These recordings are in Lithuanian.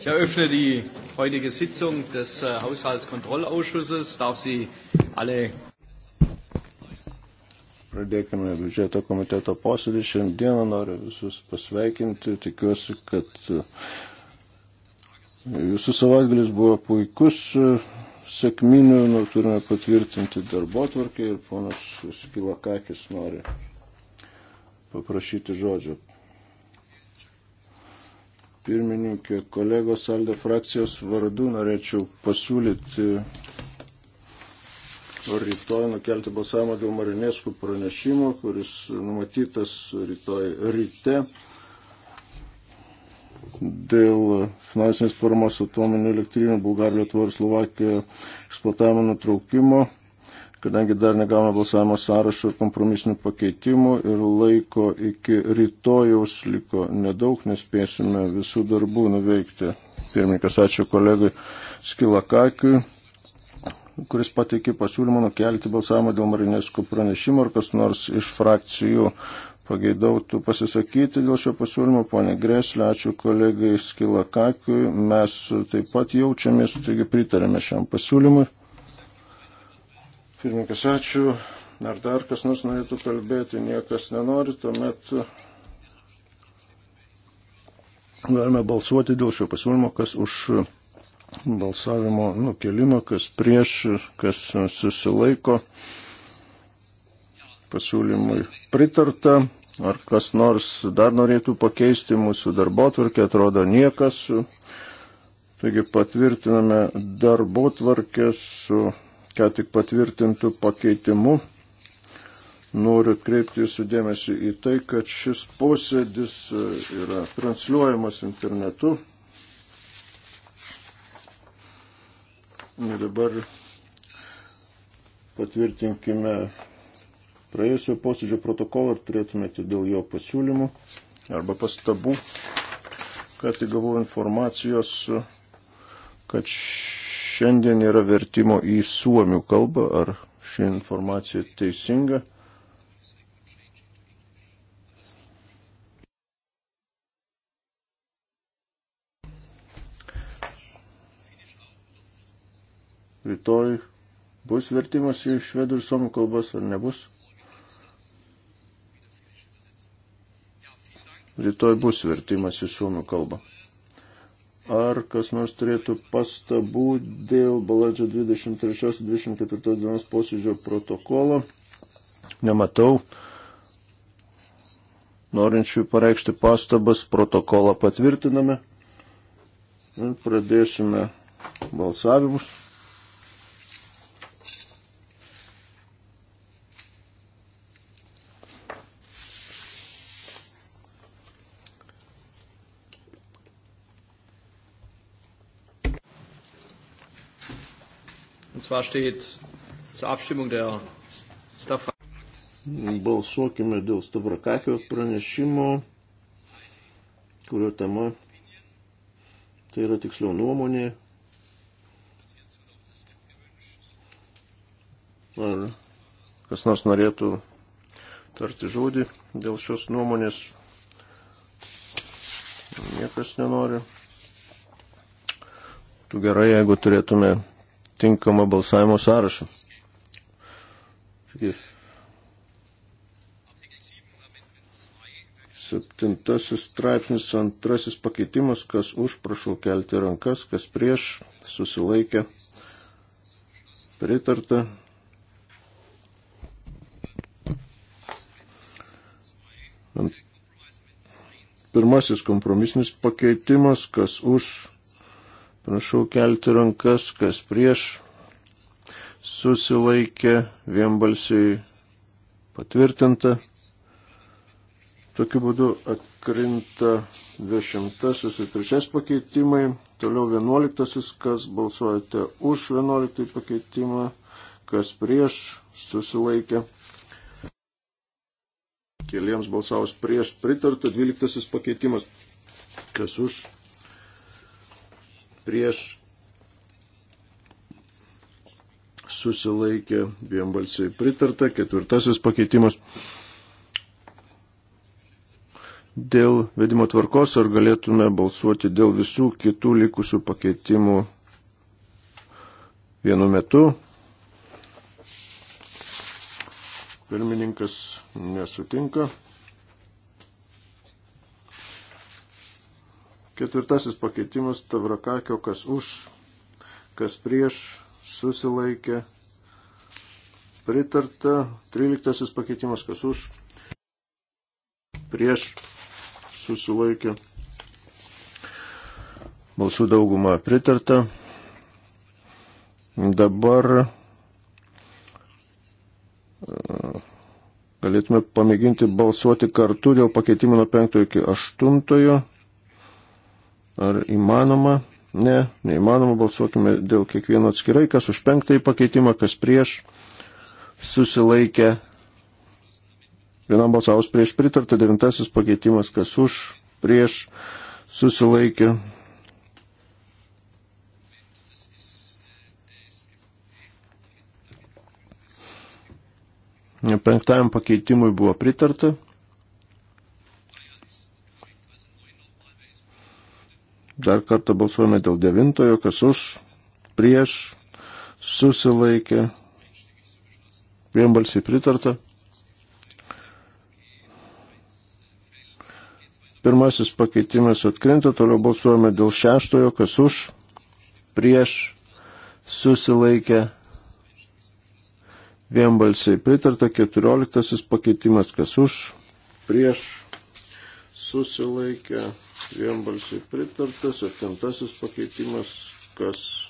Ich eröffne die heutige Sitzung des äh, Haushaltskontrollausschusses. Darf Sie alle. Pradėkime biudžeto komiteto posėdį. Šiandieną noriu visus pasveikinti. Tikiuosi, kad e, jūsų savaitgalis buvo puikus, e, sėkminių. Nu, turime patvirtinti darbo tvarkį ir ponas Skilakakis nori paprašyti žodžio pirmininkė, kolegos Alde frakcijos vardu norėčiau pasiūlyti rytoj nukelti balsavimą dėl Marinėskų pranešimo, kuris numatytas rytoj ryte dėl finansinės paramos atominių elektrinių Bulgarijoje, Tvaro, Slovakijoje eksploatavimo nutraukimo kadangi dar negavome balsavimo sąrašo ir kompromisinių pakeitimų ir laiko iki rytojaus liko nedaug, nespėsime visų darbų nuveikti. Pirmininkas, ačiū kolegai Skilakakiui, kuris pateikė pasiūlymą nukelti balsavimą dėl Marinesko pranešimo, ar kas nors iš frakcijų pageidautų pasisakyti dėl šio pasiūlymo, ponė Greslė, ačiū kolegai Skilakakiui, mes taip pat jaučiamės, taigi pritarėme šiam pasiūlymui. Pirmininkas, ačiū. Ar dar kas nors norėtų kalbėti, niekas nenori, tuomet galime balsuoti dėl šio pasiūlymo, kas už balsavimo nukelimą, kas prieš, kas susilaiko pasiūlymui pritarta. Ar kas nors dar norėtų pakeisti mūsų darbo tvarkę, atrodo niekas. Taigi patvirtiname darbo tvarkę su ką tik patvirtintų pakeitimu. Noriu atkreipti jūsų dėmesį į tai, kad šis posėdis e, yra transliuojamas internetu. Ir dabar patvirtinkime praėjusio posėdžio protokolą ir turėtumėte dėl jo pasiūlymų arba pastabų, kad įgavau informacijos, kad šiandien yra vertimo į suomių kalbą, ar ši informacija teisinga. Rytoj bus vertimas į švedų ir suomių kalbas, ar nebus? Rytoj bus vertimas į suomių kalbą. Ar kas nors turėtų pastabų dėl balandžio 23-24 dienos posėdžio protokolo? Nematau. Norinčių pareikšti pastabas, protokolą patvirtiname. Ir pradėsime balsavimus. zwar steht zur Abstimmung der Stavra. Balsuokime dėl Stavrakakio pranešimo, kurio tema tai yra tiksliau nuomonė. Ar kas nors norėtų tarti žodį dėl šios nuomonės? Niekas nenori. Tu gerai, jeigu turėtume tinkamą balsavimo sąrašą. Septintasis straipsnis, antrasis pakeitimas, kas už, prašau kelti rankas, kas prieš, susilaikė, pritarta. Pirmasis kompromisinis pakeitimas, kas už, Prašau kelti rankas, kas prieš susilaikė, vienbalsiai patvirtinta. Tokiu būdu atkrinta 20 ir 3 pakeitimai, toliau 11, kas balsuojate už 11 pakeitimą, kas prieš susilaikė. Keliems balsavus prieš pritarta 12 pakeitimas, kas už prieš susilaikė, vienbalsiai pritarta, ketvirtasis pakeitimas. Dėl vedimo tvarkos ar galėtume balsuoti dėl visų kitų likusių pakeitimų vienu metu? Pirmininkas nesutinka. Ketvirtasis pakeitimas Tavrakakio, kas už, kas prieš, susilaikė, pritarta. Tryliktasis pakeitimas, kas už, prieš, susilaikė. Balsų dauguma pritarta. Dabar e, galėtume pamėginti balsuoti kartu dėl pakeitimo nuo 5 iki 8. Ar įmanoma? Ne, neįmanoma, balsuokime dėl kiekvieno atskirai, kas už penktąjį pakeitimą, kas prieš, susilaikė. Vienam balsavus prieš pritarta, devintasis pakeitimas, kas už, prieš, susilaikė. Penktajam pakeitimui buvo pritarta. Dar kartą balsuojame dėl devintojo, kas už, prieš, susilaikė, vienbalsiai pritarta. Pirmasis pakeitimas atkrinta, toliau balsuojame dėl šeštojo, kas už, prieš, susilaikė, vienbalsiai pritarta. Keturioliktasis pakeitimas, kas už, prieš, susilaikė vienbalsiai pritarta, septintasis pakeitimas, kas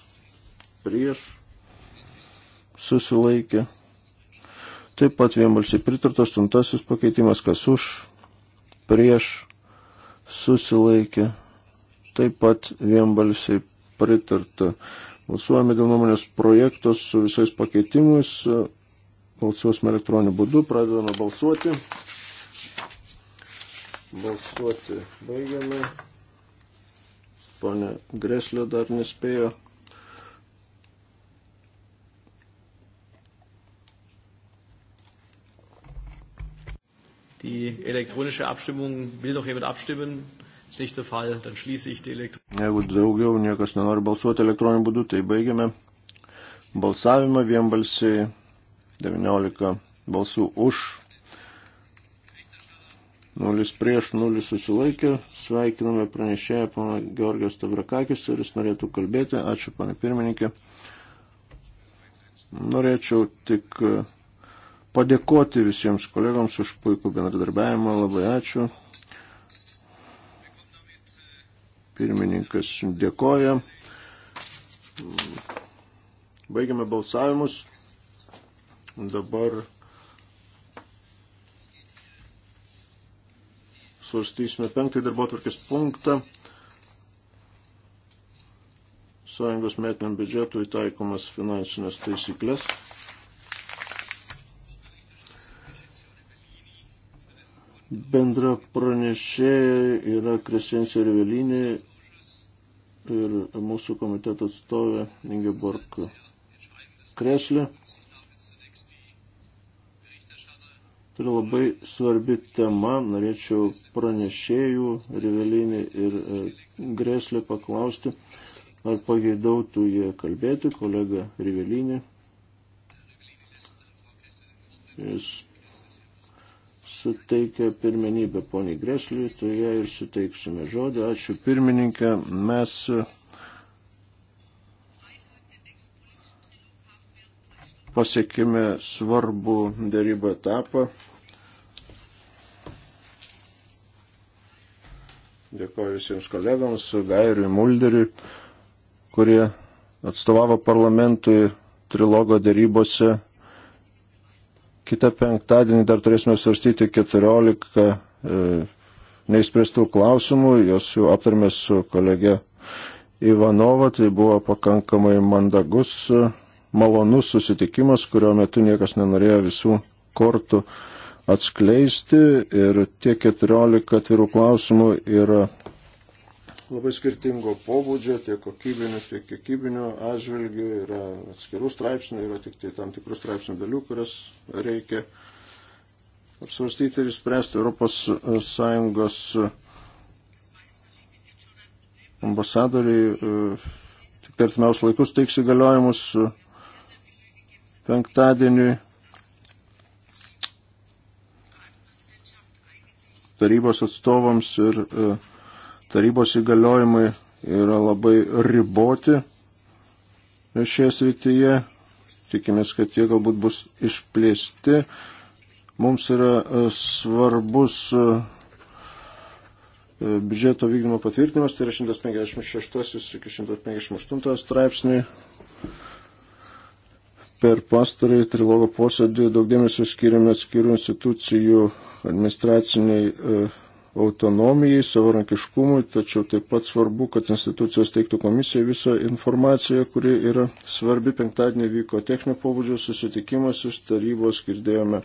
prieš susilaikė. Taip pat vienbalsiai pritarta, aštuntasis pakeitimas, kas už, prieš susilaikė. Taip pat vienbalsiai pritarta. Balsuojame dėl nuomonės projektos su visais pakeitimais. Balsuosime elektroniniu būdu, pradedame balsuoti. Balsuoti baigiame. Pone Greslio dar nespėjo. Die elektronische Abstimmung will doch jemand abstimmen. Ist nicht der Fall, dann schließe ich die elektronische. Jeigu daugiau niekas nenori balsuoti elektroniniu būdu, tai baigiame balsavimą vienbalsiai 19 balsų už 0 prieš 0 susilaikė. Sveikiname pranešėją pana Georgijos Tavrakakis ir jis norėtų kalbėti. Ačiū, pana pirmininkė. Norėčiau tik e, padėkoti visiems kolegams už puikų bendradarbiavimą. Labai ačiū. Pirmininkas dėkoja. Baigiame balsavimus. Dabar svarstysime penktąjį darbo tvarkės punktą. Sąjungos metiniam biudžetui taikomas finansinės taisyklės. Bendra pranešėja yra Kresencija Rivelinė ir mūsų komiteto atstovė Ingeborg Kreslė. Tai yra labai svarbi tema. Norėčiau pranešėjų, rivelinį ir e, greslį paklausti, ar pageidautų jie kalbėti, kolega rivelinį. Jis suteikia pirmenybę poniai Gresliui, tai ją ir suteiksime žodį. Ačiū pirmininkė. Mes pasiekime svarbų darybų etapą. Dėkoju visiems kolegams, Gairiui Mulderiui, kurie atstovavo parlamentui trilogo darybose. Kita penktadienį dar turėsime svarstyti 14 e, neįspręstų klausimų, jos jau aptarėme su kolege Ivanova, tai buvo pakankamai mandagus. E, malonus susitikimas, kurio metu niekas nenorėjo visų kortų atskleisti ir tie 14 atvirų klausimų yra labai skirtingo pobūdžio, tiek kokybinio, tiek kiekybinio atžvilgių, yra atskirų straipsnių, yra tik tai tam tikrų straipsnių dalių, kurias reikia apsvarstyti ir spręsti Europos Sąjungos ambasadoriai e, tik artimiausius laikus teiks įgaliojimus e, penktadienį tarybos atstovams ir e, tarybos įgaliojimai yra labai riboti šioje srityje. Tikimės, kad jie galbūt bus išplėsti. Mums yra e, svarbus e, biudžeto vykdymo patvirtinimas, tai yra 156 iki 158 straipsniai. Per pastarąjį trilogo posėdį daug dėmesio skiriame atskirų institucijų administraciniai e, autonomijai, savarankiškumui, tačiau taip pat svarbu, kad institucijos teiktų komisijai visą informaciją, kuri yra svarbi. Penktadienį vyko techninio pobūdžio susitikimas, iš tarybos girdėjome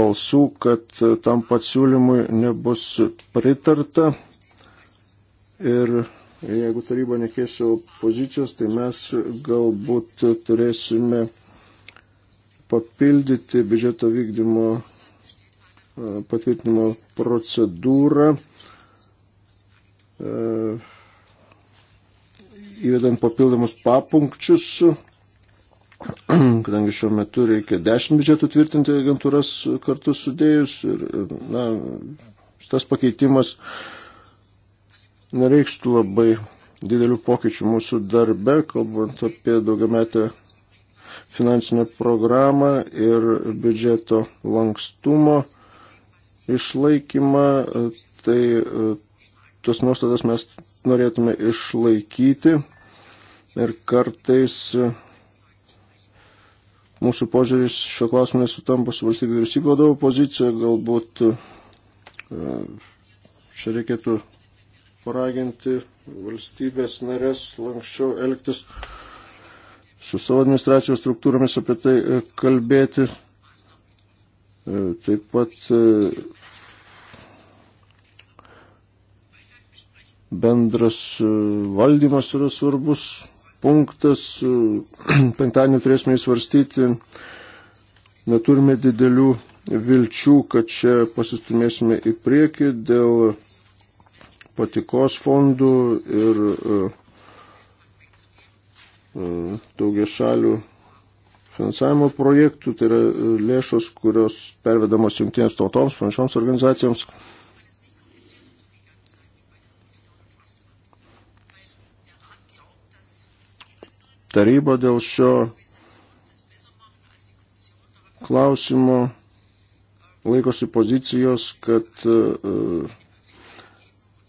balsų, kad e, tam pasiūlymui nebus pritarta. Ir Jeigu taryba nekeis savo pozicijos, tai mes galbūt turėsime papildyti biudžeto vykdymo patvirtinimo procedūrą, įvedant papildomus papunkčius, kadangi šiuo metu reikia 10 biudžetų tvirtinti agentūras kartu sudėjus ir na, šitas pakeitimas uh, nereikštų labai didelių pokyčių mūsų darbe, kalbant apie daugiametę finansinę programą ir biudžeto lankstumo išlaikymą, tai e, tos nuostatas mes norėtume išlaikyti ir kartais e, mūsų požiūris šio klausimo nesutampa su valstybė vyriausybė vadovo pozicija, galbūt e, čia reikėtų paraginti valstybės narės lankščiau elgtis su savo administracijos struktūromis apie tai e, kalbėti. E, taip pat e, bendras valdymas yra svarbus punktas. Penktadienį turėsime įsvarstyti. Neturime didelių vilčių, kad čia pasistumėsime į priekį dėl patikos fondų ir e, e, daugia šalių finansavimo projektų, tai yra e, lėšos, kurios pervedamos jungtinėms tautoms, panašioms organizacijoms. Taryba dėl šio klausimo laikosi pozicijos, kad uh,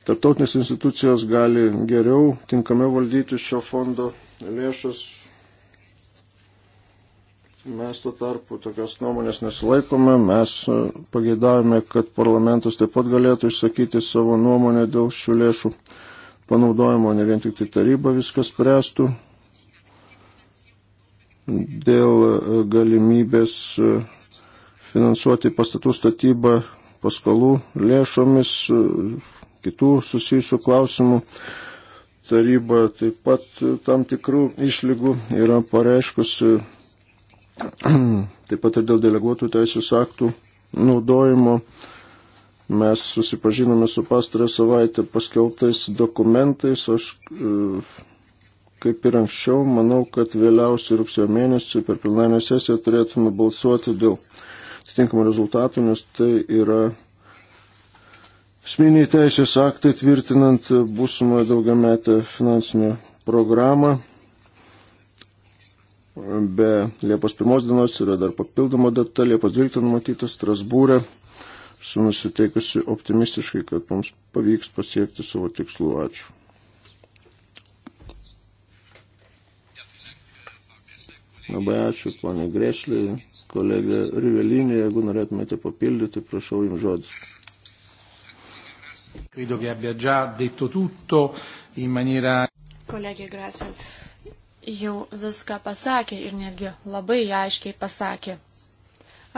tarptautinės institucijos gali geriau, tinkamiau valdyti šio fondo lėšas. Mes tuo tarpu tokios nuomonės nesilaikome, mes e, pageidavome, kad parlamentas taip pat galėtų išsakyti savo nuomonę dėl šių lėšų panaudojimo, ne vien tik tai taryba viskas spręstų, dėl e, galimybės e, finansuoti pastatų statybą paskolų lėšomis kitų susijusių klausimų taryba taip pat tam tikrų išlygų yra pareiškusi taip pat ir dėl deleguotų teisės aktų naudojimo. Mes susipažinome su pastarę savaitę paskeltais dokumentais. Aš e, kaip ir anksčiau manau, kad vėliausiai rugsėjo mėnesį per pilnąją sesiją turėtume balsuoti dėl atitinkamų rezultatų, nes tai yra Asmeniai teisės aktai tvirtinant būsimą daugiametę finansinę programą. Be Liepos pirmos dienos yra dar papildoma data, Liepos 12 numatyta Strasbūrė. Su nusiteikusi optimistiškai, kad mums pavyks pasiekti savo tikslų. Ačiū. Labai ačiū, ponė Grešlė, kolegė Rivelinė, jeigu norėtumėte papildyti, prašau jums žodį. Credo che abbia già detto tutto in maniera. Kolegė Grasel jau viską pasakė ir netgi labai aiškiai pasakė.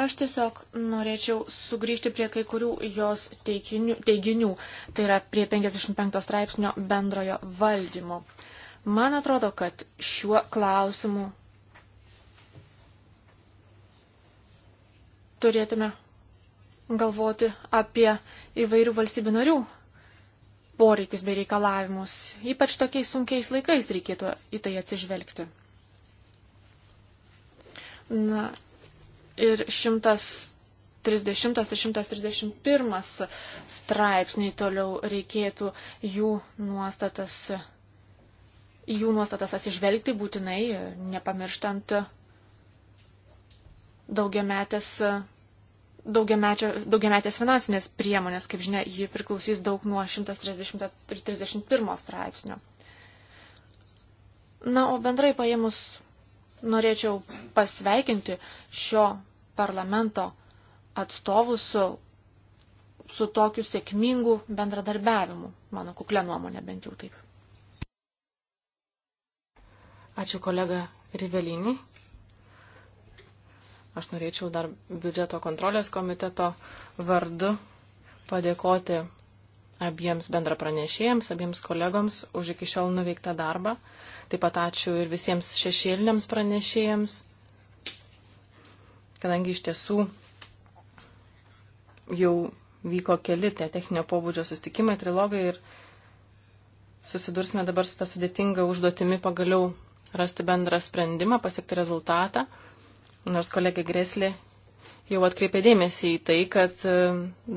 Aš tiesiog norėčiau sugrįžti prie kai kurių jos teikinių, teiginių, tai yra prie 55 straipsnio bendrojo valdymo. Man atrodo, kad šiuo klausimu turėtume galvoti apie įvairių valstybių narių poreikius bei reikalavimus. Ypač tokiais sunkiais laikais reikėtų į tai atsižvelgti. Na, ir 130 ir 131 straipsniai toliau reikėtų jų nuostatas, jų nuostatas atsižvelgti būtinai, nepamirštant daugiametės daugiametės finansinės priemonės, kaip žinia, ji priklausys daug nuo 130 ir 31 straipsnio. Na, o bendrai paėmus norėčiau pasveikinti šio parlamento atstovus su, su tokiu sėkmingu bendradarbiavimu, mano kuklė nuomonė bent jau taip. Ačiū kolega Rivelinį. Aš norėčiau dar biudžeto kontrolės komiteto vardu padėkoti abiems bendrapranešėjams, abiems kolegoms už iki šiol nuveiktą darbą. Taip pat ačiū ir visiems šešėliniams pranešėjams, kadangi iš tiesų jau vyko keli tie techninio pobūdžio sustikimai, trilogai ir susidursime dabar su tą sudėtingą užduotimi pagaliau rasti bendrą sprendimą, pasiekti rezultatą nors kolegė Greslė jau atkreipė dėmesį į tai, kad e,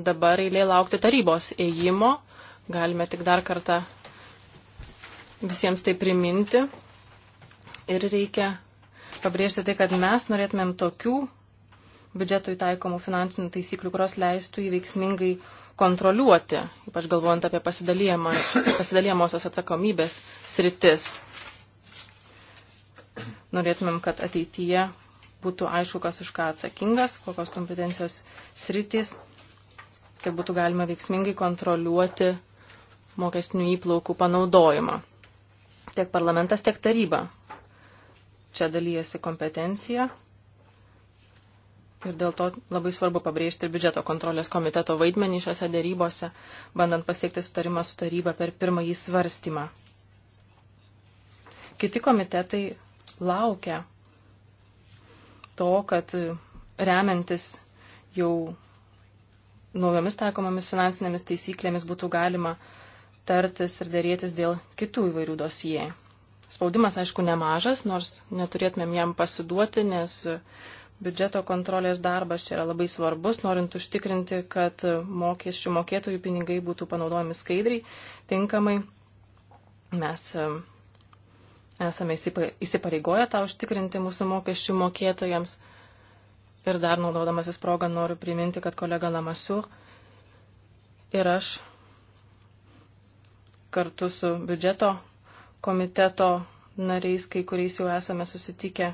dabar eilė laukti tarybos ėjimo. Galime tik dar kartą visiems tai priminti. Ir reikia pabrėžti tai, kad mes norėtumėm tokių biudžetui taikomų finansinių taisyklių, kurios leistų įveiksmingai kontroliuoti, ypač galvojant apie pasidalijamosios atsakomybės sritis. Norėtumėm, kad ateityje būtų aišku, kas už ką atsakingas, kokios kompetencijos sritys, kad tai būtų galima veiksmingai kontroliuoti mokesnių įplaukų panaudojimą. Tiek parlamentas, tiek taryba. Čia dalyjasi kompetencija. Ir dėl to labai svarbu pabrėžti ir biudžeto kontrolės komiteto vaidmenį šiuose dėrybose, bandant pasiekti sutarimą su taryba per pirmąjį svarstymą. Kiti komitetai laukia to, kad remiantis jau naujomis taikomomis finansinėmis taisyklėmis būtų galima tartis ir dėrėtis dėl kitų įvairių dosijai. Spaudimas, aišku, nemažas, nors neturėtumėm jam pasiduoti, nes biudžeto kontrolės darbas čia yra labai svarbus, norint užtikrinti, kad mokesčių mokėtojų pinigai būtų panaudojami skaidriai, tinkamai. Mes Esame įsipareigoję tą užtikrinti mūsų mokesčių mokėtojams. Ir dar naudodamasis progą noriu priminti, kad kolega Lamasiu ir aš kartu su biudžeto komiteto nariais, kai kuriais jau esame susitikę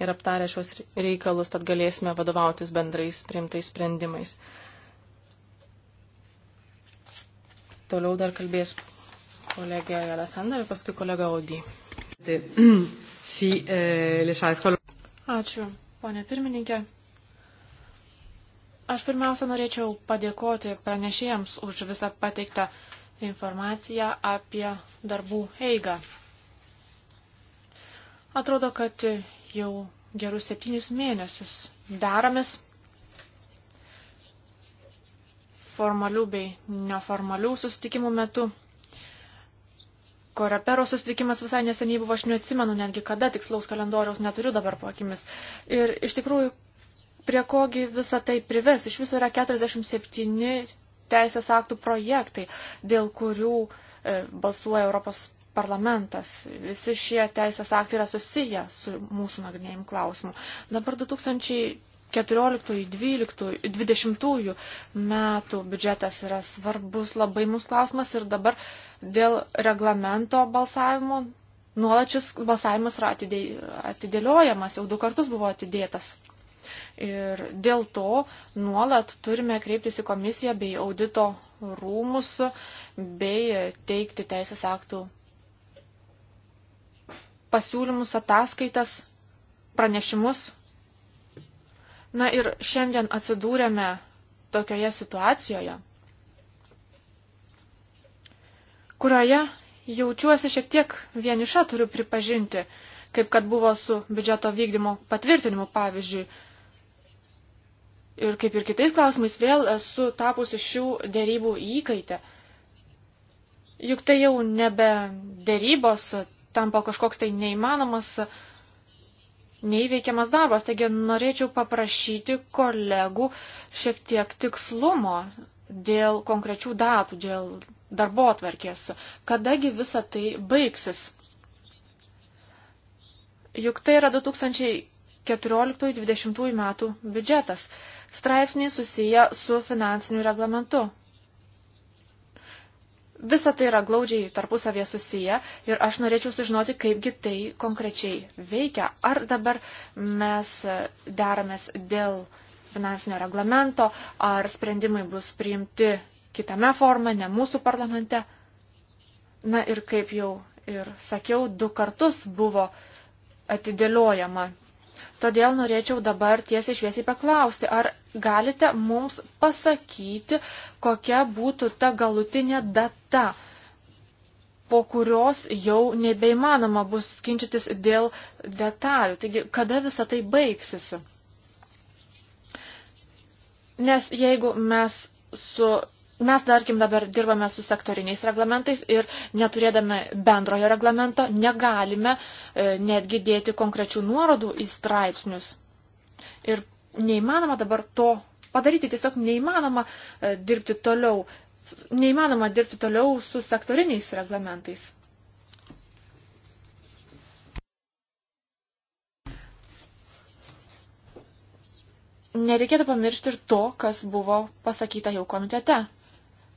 ir aptarę šios reikalus, tad galėsime vadovautis bendrais priimtais sprendimais. Toliau dar kalbės kolegė Alessandra ir paskui kolega Audy. E, Ačiū, ponė pirmininkė. Aš pirmiausia norėčiau padėkoti pranešėjams už visą pateiktą informaciją apie darbų eigą. Atrodo, kad jau gerus septynis mėnesius deramės formalių bei neformalių susitikimų metu korepero susitikimas visai neseniai buvo, aš neatsimenu netgi kada, tikslaus kalendoriaus neturiu dabar po akimis. Ir iš tikrųjų, prie kogi visą tai prives, iš viso yra 47 teisės aktų projektai, dėl kurių e, balsuoja Europos parlamentas. Visi šie teisės aktai yra susiję su mūsų nagrinėjimu klausimu. Dabar 2000 14-20 metų biudžetas yra svarbus labai mums klausimas ir dabar dėl reglamento balsavimo nuolačius balsavimas yra atidėliojamas, jau du kartus buvo atidėtas. Ir dėl to nuolat turime kreiptis į komisiją bei audito rūmus bei teikti teisės aktų pasiūlymus, ataskaitas, pranešimus Na ir šiandien atsidūrėme tokioje situacijoje, kurioje jaučiuosi šiek tiek vieniša, turiu pripažinti, kaip kad buvo su biudžeto vykdymo patvirtinimu, pavyzdžiui. Ir kaip ir kitais klausimais vėl esu tapusi šių dėrybų įkaitę. Juk tai jau nebe dėrybos, tampa kažkoks tai neįmanomas uh, neįveikiamas darbas. Taigi norėčiau paprašyti kolegų šiek tiek tikslumo dėl konkrečių datų, dėl darbo atverkės. Kadagi visa tai baigsis? Juk tai yra 2014-2020 metų biudžetas. Straipsniai susiję su finansiniu reglamentu. Visa tai yra glaudžiai tarpusavėje susiję ir aš norėčiau sužinoti, kaipgi tai konkrečiai veikia. Ar dabar mes deramės dėl finansinio reglamento, ar sprendimai bus priimti kitame forme, ne mūsų parlamente. Na ir kaip jau ir sakiau, du kartus buvo atidėliojama Todėl norėčiau dabar tiesiai šviesiai paklausti, ar galite mums pasakyti, kokia būtų ta galutinė data, po kurios jau nebeįmanoma bus skinčytis dėl detalių. Taigi, kada visa tai baigsis? Nes jeigu mes su Mes, tarkim, dabar dirbame su sektoriniais reglamentais ir neturėdami bendrojo reglamento negalime e, netgi dėti konkrečių nuorodų į straipsnius. Ir neįmanoma dabar to padaryti, tiesiog neįmanoma e, dirbti toliau, neįmanoma dirbti toliau su sektoriniais reglamentais. Nereikėtų pamiršti ir to, kas buvo pasakyta jau komitete.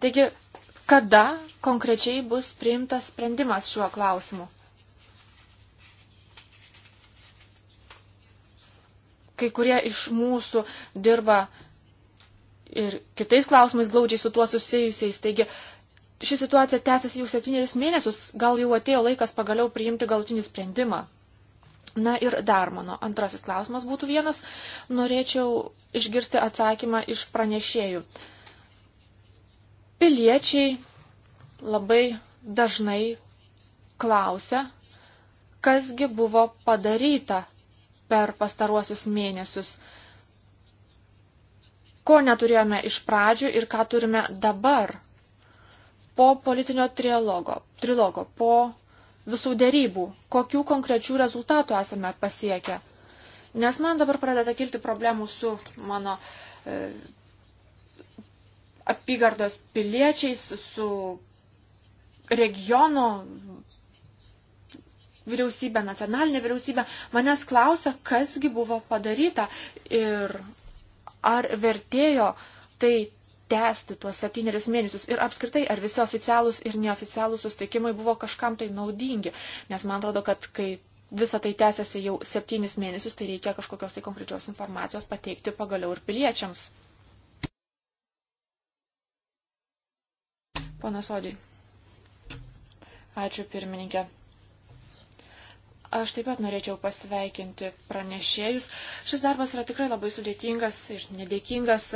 Taigi, kada konkrečiai bus priimtas sprendimas šiuo klausimu? Kai kurie iš mūsų dirba ir kitais klausimais glaudžiai su tuo susijusiais. Taigi, ši situacija tęsiasi jau septynerius mėnesius, gal jau atėjo laikas pagaliau priimti galutinį sprendimą. Na ir dar mano antrasis klausimas būtų vienas. Norėčiau išgirsti atsakymą iš pranešėjų. Uh, piliečiai labai dažnai klausia, kasgi buvo padaryta per pastaruosius mėnesius, ko neturėjome iš pradžių ir ką turime dabar. Po politinio trilogo, trilogo po visų dėrybų, kokių konkrečių rezultatų esame pasiekę. Nes man dabar pradeda kilti problemų su mano e, apygardos piliečiais, su regiono vyriausybė, nacionalinė vyriausybė, manęs klausia, kasgi buvo padaryta ir ar vertėjo tai tęsti tuos septynerius mėnesius ir apskritai, ar visi oficialūs ir neoficialūs sustikimai buvo kažkam tai naudingi, nes man atrodo, kad kai visą tai tęsiasi jau septynis mėnesius, tai reikia kažkokios tai konkrečios informacijos pateikti pagaliau ir piliečiams. Ponas Odžiai. Ačiū pirmininkė. Aš taip pat norėčiau pasveikinti pranešėjus. Šis darbas yra tikrai labai sudėtingas ir nedėkingas.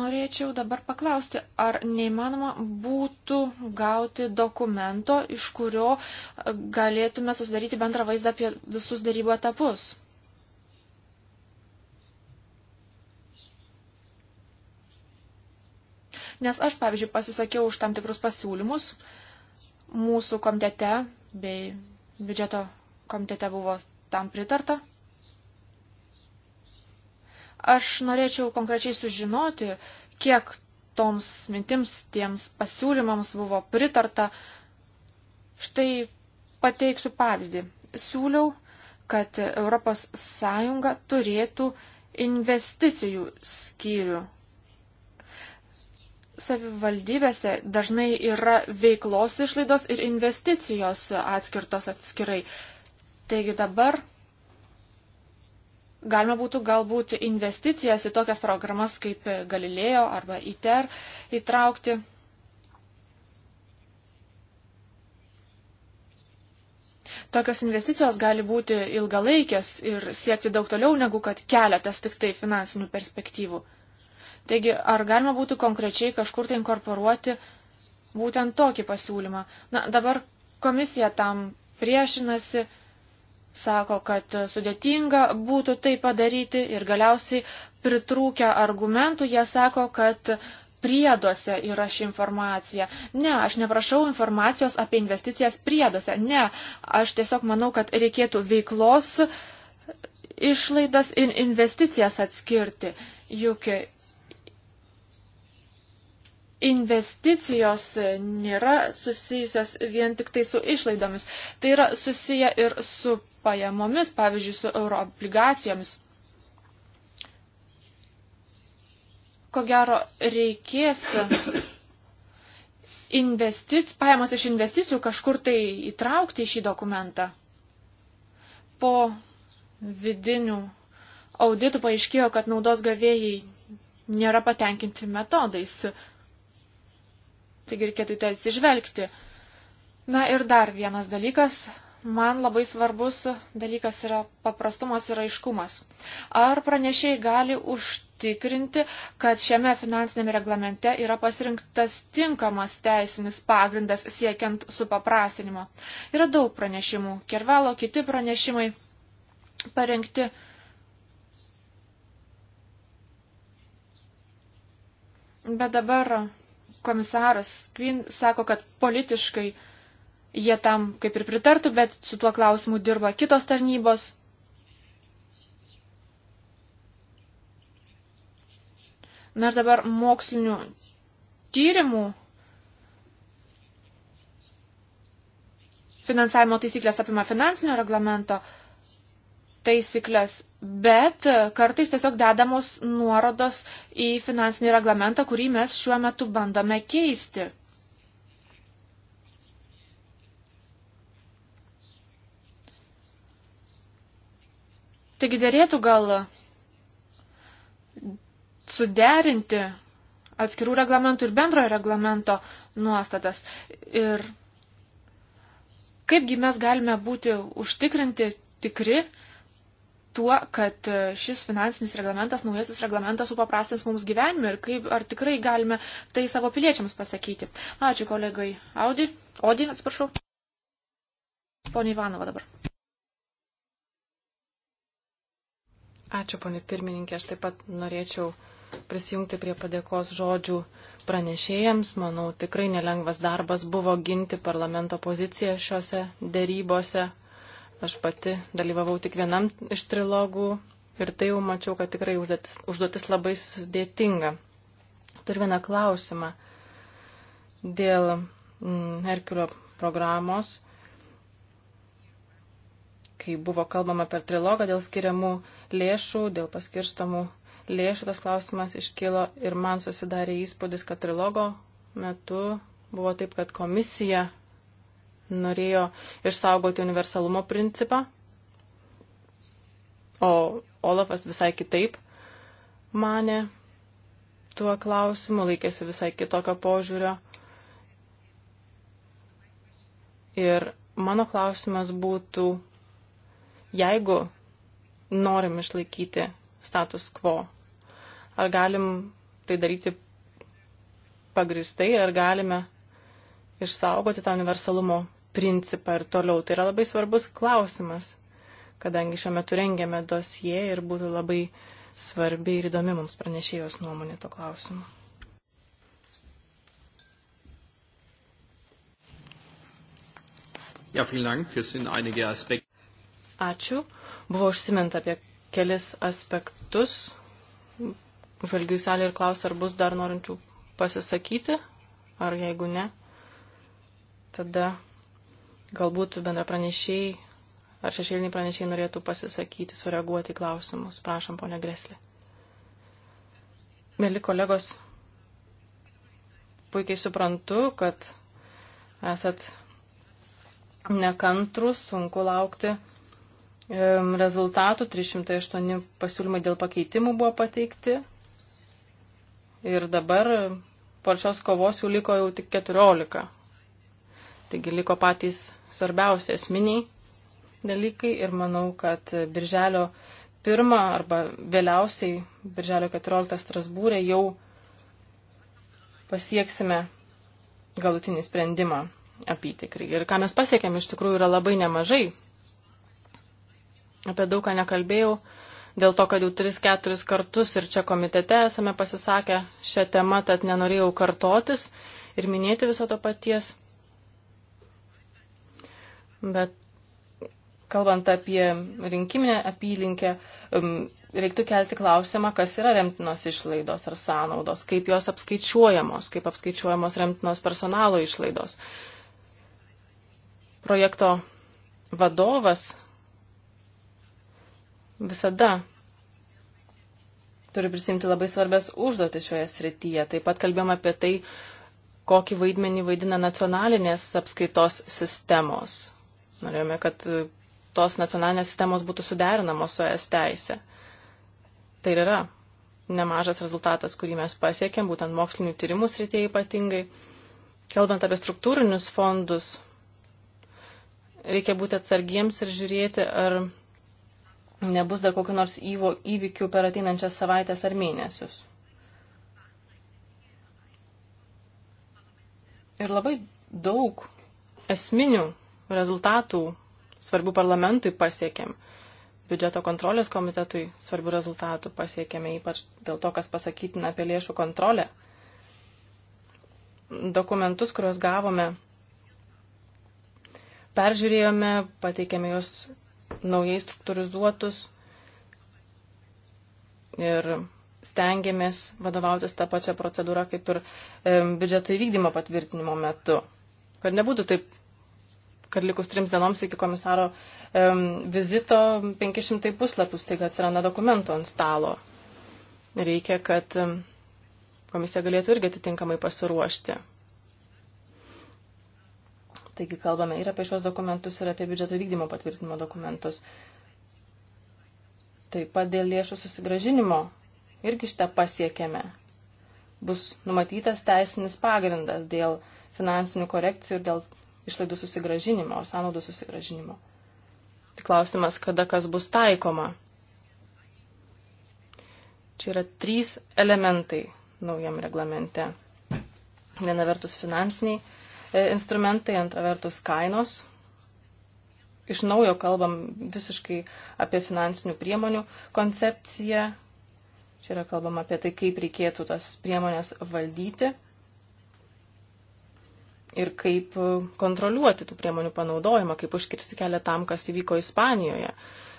Norėčiau dabar paklausti, ar neįmanoma būtų gauti dokumento, iš kurio galėtume susidaryti bendrą vaizdą apie visus darybų etapus. Nes aš, pavyzdžiui, pasisakiau už tam tikrus pasiūlymus mūsų komitete bei biudžeto komitete buvo tam pritarta. Aš norėčiau konkrečiai sužinoti, kiek toms mintims, tiems pasiūlymams buvo pritarta. Štai pateiksiu pavyzdį. Siūliau, kad ES turėtų investicijų skyrių savivaldybėse dažnai yra veiklos išlaidos ir investicijos atskirtos atskirai. Taigi dabar galima būtų galbūt investicijas į tokias programas kaip Galilėjo arba ITER įtraukti. Tokios investicijos gali būti ilgalaikės ir siekti daug toliau negu kad keletas tik tai finansinių perspektyvų. Taigi, ar galima būtų konkrečiai kažkur tai inkorporuoti būtent tokį pasiūlymą? Na, dabar komisija tam priešinasi, sako, kad sudėtinga būtų tai padaryti ir galiausiai pritrūkę argumentų jie sako, kad prieduose yra ši informacija. Ne, aš neprašau informacijos apie investicijas prieduose. Ne, aš tiesiog manau, kad reikėtų veiklos išlaidas ir investicijas atskirti. Juk investicijos nėra susijusios vien tik tai su išlaidomis. Tai yra susiję ir su pajamomis, pavyzdžiui, su euroobligacijomis. Ko gero reikės investic, pajamas iš investicijų kažkur tai įtraukti į šį dokumentą. Po vidinių auditų paaiškėjo, kad naudos gavėjai nėra patenkinti metodais, Taigi reikėtų į tai atsižvelgti. Na ir dar vienas dalykas. Man labai svarbus dalykas yra paprastumas ir aiškumas. Ar pranešiai gali užtikrinti, kad šiame finansinėme reglamente yra pasirinktas tinkamas teisinis pagrindas siekiant supaprastinimo? Yra daug pranešimų. Kervalo kiti pranešimai parengti. Bet dabar komisaras Kvin sako, kad politiškai jie tam kaip ir pritartų, bet su tuo klausimu dirba kitos tarnybos. Na ir dabar mokslinių tyrimų finansavimo taisyklės apima finansinio reglamento taisyklės bet e, kartais tiesiog dedamos nuorodos į finansinį reglamentą, kurį mes šiuo metu bandome keisti. Taigi dėrėtų gal suderinti atskirų reglamentų ir bendrojo reglamento nuostatas. Ir kaipgi mes galime būti užtikrinti tikri, tuo, kad e, šis finansinis reglamentas, naujasis reglamentas supaprastins mums gyvenimą ir kaip, ar tikrai galime tai savo piliečiams pasakyti. Ačiū kolegai Audi, Odi, atsiprašau. Pone Ivanova dabar. Ačiū, ponė pirmininkė, aš taip pat norėčiau prisijungti prie padėkos žodžių pranešėjams. Manau, tikrai nelengvas darbas buvo ginti parlamento poziciją šiuose dėrybose Aš pati dalyvavau tik vienam iš trilogų ir tai jau mačiau, kad tikrai užduotis, užduotis labai sudėtinga. Turiu vieną klausimą dėl mm, Herkulio programos, kai buvo kalbama per trilogą dėl skiriamų lėšų, dėl paskirstamų lėšų, tas klausimas iškilo ir man susidarė įspūdis, kad trilogo metu buvo taip, kad komisija norėjo išsaugoti universalumo principą, o Olafas visai kitaip mane tuo klausimu, laikėsi visai kitokio požiūrio. Ir mano klausimas būtų, jeigu norim išlaikyti status quo, ar galim tai daryti pagristai, ar galime išsaugoti tą universalumo principą ir toliau. Tai yra labai svarbus klausimas, kadangi šiuo metu rengiame dosiją ir būtų labai svarbi ir įdomi mums pranešėjos nuomonė to klausimu. Ja, Dank. Sind einige Aspekte. Ačiū. Buvo užsiminta apie kelis aspektus. Žvelgiu į salę ir klausiu, ar bus dar norinčių pasisakyti, ar jeigu ne, tada Galbūt bendra pranešiai ar šešėliniai pranešiai norėtų pasisakyti, sureaguoti klausimus. Prašom, ponia Greslė. Mėly kolegos, puikiai suprantu, kad esat nekantrus, sunku laukti rezultatų. 308 pasiūlymai dėl pakeitimų buvo pateikti. Ir dabar po šios kovos jų liko jau tik 14 Taigi liko patys svarbiausi esminiai dalykai ir manau, kad birželio pirmą arba vėliausiai birželio 14 Strasbūrė jau pasieksime galutinį sprendimą apytikrį. Ir ką mes pasiekėm iš tikrųjų yra labai nemažai. Apie daug ką nekalbėjau, dėl to, kad jau 3-4 kartus ir čia komitete esame pasisakę šią temą, tad nenorėjau kartotis ir minėti viso to paties. Bet kalbant apie rinkiminę apylinkę, um, reiktų kelti klausimą, kas yra remtinos išlaidos ar sąnaudos, kaip jos apskaičiuojamos, kaip apskaičiuojamos remtinos personalo išlaidos. Projekto vadovas visada turi prisimti labai svarbės užduotis šioje srityje. Taip pat kalbėjom apie tai, kokį vaidmenį vaidina nacionalinės apskaitos sistemos Norėjome, kad e, tos nacionalinės sistemos būtų suderinamos su ES teise. Tai ir yra nemažas rezultatas, kurį mes pasiekėm, būtent mokslinių tyrimų srityje ypatingai. Kalbant apie struktūrinius fondus, reikia būti atsargiems ir žiūrėti, ar nebus dar kokiu nors įvo, įvykių per ateinančias savaitės ar mėnesius. Ir labai daug esminių rezultatų svarbių parlamentui pasiekėm. Biudžeto kontrolės komitetui svarbių rezultatų pasiekėme, ypač dėl to, kas pasakytina apie lėšų kontrolę. Dokumentus, kuriuos gavome, peržiūrėjome, pateikėme juos naujai struktūrizuotus ir stengiamės vadovautis tą pačią procedūrą kaip ir e, biudžeto įvykdymo patvirtinimo metu. Kad nebūtų taip kad likus trims dienoms iki komisaro um, vizito 500 puslapius taigi atsiranda dokumento ant stalo. Reikia, kad um, komisija galėtų irgi atitinkamai pasiruošti. Taigi kalbame ir apie šios dokumentus, ir apie biudžeto vykdymo patvirtinimo dokumentus. Taip pat dėl lėšų susigražinimo irgi šitą pasiekėme. Bus numatytas teisinis pagrindas dėl finansinių korekcijų ir dėl išlaidų susigražinimo ar sąnaudų susigražinimo. Tik klausimas, kada kas bus taikoma. Čia yra trys elementai naujam reglamente. Viena vertus finansiniai e, instrumentai, antra vertus kainos. Iš naujo kalbam visiškai apie finansinių priemonių koncepciją. Čia yra kalbama apie tai, kaip reikėtų tas priemonės valdyti ir kaip e, kontroliuoti tų priemonių panaudojimą, kaip užkirsti kelią tam, kas įvyko Ispanijoje,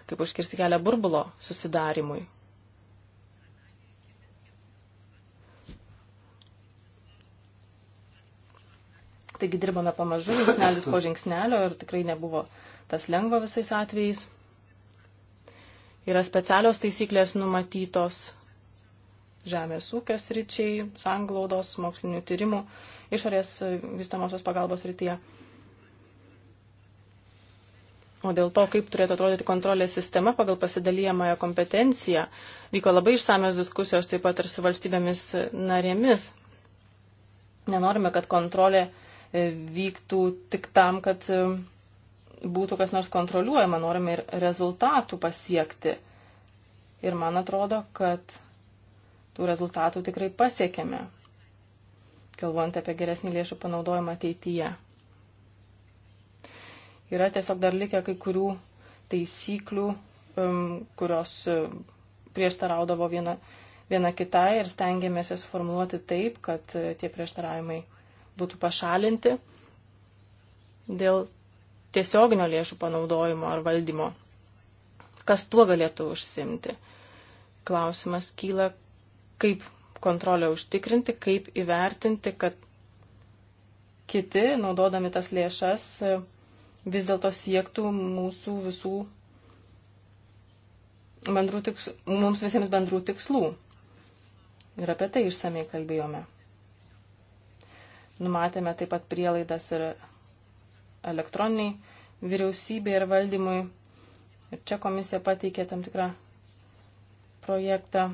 kaip užkirsti kelią burbulo susidarimui. Taigi dirbame pamažu, žingsnelis po žingsnelio ir tikrai nebuvo tas lengva visais atvejais. Yra specialios taisyklės numatytos žemės ūkio sričiai, sanglaudos, mokslinių tyrimų, išorės vystamosios pagalbos rytyje. O dėl to, kaip turėtų atrodyti kontrolės sistema pagal pasidalyjamąją kompetenciją, vyko labai išsamios diskusijos taip pat ir su valstybėmis narėmis. Nenorime, kad kontrolė e, vyktų tik tam, kad e, būtų kas nors kontroliuojama, norime ir rezultatų pasiekti. Ir man atrodo, kad tų rezultatų tikrai pasiekėme, galvojant apie geresnį lėšų panaudojimą ateityje. Yra tiesiog dar likę kai kurių taisyklių, um, kurios um, prieštaraudavo viena, viena kitai ir stengiamės jas formuluoti taip, kad uh, tie prieštaravimai būtų pašalinti dėl tiesioginio lėšų panaudojimo ar valdymo. Kas tuo galėtų užsimti? Klausimas kyla, kaip kontrolę užtikrinti, kaip įvertinti, kad kiti, naudodami tas lėšas, vis dėlto siektų mūsų visų bendrų tikslų, mums visiems bendrų tikslų. Ir apie tai išsamei kalbėjome. Numatėme taip pat prielaidas ir elektroniniai vyriausybė ir valdymui. Ir čia komisija pateikė tam tikrą projektą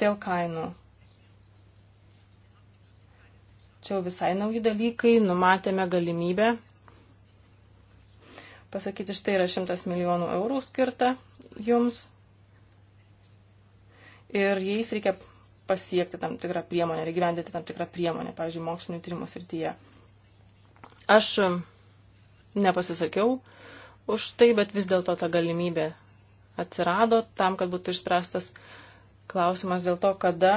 dėl kainų. Čia jau visai nauji dalykai, numatėme galimybę pasakyti, štai yra 100 milijonų eurų skirta jums ir jais reikia pasiekti tam tikrą priemonę ir gyvendyti tam tikrą priemonę, pavyzdžiui, mokslinio tyrimų srityje. Aš e, nepasisakiau už tai, bet vis dėlto ta galimybė atsirado tam, kad būtų išspręstas klausimas dėl to, kada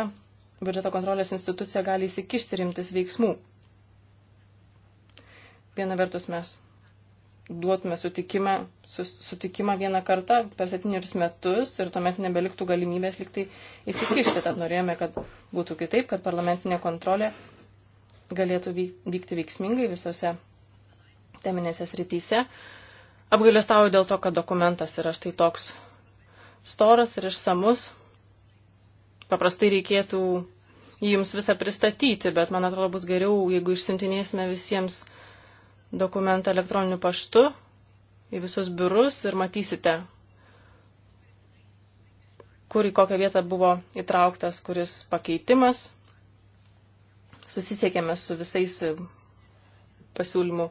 biudžeto kontrolės institucija gali įsikišti rimtis veiksmų. Viena vertus mes duotume sutikimą, sus, sutikimą vieną kartą per septynerius metus ir tuomet nebeliktų galimybės liktai įsikišti. Tad norėjome, kad būtų kitaip, kad parlamentinė kontrolė galėtų vykti veiksmingai visose teminėse srityse. Apgailestauju dėl to, kad dokumentas yra štai toks storas ir išsamus, paprastai reikėtų jums visą pristatyti, bet man atrodo bus geriau, jeigu išsiuntinėsime visiems dokumentą elektroniniu paštu į visus biurus ir matysite, kur į kokią vietą buvo įtrauktas kuris pakeitimas. Susisiekėme su visais pasiūlymų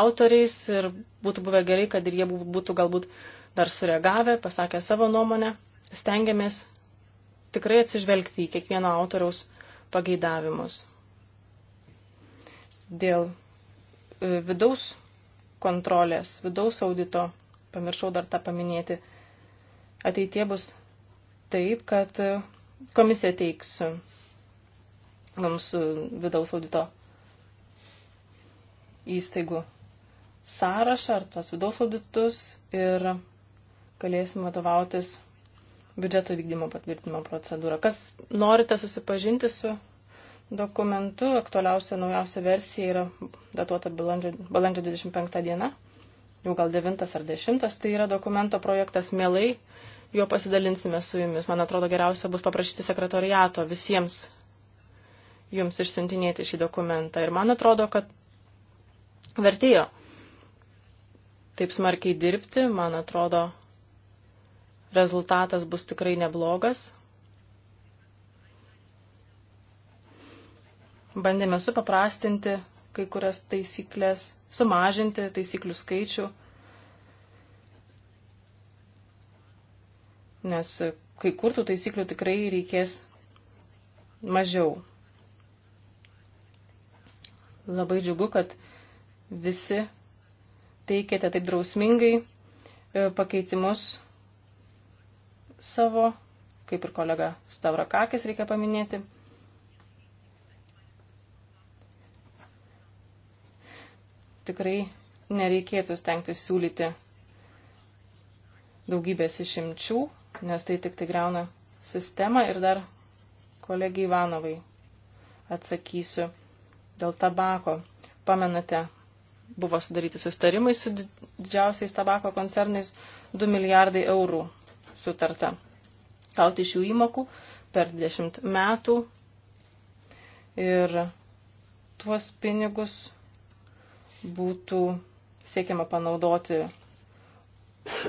autoriais ir būtų buvę gerai, kad ir jie būtų galbūt dar sureagavę, pasakę savo nuomonę. Stengiamės tikrai atsižvelgti į kiekvieno autoriaus pageidavimus. Dėl e, vidaus kontrolės, vidaus audito, pamiršau dar tą paminėti, ateitie bus taip, kad e, komisija teiks e, mums vidaus audito įstaigų sąrašą ar tos vidaus auditus ir galėsim vadovautis biudžeto vykdymo patvirtinimo procedūrą. Kas norite susipažinti su dokumentu, aktualiausia naujausia versija yra datuota balandžio, balandžio 25 diena, jau gal 9 ar 10, tai yra dokumento projektas mielai, juo pasidalinsime su jumis. Man atrodo, geriausia bus paprašyti sekretoriato visiems jums išsiuntinėti šį dokumentą. Ir man atrodo, kad vertėjo taip smarkiai dirbti, man atrodo, rezultatas bus tikrai neblogas. Bandėme supaprastinti kai kurias taisyklės, sumažinti taisyklių skaičių, nes kai kur tų taisyklių tikrai reikės mažiau. Labai džiugu, kad visi teikėte taip drausmingai e, pakeitimus savo, kaip ir kolega Stavrakakis reikia paminėti. Tikrai nereikėtų stengtis siūlyti daugybės išimčių, nes tai tik tai greuna sistemą ir dar kolegijai Ivanovai atsakysiu dėl tabako. Pamenate, buvo sudaryti sustarimai su didžiausiais tabako koncernais 2 milijardai eurų sutarta gauti iš jų įmokų per 10 metų ir tuos pinigus būtų siekiama panaudoti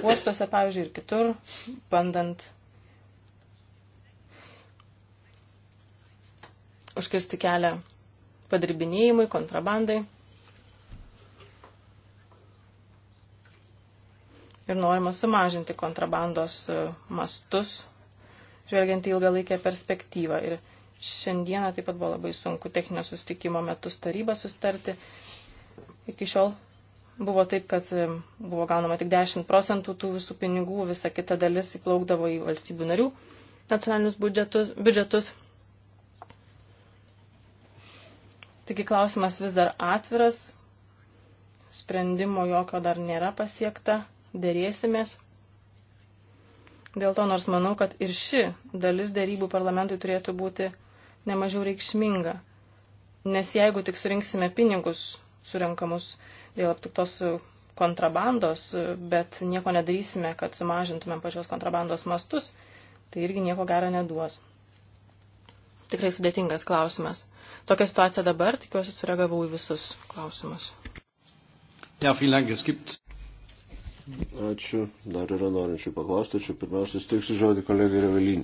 uostuose, pavyzdžiui, ir kitur, bandant užkirsti kelią padirbinėjimui, kontrabandai. ir norima sumažinti kontrabandos e, mastus, žvelgiant į ilgalaikę perspektyvą. Ir šiandieną taip pat buvo labai sunku techninio sustikimo metus tarybą sustarti. Iki šiol buvo taip, kad e, buvo gaunama tik 10 procentų tų visų pinigų, visa kita dalis įplaukdavo į valstybių narių nacionalinius biudžetus. biudžetus. Taigi klausimas vis dar atviras, sprendimo jokio dar nėra pasiekta dėrėsimės. Dėl to, nors manau, kad ir ši dalis dėrybų parlamentui turėtų būti nemažiau reikšminga. Nes jeigu tik surinksime pinigus surinkamus dėl aptiktos kontrabandos, bet nieko nedarysime, kad sumažintumėm pačios kontrabandos mastus, tai irgi nieko gero neduos. Tikrai sudėtingas klausimas. Tokia situacija dabar, tikiuosi, sureagavau į visus klausimus. Ja, vielen Dank. Es gibt Ačiū. Dar yra norinčių paklausti, tačiau pirmiausia, steiksiu žodį kolegai Revelinį.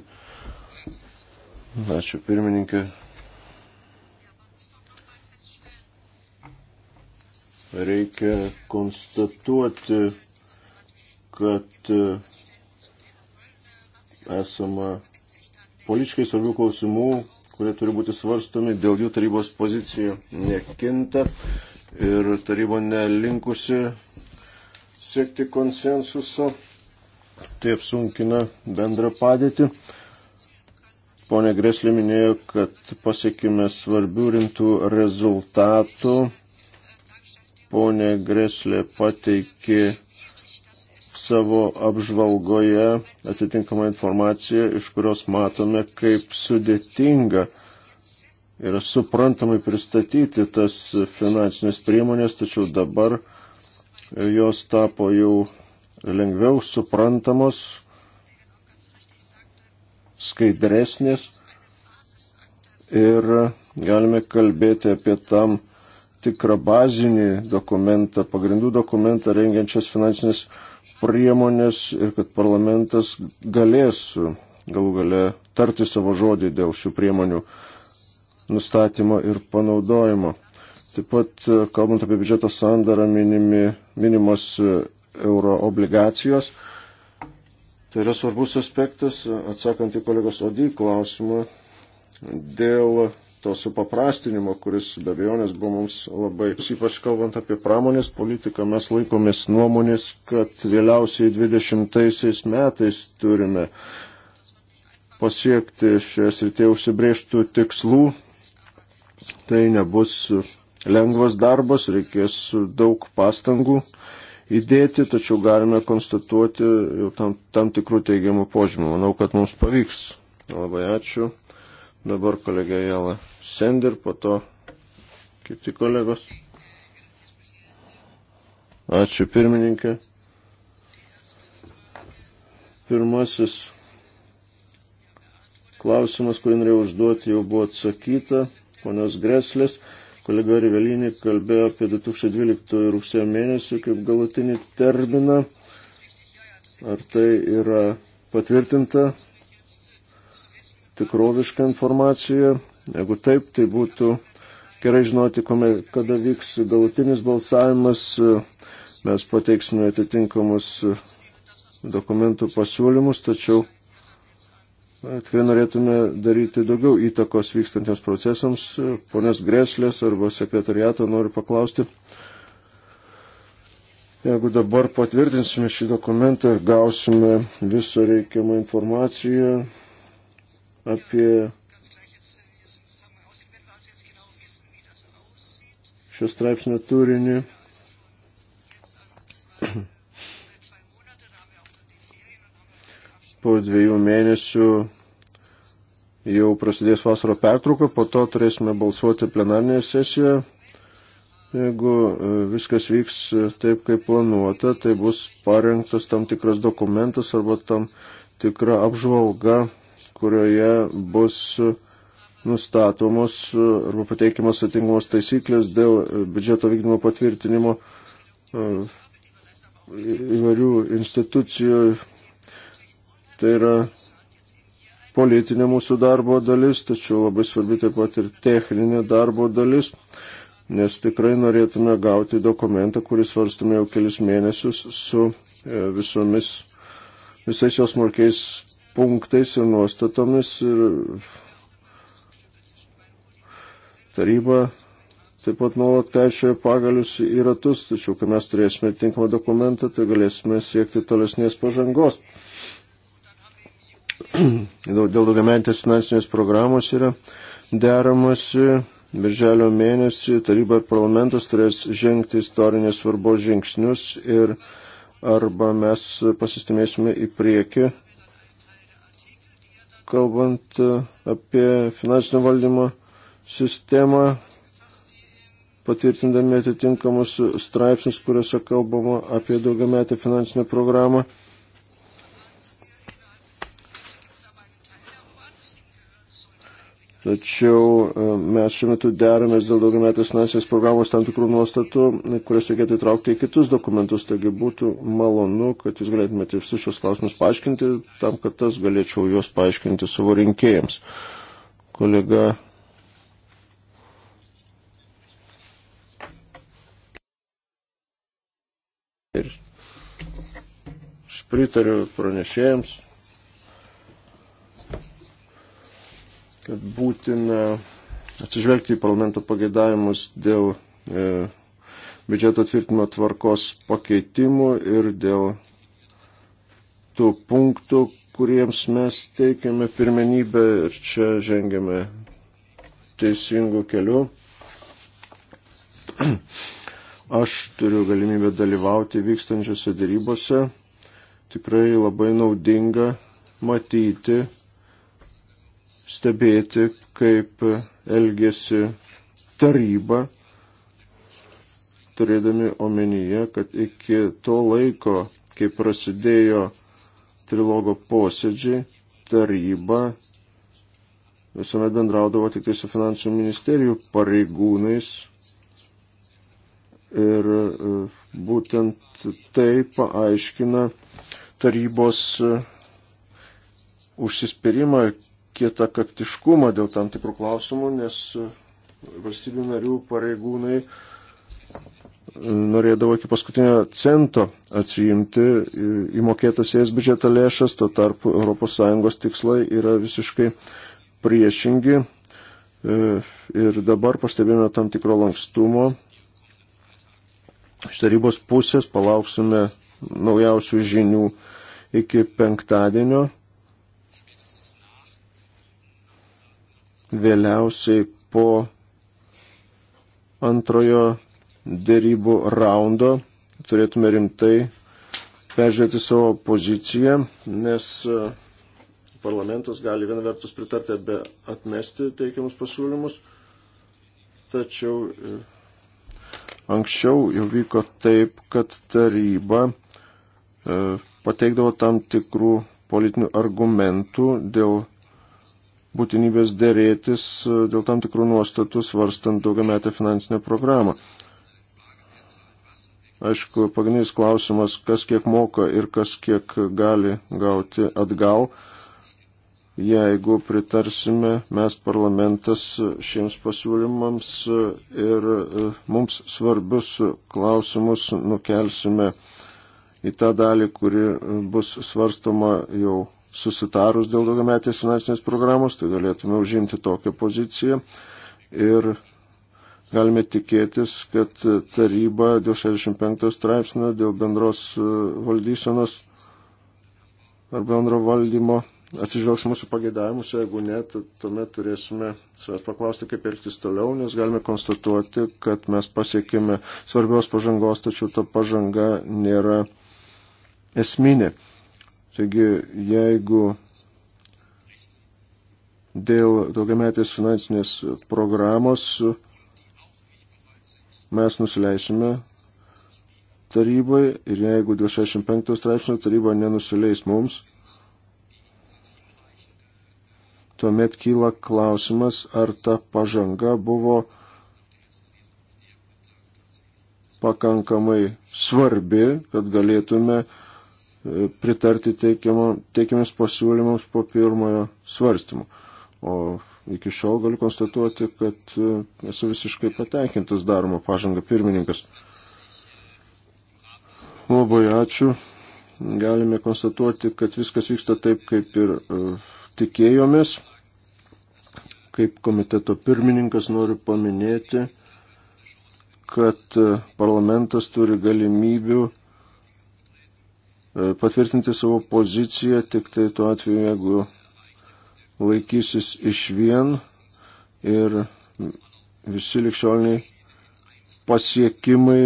Ačiū pirmininkė. Reikia konstatuoti, kad esama politiškai svarbių klausimų, kurie turi būti svarstomi, dėl jų tarybos pozicija nekinta ir taryba nelinkusi siekti konsensuso, tai apsunkina bendrą padėtį. Pone Greslė minėjo, kad pasiekime svarbių rimtų rezultatų. Pone Greslė pateikė savo apžvalgoje atitinkamą informaciją, iš kurios matome, kaip sudėtinga yra suprantamai pristatyti tas finansinės priemonės, tačiau dabar uh, jos tapo jau lengviau suprantamos, skaidresnės ir galime kalbėti apie tam tikrą bazinį dokumentą, pagrindų dokumentą rengiančias finansinės priemonės ir kad parlamentas galės galų gale tarti savo žodį dėl šių priemonių nustatymo ir panaudojimo. Taip pat, e, kalbant apie biudžeto sandarą, minimi, minimos e, euro obligacijos. Tai yra svarbus aspektas, e, atsakant į kolegos Odį klausimą, dėl to supaprastinimo, kuris be abejonės buvo mums labai, ypač kalbant apie pramonės politiką, mes laikomės nuomonės, kad vėliausiai 20 metais turime pasiekti šioje srityje užsibrėžtų tikslų. Tai nebus lengvas darbas, reikės daug pastangų įdėti, tačiau galime konstatuoti jau tam, tam tikrų teigiamų požymų. Manau, kad mums pavyks. Labai ačiū. Dabar kolegė Jela Sender, po to kiti kolegos. Ačiū pirmininkė. Pirmasis klausimas, kurį norėjau užduoti, jau buvo atsakyta, ponios Greslės. Kolega Rivelinė kalbėjo apie 2012 rugsėjo mėnesį kaip galutinį terminą. Ar tai yra patvirtinta tikroviška informacija? Jeigu taip, tai būtų gerai žinoti, kada vyks galutinis balsavimas. Mes pateiksime atitinkamus dokumentų pasiūlymus, tačiau tikrai norėtume daryti daugiau įtakos vykstantiems procesams. Ponės Greslės arba sekretariato noriu paklausti. Jeigu dabar patvirtinsime šį dokumentą ir gausime visą reikiamą informaciją apie šio straipsnio turinį, po dviejų mėnesių jau prasidės vasaro pertrauka, po to turėsime balsuoti plenarnėje sesijoje. Jeigu e, viskas vyks e, taip, kaip planuota, tai bus parengtas tam tikras dokumentas arba tam tikra apžvalga, kurioje bus e, nustatomos arba pateikimas atinkamos taisyklės dėl biudžeto vykdymo patvirtinimo įvairių institucijų Tai yra politinė mūsų darbo dalis, tačiau labai svarbi taip pat ir techninė darbo dalis, nes tikrai norėtume gauti dokumentą, kurį svarstame jau kelis mėnesius su e, visomis, visais jos smulkiais punktais ir nuostatomis. Ir taryba taip pat nuolat kaišioja pagalius į ratus, tačiau kai mes turėsime tinkamą dokumentą, tai galėsime siekti tolesnės pažangos dėl daugiamentės finansinės programos yra deramasi. Birželio mėnesį taryba ir parlamentas turės žengti istorinės svarbos žingsnius ir arba mes pasistumėsime į priekį, kalbant e, apie finansinio valdymo sistemą, patvirtindami atitinkamus straipsnius, kuriuose kalbama apie daugiametę finansinę programą. Tačiau e, mes šiuo metu deramės dėl daugiametės finansinės programos tam tikrų nuostatų, kurias reikėtų įtraukti į kitus dokumentus. Taigi būtų malonu, kad jūs galėtumėte visus šios klausimus paaiškinti, tam, kad tas galėčiau juos paaiškinti savo rinkėjams. Kolega. Ir aš pritariu pranešėjams. kad būtina atsižvelgti į parlamento pageidavimus dėl e, biudžeto tvirtinimo tvarkos pakeitimų ir dėl tų punktų, kuriems mes teikiame pirmenybę ir čia žengiame teisingų kelių. Aš turiu galimybę dalyvauti vykstančiose dėrybose. Tikrai labai naudinga matyti stebėti, kaip elgesi taryba, turėdami omenyje, kad iki to laiko, kai prasidėjo trilogo posėdžiai, taryba visuomet bendraudavo tik tai su finansų ministerijų pareigūnais. Ir e, būtent tai paaiškina tarybos e, užsispyrimą kietą kaktiškumą dėl tam tikrų klausimų, nes e, valstybių narių pareigūnai e, norėdavo iki paskutinio cento atsijimti įmokėtas jas biudžeto lėšas, to tarpu ES tikslai yra visiškai priešingi. E, ir dabar pastebėjome tam tikro lankstumo. Iš tarybos pusės palauksime naujausių žinių iki penktadienio vėliausiai po antrojo dėrybų raundo turėtume rimtai peržiūrėti savo poziciją, nes e, parlamentas gali vieną vertus pritarti arba atmesti teikiamus pasiūlymus, tačiau e, anksčiau jau vyko taip, kad taryba e, pateikdavo tam tikrų politinių argumentų dėl būtinybės dėrėtis e, dėl tam tikrų nuostatų svarstant daugiametę finansinę programą. Aišku, pagrindinis klausimas, kas kiek moka ir kas kiek gali gauti atgal. Jeigu pritarsime, mes parlamentas šiems pasiūlymams ir e, mums svarbius klausimus nukelsime į tą dalį, kuri bus svarstoma jau susitarus dėl daugiametės finansinės programos, tai galėtume užimti tokią poziciją ir galime tikėtis, kad taryba dėl 65 straipsnio, dėl bendros e, valdysenos ar bendro valdymo atsižvelgs mūsų pageidavimus, jeigu ne, tuomet turėsime savęs paklausti, kaip elgtis toliau, nes galime konstatuoti, kad mes pasiekime svarbios pažangos, tačiau ta pažanga nėra esminė. Taigi, jeigu dėl daugiametės finansinės programos mes nusileisime tarybai ir jeigu 265 straipsnio taryba nenusileis mums, tuomet kyla klausimas, ar ta pažanga buvo pakankamai svarbi, kad galėtume pritarti teikiamiems pasiūlymams po pirmojo svarstymo. O iki šiol galiu konstatuoti, kad e, esu visiškai patenkintas daroma pažanga pirmininkas. Labai ačiū. Galime konstatuoti, kad viskas vyksta taip, kaip ir e, tikėjomės. Kaip komiteto pirmininkas noriu paminėti, kad e, parlamentas turi galimybių E, patvirtinti savo poziciją tik tai tuo atveju, jeigu laikysis iš vien ir visi likščioliniai pasiekimai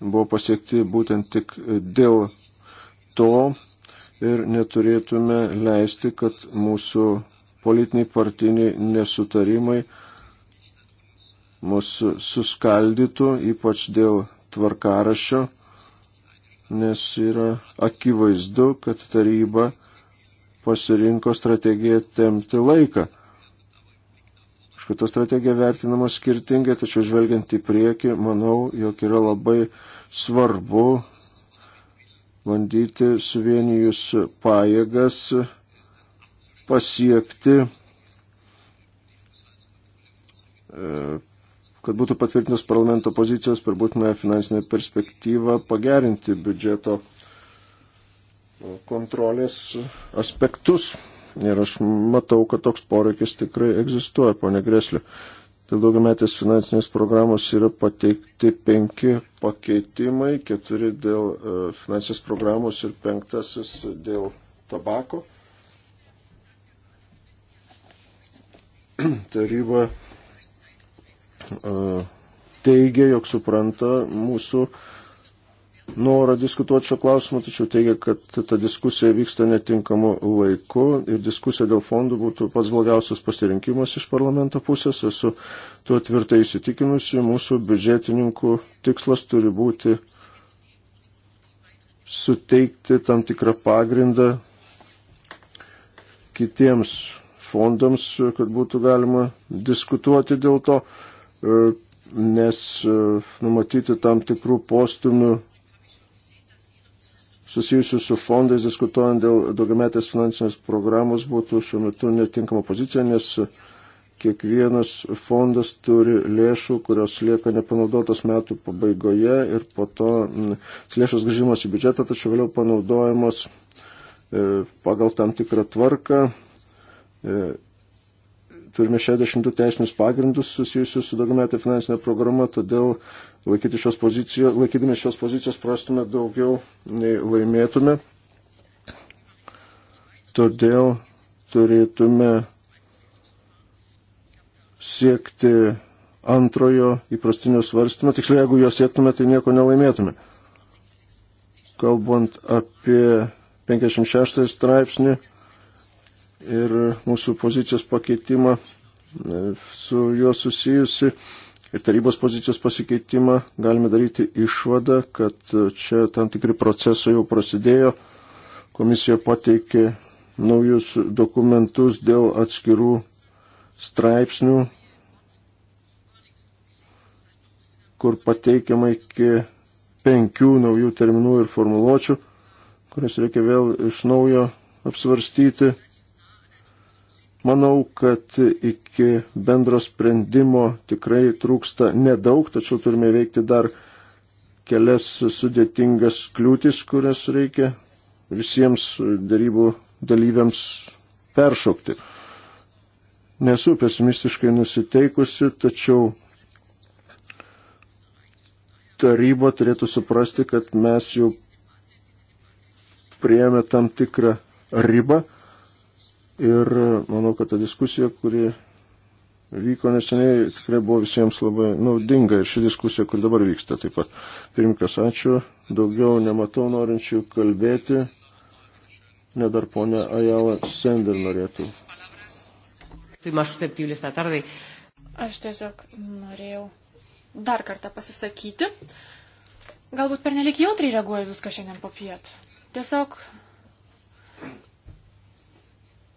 buvo pasiekti būtent tik dėl to ir neturėtume leisti, kad mūsų politiniai partiniai nesutarimai mus suskaldytų, ypač dėl tvarkarašio nes yra akivaizdu, kad taryba pasirinko strategiją temti laiką. Aišku, ta strategija vertinama skirtingai, tačiau žvelgiant į priekį, manau, jog yra labai svarbu bandyti suvienijus pajėgas pasiekti e, kad būtų patvirtinus parlamento pozicijos per būtinąją finansinę perspektyvą pagerinti biudžeto kontrolės aspektus. Ir aš matau, kad toks poreikis tikrai egzistuoja, ponė Greslė. Dėl daugiametės finansinės programos yra pateikti penki pakeitimai, keturi dėl e, finansinės programos ir penktasis dėl tabako. Taryba teigia, jog supranta mūsų norą diskutuoti šio klausimu, tačiau teigia, kad ta diskusija vyksta netinkamu laiku ir diskusija dėl fondų būtų pats blogiausias pasirinkimas iš parlamento pusės. Esu tuo tvirtai įsitikinusi, mūsų biudžetininkų tikslas turi būti suteikti tam tikrą pagrindą kitiems fondams, kad būtų galima diskutuoti dėl to. E, nes e, numatyti tam tikrų postumių susijusių su fondais, diskutuojant dėl daugiametės finansinės programos, būtų šiuo metu netinkama pozicija, nes kiekvienas fondas turi lėšų, kurios lieka nepanaudotos metų pabaigoje ir po to lėšos grįžimas į biudžetą, tačiau vėliau panaudojamos e, pagal tam tikrą tvarką turime 62 teisinius pagrindus susijusius su daugiametė finansinė programa, todėl laikyti šios pozicijos, laikydami šios pozicijos prastume daugiau nei laimėtume. Todėl turėtume siekti antrojo įprastinio svarstymo. Tiksliau, jeigu jo siektume, tai nieko nelaimėtume. Kalbant apie 56 straipsnį, ir mūsų pozicijos pakeitimą e, su juo susijusi ir tarybos pozicijos pasikeitimą, galime daryti išvadą, kad čia tam tikri procesai jau prasidėjo. Komisija pateikė naujus dokumentus dėl atskirų straipsnių, kur pateikiama iki penkių naujų terminų ir formuluočių, kurias reikia vėl iš naujo apsvarstyti. Manau, kad iki bendro sprendimo tikrai trūksta nedaug, tačiau turime veikti dar kelias sudėtingas kliūtis, kurias reikia visiems darybų dalyviams peršokti. Nesu pesimistiškai nusiteikusi, tačiau taryba turėtų suprasti, kad mes jau priėmė tam tikrą ribą Ir manau, kad ta diskusija, kuri vyko neseniai, tikrai buvo visiems labai naudinga ir ši diskusija, kur dabar vyksta taip pat. Pirmikas, ačiū. Daugiau nematau norinčių kalbėti. Nedar ponia Ajala Sender norėtų. Aš tiesiog norėjau dar kartą pasisakyti. Galbūt pernelik jautriai reaguoju viską šiandien po piet. Tiesiog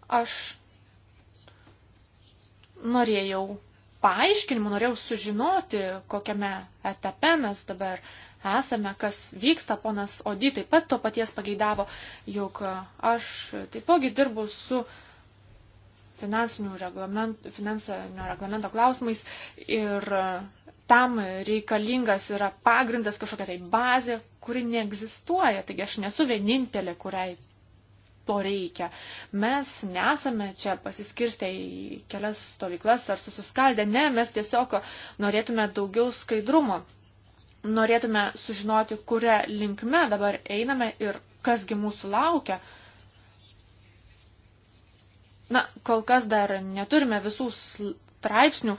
Aš norėjau paaiškinimų, norėjau sužinoti, kokiame etape mes dabar esame, kas vyksta. Ponas Odi taip pat to paties pageidavo, juk aš taipogi dirbu su finansinio reglamento, finansinio reglamento klausimais ir tam reikalingas yra pagrindas, kažkokia tai bazė, kuri neegzistuoja. Taigi aš nesu vienintelė, kuriai to reikia. Mes nesame čia pasiskirstę į kelias stovyklas ar susiskaldę, ne, mes tiesiog norėtume daugiau skaidrumo. Norėtume sužinoti, kurią linkme dabar einame ir kasgi mūsų laukia. Na, kol kas dar neturime visų straipsnių.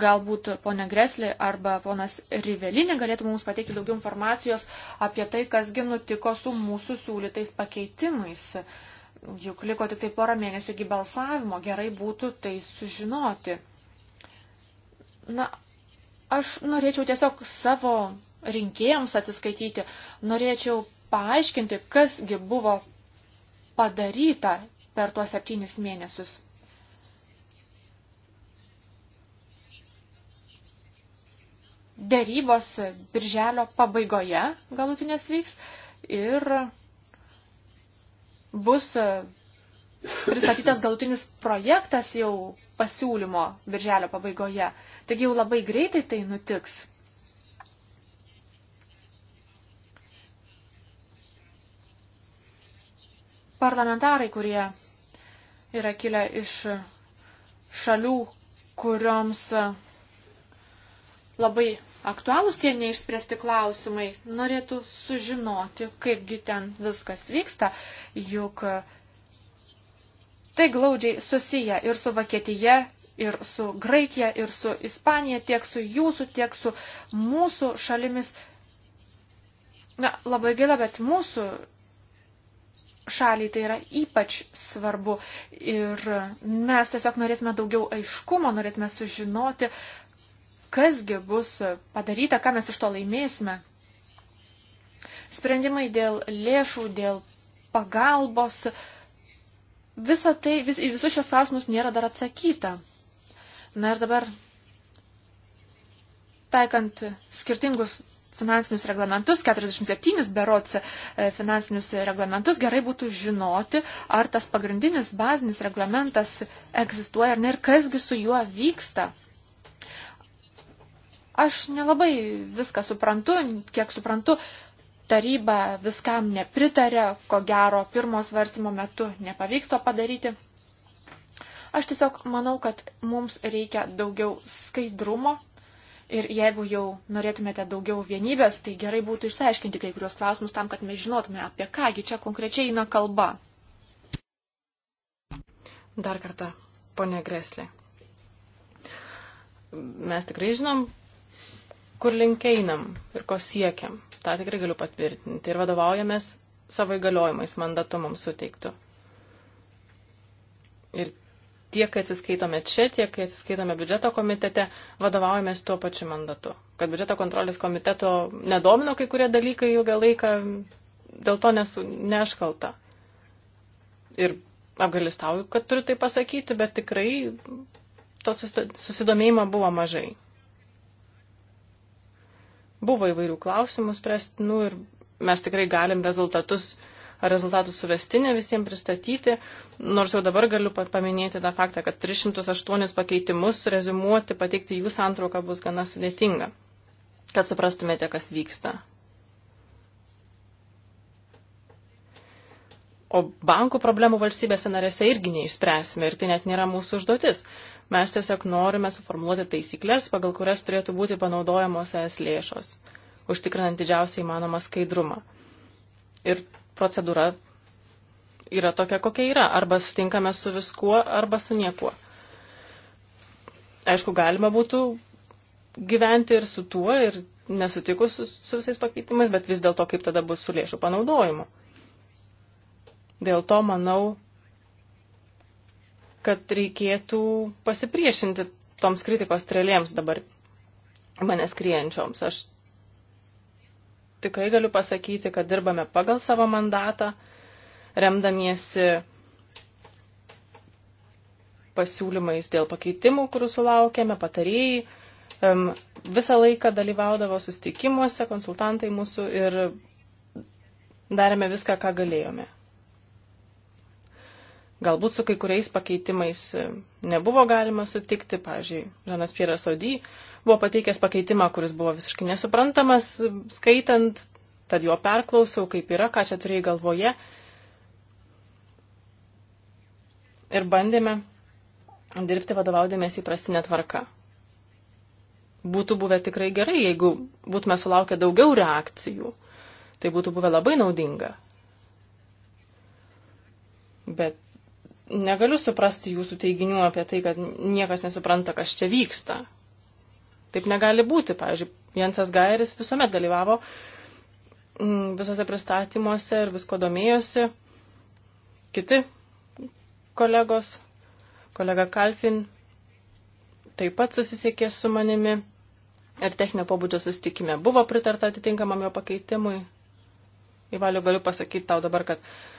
Galbūt ponia Greslė arba ponas Rivelinė galėtų mums pateikti daugiau informacijos apie tai, kasgi nutiko su mūsų siūlytais pakeitimais. Juk liko tik tai porą mėnesių iki balsavimo, gerai būtų tai sužinoti. Na, aš norėčiau tiesiog savo rinkėjams atsiskaityti, norėčiau paaiškinti, kasgi buvo padaryta per tuos septynis mėnesius. dėrybos birželio pabaigoje galutinės vyks ir bus pristatytas galutinis projektas jau pasiūlymo birželio pabaigoje. Taigi jau labai greitai tai nutiks. Parlamentarai, kurie yra kilę iš šalių, kurioms labai aktualūs tie neišspręsti klausimai, norėtų sužinoti, kaipgi ten viskas vyksta, juk e, tai glaudžiai susiję ir su Vokietija, ir su Graikija, ir su Ispanija, tiek su jūsų, tiek su mūsų šalimis. Na, labai gaila, bet mūsų šaliai tai yra ypač svarbu ir mes tiesiog norėtume daugiau aiškumo, norėtume sužinoti, kasgi bus padaryta, ką mes iš to laimėsime. Sprendimai dėl lėšų, dėl pagalbos, visa tai, vis, į visus šios klausimus nėra dar atsakyta. Na ir dabar, taikant skirtingus finansinius reglamentus, 47 berots e, finansinius reglamentus, gerai būtų žinoti, ar tas pagrindinis bazinis reglamentas egzistuoja ar ne ir kasgi su juo vyksta. Aš nelabai viską suprantu, kiek suprantu, taryba viskam nepritarė, ko gero pirmo svarstymo metu nepavyks to padaryti. Aš tiesiog manau, kad mums reikia daugiau skaidrumo ir jeigu jau norėtumėte daugiau vienybės, tai gerai būtų išsiaiškinti kai kurios klausimus tam, kad mes žinotume, apie kągi čia konkrečiai eina kalba. Dar kartą, ponė Greslė. Mes tikrai žinom, kur linkeinam ir ko siekiam. Ta tikrai galiu patvirtinti. Ir vadovaujamės savo įgaliojimais, mandatu mums suteiktų. Ir tiek, kai atsiskaitome čia, tiek, kai atsiskaitome biudžeto komitete, vadovaujamės tuo pačiu mandatu. Kad biudžeto kontrolės komiteto nedomino kai kurie dalykai ilgą laiką, dėl to nesu neškalta. Ir apgalistauju, kad turiu tai pasakyti, bet tikrai to susidomėjimo buvo mažai. Buvo įvairių klausimų spręstinų nu ir mes tikrai galim rezultatus ar rezultatų suvestinę visiems pristatyti, nors jau dabar galiu paminėti tą faktą, kad 308 pakeitimus rezumuoti, pateikti jų santrauką bus gana sudėtinga, kad suprastumėte, kas vyksta. O bankų problemų valstybėse narėse irgi neišspręsime ir tai net nėra mūsų užduotis. Mes tiesiog norime suformuoluoti taisyklės, pagal kurias turėtų būti panaudojamos es lėšos, užtikrinant didžiausiai įmanomą skaidrumą. Ir procedūra yra tokia, kokia yra. Arba sutinkame su viskuo, arba su niekuo. Aišku, galima būtų gyventi ir su tuo, ir nesutikus su, su visais pakeitimais, bet vis dėlto kaip tada bus su lėšų panaudojimu. Dėl to, manau, kad reikėtų pasipriešinti toms kritikos strėlėms dabar mane skrienčioms. Aš tikrai galiu pasakyti, kad dirbame pagal savo mandatą, remdamiesi pasiūlymais dėl pakeitimų, kurių sulaukėme, patarėjai visą laiką dalyvaudavo sustikimuose, konsultantai mūsų ir darėme viską, ką galėjome. Galbūt su kai kuriais pakeitimais e, nebuvo galima sutikti. Pavyzdžiui, Žanas Pieras Odį buvo pateikęs pakeitimą, kuris buvo visiškai nesuprantamas e, skaitant, tad jo perklausiau, kaip yra, ką čia turėjai galvoje. Ir bandėme dirbti vadovaudėmės įprastinę tvarką. Būtų buvę tikrai gerai, jeigu būtume sulaukę daugiau reakcijų. Tai būtų buvę labai naudinga. Bet negaliu suprasti jūsų teiginių apie tai, kad niekas nesupranta, kas čia vyksta. Taip negali būti. Pavyzdžiui, Jensas Gairis visuomet dalyvavo mm, visose pristatymuose ir visko domėjosi. Kiti kolegos, kolega Kalfin, taip pat susisiekė su manimi ir techninio pobūdžio susitikime buvo pritarta atitinkamam jo pakeitimui. Įvaliu galiu pasakyti tau dabar, kad uh,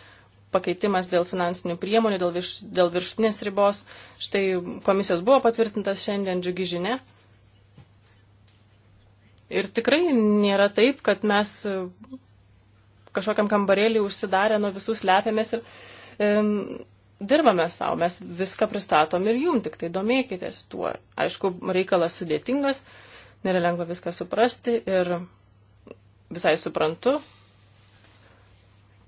pakeitimas dėl finansinių priemonių, dėl, virš, dėl viršutinės ribos. Štai komisijos buvo patvirtintas šiandien džiugi žinia. Ir tikrai nėra taip, kad mes e, kažkokiam kambarėlį užsidarę nuo visų slepiamės ir e, dirbame savo, mes viską pristatom ir jum, tik tai domėkitės tuo. Aišku, reikalas sudėtingas, nėra lengva viską suprasti ir visai suprantu,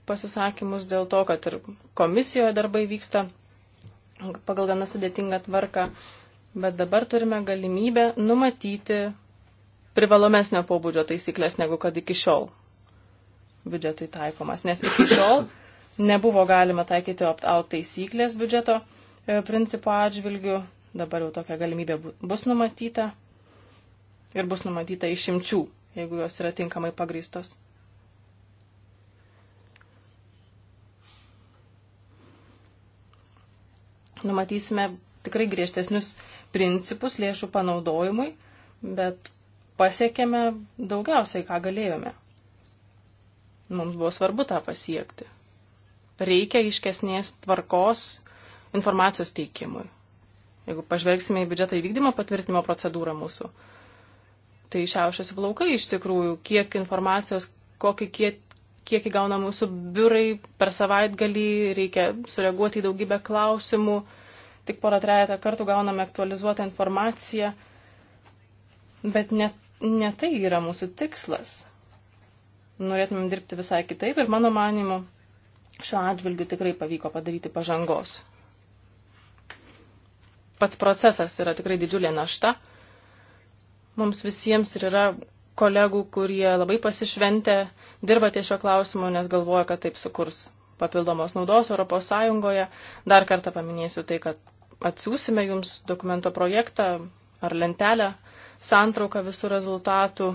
pasisakymus dėl to, kad ir komisijoje darbai vyksta pagal gana sudėtingą tvarką, bet dabar turime galimybę numatyti privalomesnio pobūdžio taisyklės negu kad iki šiol biudžetui taikomas. Nes iki šiol nebuvo galima taikyti opt-out taisyklės biudžeto e, principo atžvilgių, dabar jau tokia galimybė bus numatyta ir bus numatyta išimčių, jeigu jos yra tinkamai pagristos. numatysime tikrai griežtesnius principus lėšų panaudojimui, bet pasiekėme daugiausiai, ką galėjome. Mums buvo svarbu tą pasiekti. Reikia iškesnės tvarkos informacijos teikimui. Jeigu pažvelgsime į biudžeto įvykdymo patvirtinimo procedūrą mūsų, tai šiaušiasi plaukai iš tikrųjų, kiek informacijos, kokį kiek, kiek įgauna mūsų biurai per savaitgalį, reikia sureaguoti į daugybę klausimų, tik porą trejata kartų gauname aktualizuotą informaciją, bet ne, ne tai yra mūsų tikslas. Norėtumėm dirbti visai kitaip ir mano manimu, šiuo atžvilgiu tikrai pavyko padaryti pažangos. Pats procesas yra tikrai didžiulė našta. Mums visiems ir yra kolegų, kurie labai pasišventė dirba ties šio klausimu, nes galvoja, kad taip sukurs papildomos naudos Europos Sąjungoje. Dar kartą paminėsiu tai, kad atsiūsime jums dokumento projektą ar lentelę, santrauką visų rezultatų.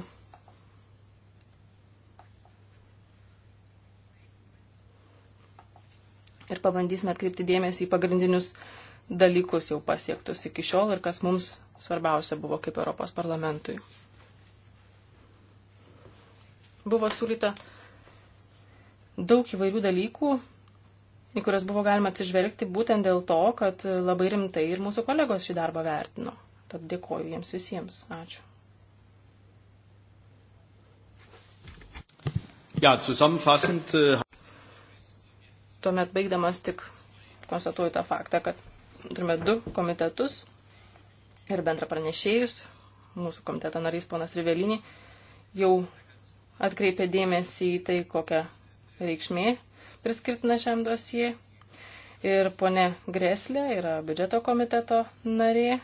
Ir pabandysime atkreipti dėmesį į pagrindinius dalykus jau pasiektus iki šiol ir kas mums svarbiausia buvo kaip Europos parlamentui buvo siūlyta daug įvairių dalykų, į kurias buvo galima atsižvelgti būtent dėl to, kad labai rimtai ir mūsų kolegos šį darbą vertino. Tad dėkoju jiems visiems. Ačiū. Ja, zusammenfassend. Äh, Tuomet baigdamas tik konstatuoju tą faktą, kad turime du komitetus ir bendra pranešėjus. Mūsų komiteto narys ponas Rivelinį jau atkreipė dėmesį į tai, kokia reikšmė priskirtina šiam dosijai. Ir ponė Greslė yra biudžeto komiteto narė,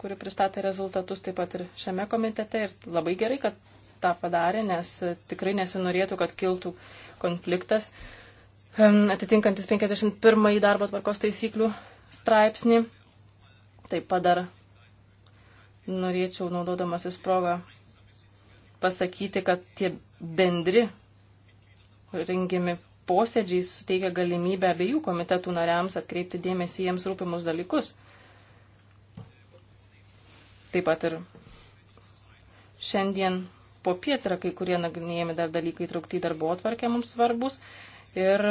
kuri pristatė rezultatus taip pat ir šiame komitete. Ir labai gerai, kad tą padarė, nes tikrai nesinorėtų, kad kiltų konfliktas atitinkantis 51 darbo tvarkos taisyklių straipsnį. Taip pat dar norėčiau, naudodamasis progą, pasakyti, kad tie bendri rengiami posėdžiai suteikia galimybę abiejų komitetų nariams atkreipti dėmesį jiems rūpimus dalykus. Taip pat ir šiandien po piet yra kai kurie nagrinėjami dar dalykai traukti į darbo atvarkę mums svarbus. Ir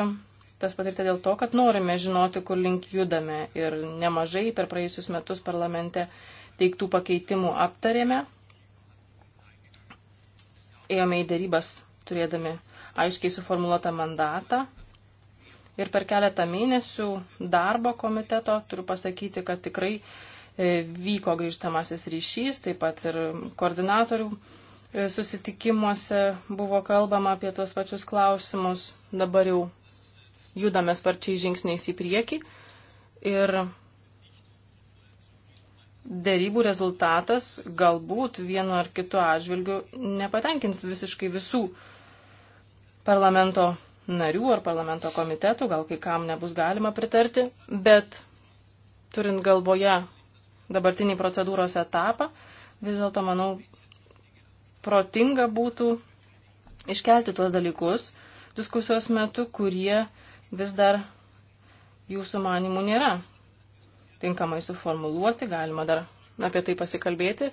tas patirta dėl to, kad norime žinoti, kur link judame. Ir nemažai per praėjusius metus parlamente teiktų pakeitimų aptarėme ėjome į dėrybas turėdami aiškiai suformuoluotą mandatą. Ir per keletą mėnesių darbo komiteto turiu pasakyti, kad tikrai e, vyko grįžtamasis ryšys, taip pat ir koordinatorių e, susitikimuose buvo kalbama apie tuos pačius klausimus. Dabar jau judame sparčiai žingsniais į priekį. Ir dėrybų rezultatas galbūt vienu ar kitu atžvilgiu nepatenkins visiškai visų parlamento narių ar parlamento komitetų, gal kai kam nebus galima pritarti, bet turint galvoje dabartinį procedūros etapą, vis dėlto, manau, protinga būtų iškelti tuos dalykus diskusijos metu, kurie vis dar jūsų manimų nėra tinkamai suformuluoti, galima dar apie tai pasikalbėti.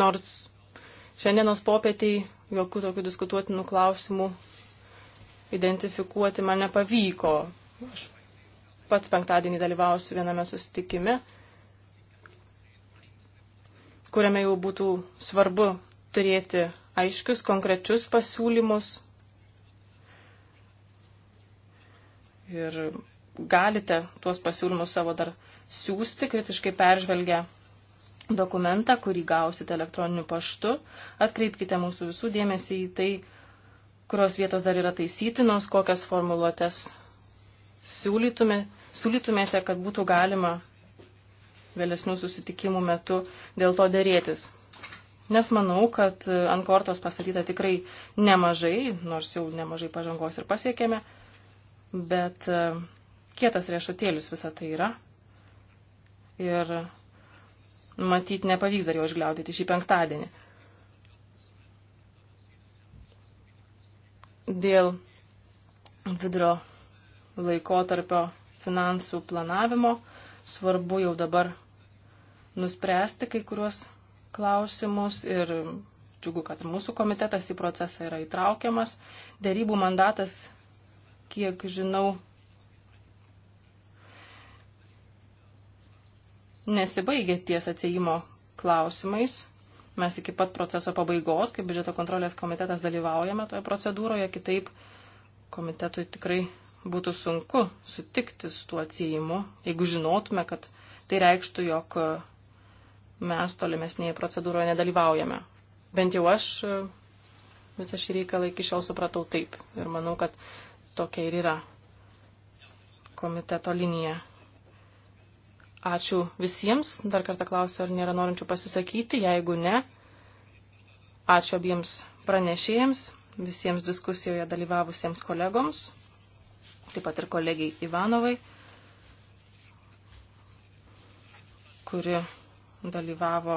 Nors šiandienos popietiai jokių tokių diskutuotinų klausimų identifikuoti man nepavyko. Aš pats penktadienį dalyvausiu viename susitikime, kuriame jau būtų svarbu turėti aiškius, konkrečius pasiūlymus ir galite tuos pasiūlymus savo dar siūsti, kritiškai peržvelgę dokumentą, kurį gausite elektroniniu paštu. Atkreipkite mūsų visų dėmesį į tai, kurios vietos dar yra taisytinos, kokias formuluotės siūlytume, siūlytumėte, kad būtų galima vėlesnių susitikimų metu dėl to dėrėtis. Nes manau, kad ant kortos pastatyta tikrai nemažai, nors jau nemažai pažangos ir pasiekėme bet e, kietas riešutėlis visą tai yra. Ir matyt, nepavyks dar jo išgliaudyti šį penktadienį. Dėl vidurio laikotarpio finansų planavimo svarbu jau dabar nuspręsti kai kuriuos klausimus ir džiugu, kad mūsų komitetas į procesą yra įtraukiamas. Dėrybų mandatas kiek žinau, nesibaigė ties atsėjimo klausimais. Mes iki pat proceso pabaigos, kaip biudžeto kontrolės komitetas dalyvaujame toje procedūroje, kitaip komitetui tikrai būtų sunku sutikti su tuo atsijimu, jeigu žinotume, kad tai reikštų, jog mes tolimesnėje procedūroje nedalyvaujame. Bent jau aš visą šį reikalą iki šiol supratau taip ir manau, kad Tokia ir yra komiteto linija. Ačiū visiems. Dar kartą klausiu, ar nėra norinčių pasisakyti. Jeigu ne, ačiū abiems pranešėjams, visiems diskusijoje dalyvavusiems kolegoms, taip pat ir kolegiai Ivanovai, kuri dalyvavo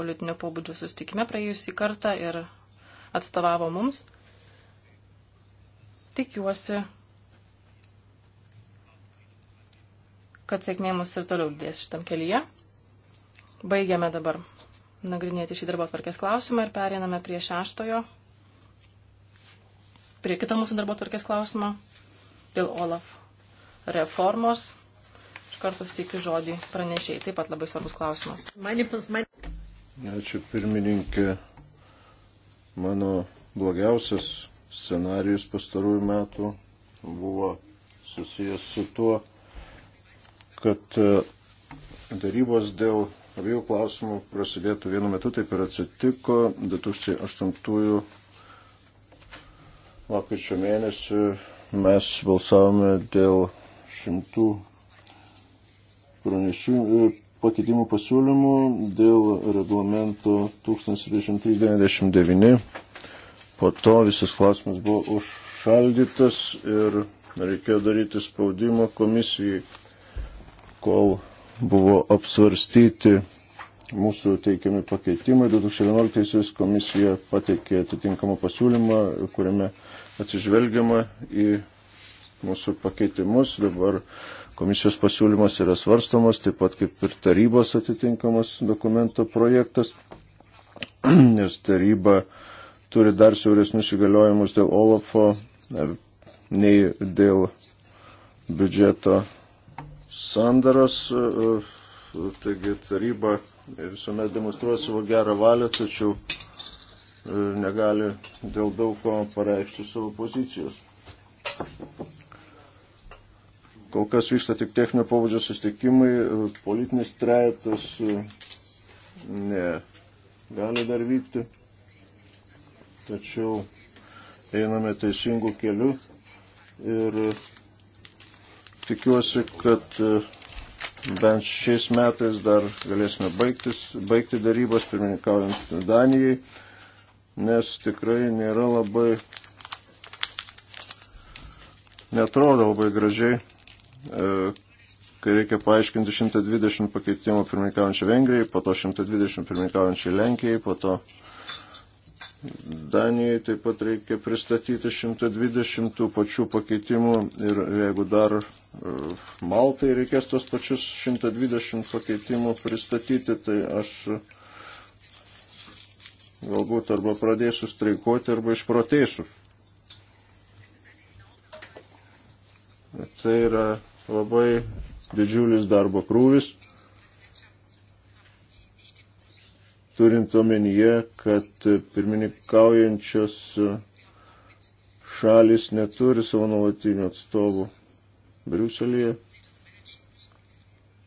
politinio pobūdžio sustikime praėjusį kartą ir atstovavo mums. Tikiuosi, kad sėkmė mus ir toliau dės šitam kelyje. Baigiame dabar nagrinėti šį darbo tvarkės klausimą ir pereiname prie šeštojo, prie kito mūsų darbo tvarkės klausimo dėl OLAF reformos. Iš karto suteikiu žodį pranešėjai. Taip pat labai svarbus klausimas. Ačiū pirmininkė. Mano blogiausias scenarijus pastarųjų metų buvo susijęs su tuo, kad e, darybos dėl abiejų klausimų prasidėtų vienu metu, taip ir atsitiko 2008 lapkričio mėnesį mes balsavome dėl šimtų pranešimų pakeitimų pasiūlymų dėl reglamento 1299 po to visas klausimas buvo užšaldytas ir reikėjo daryti spaudimą komisijai, kol buvo apsvarstyti mūsų teikiami pakeitimai. 2011 komisija pateikė atitinkamą pasiūlymą, kuriame atsižvelgiama į mūsų pakeitimus. Dabar komisijos pasiūlymas yra svarstamas, taip pat kaip ir tarybos atitinkamas dokumento projektas, nes taryba turi dar siauresnius įgaliojimus dėl Olafo nei dėl biudžeto sandaros. Taigi taryba visuomet demonstruoja savo gerą valią, tačiau e, negali dėl daug ko pareikšti savo pozicijos. Kol kas vyksta tik techninio pobūdžio sustikimai, e, politinis trejetas e, ne, gali dar vykti tačiau einame teisingų kelių ir e, tikiuosi, kad e, bent šiais metais dar galėsime baigtis, baigti darybas, pirmininkaujant Danijai, nes tikrai nėra labai, netrodo labai gražiai, e, kai reikia paaiškinti 120 pakeitimų pirmininkaujančiai Vengrijai, po to 120 pirmininkaujančiai Lenkijai, po to Danijai taip pat reikia pristatyti 120 tų pačių pakeitimų ir jeigu dar e, Maltai reikės tos pačius 120 pakeitimų pristatyti, tai aš e, galbūt arba pradėsiu streikuoti, arba išprotėsiu. Tai yra labai didžiulis darbo krūvis. turint omenyje, kad pirmininkaujančios šalis neturi savo nuolatinių atstovų Briuselėje.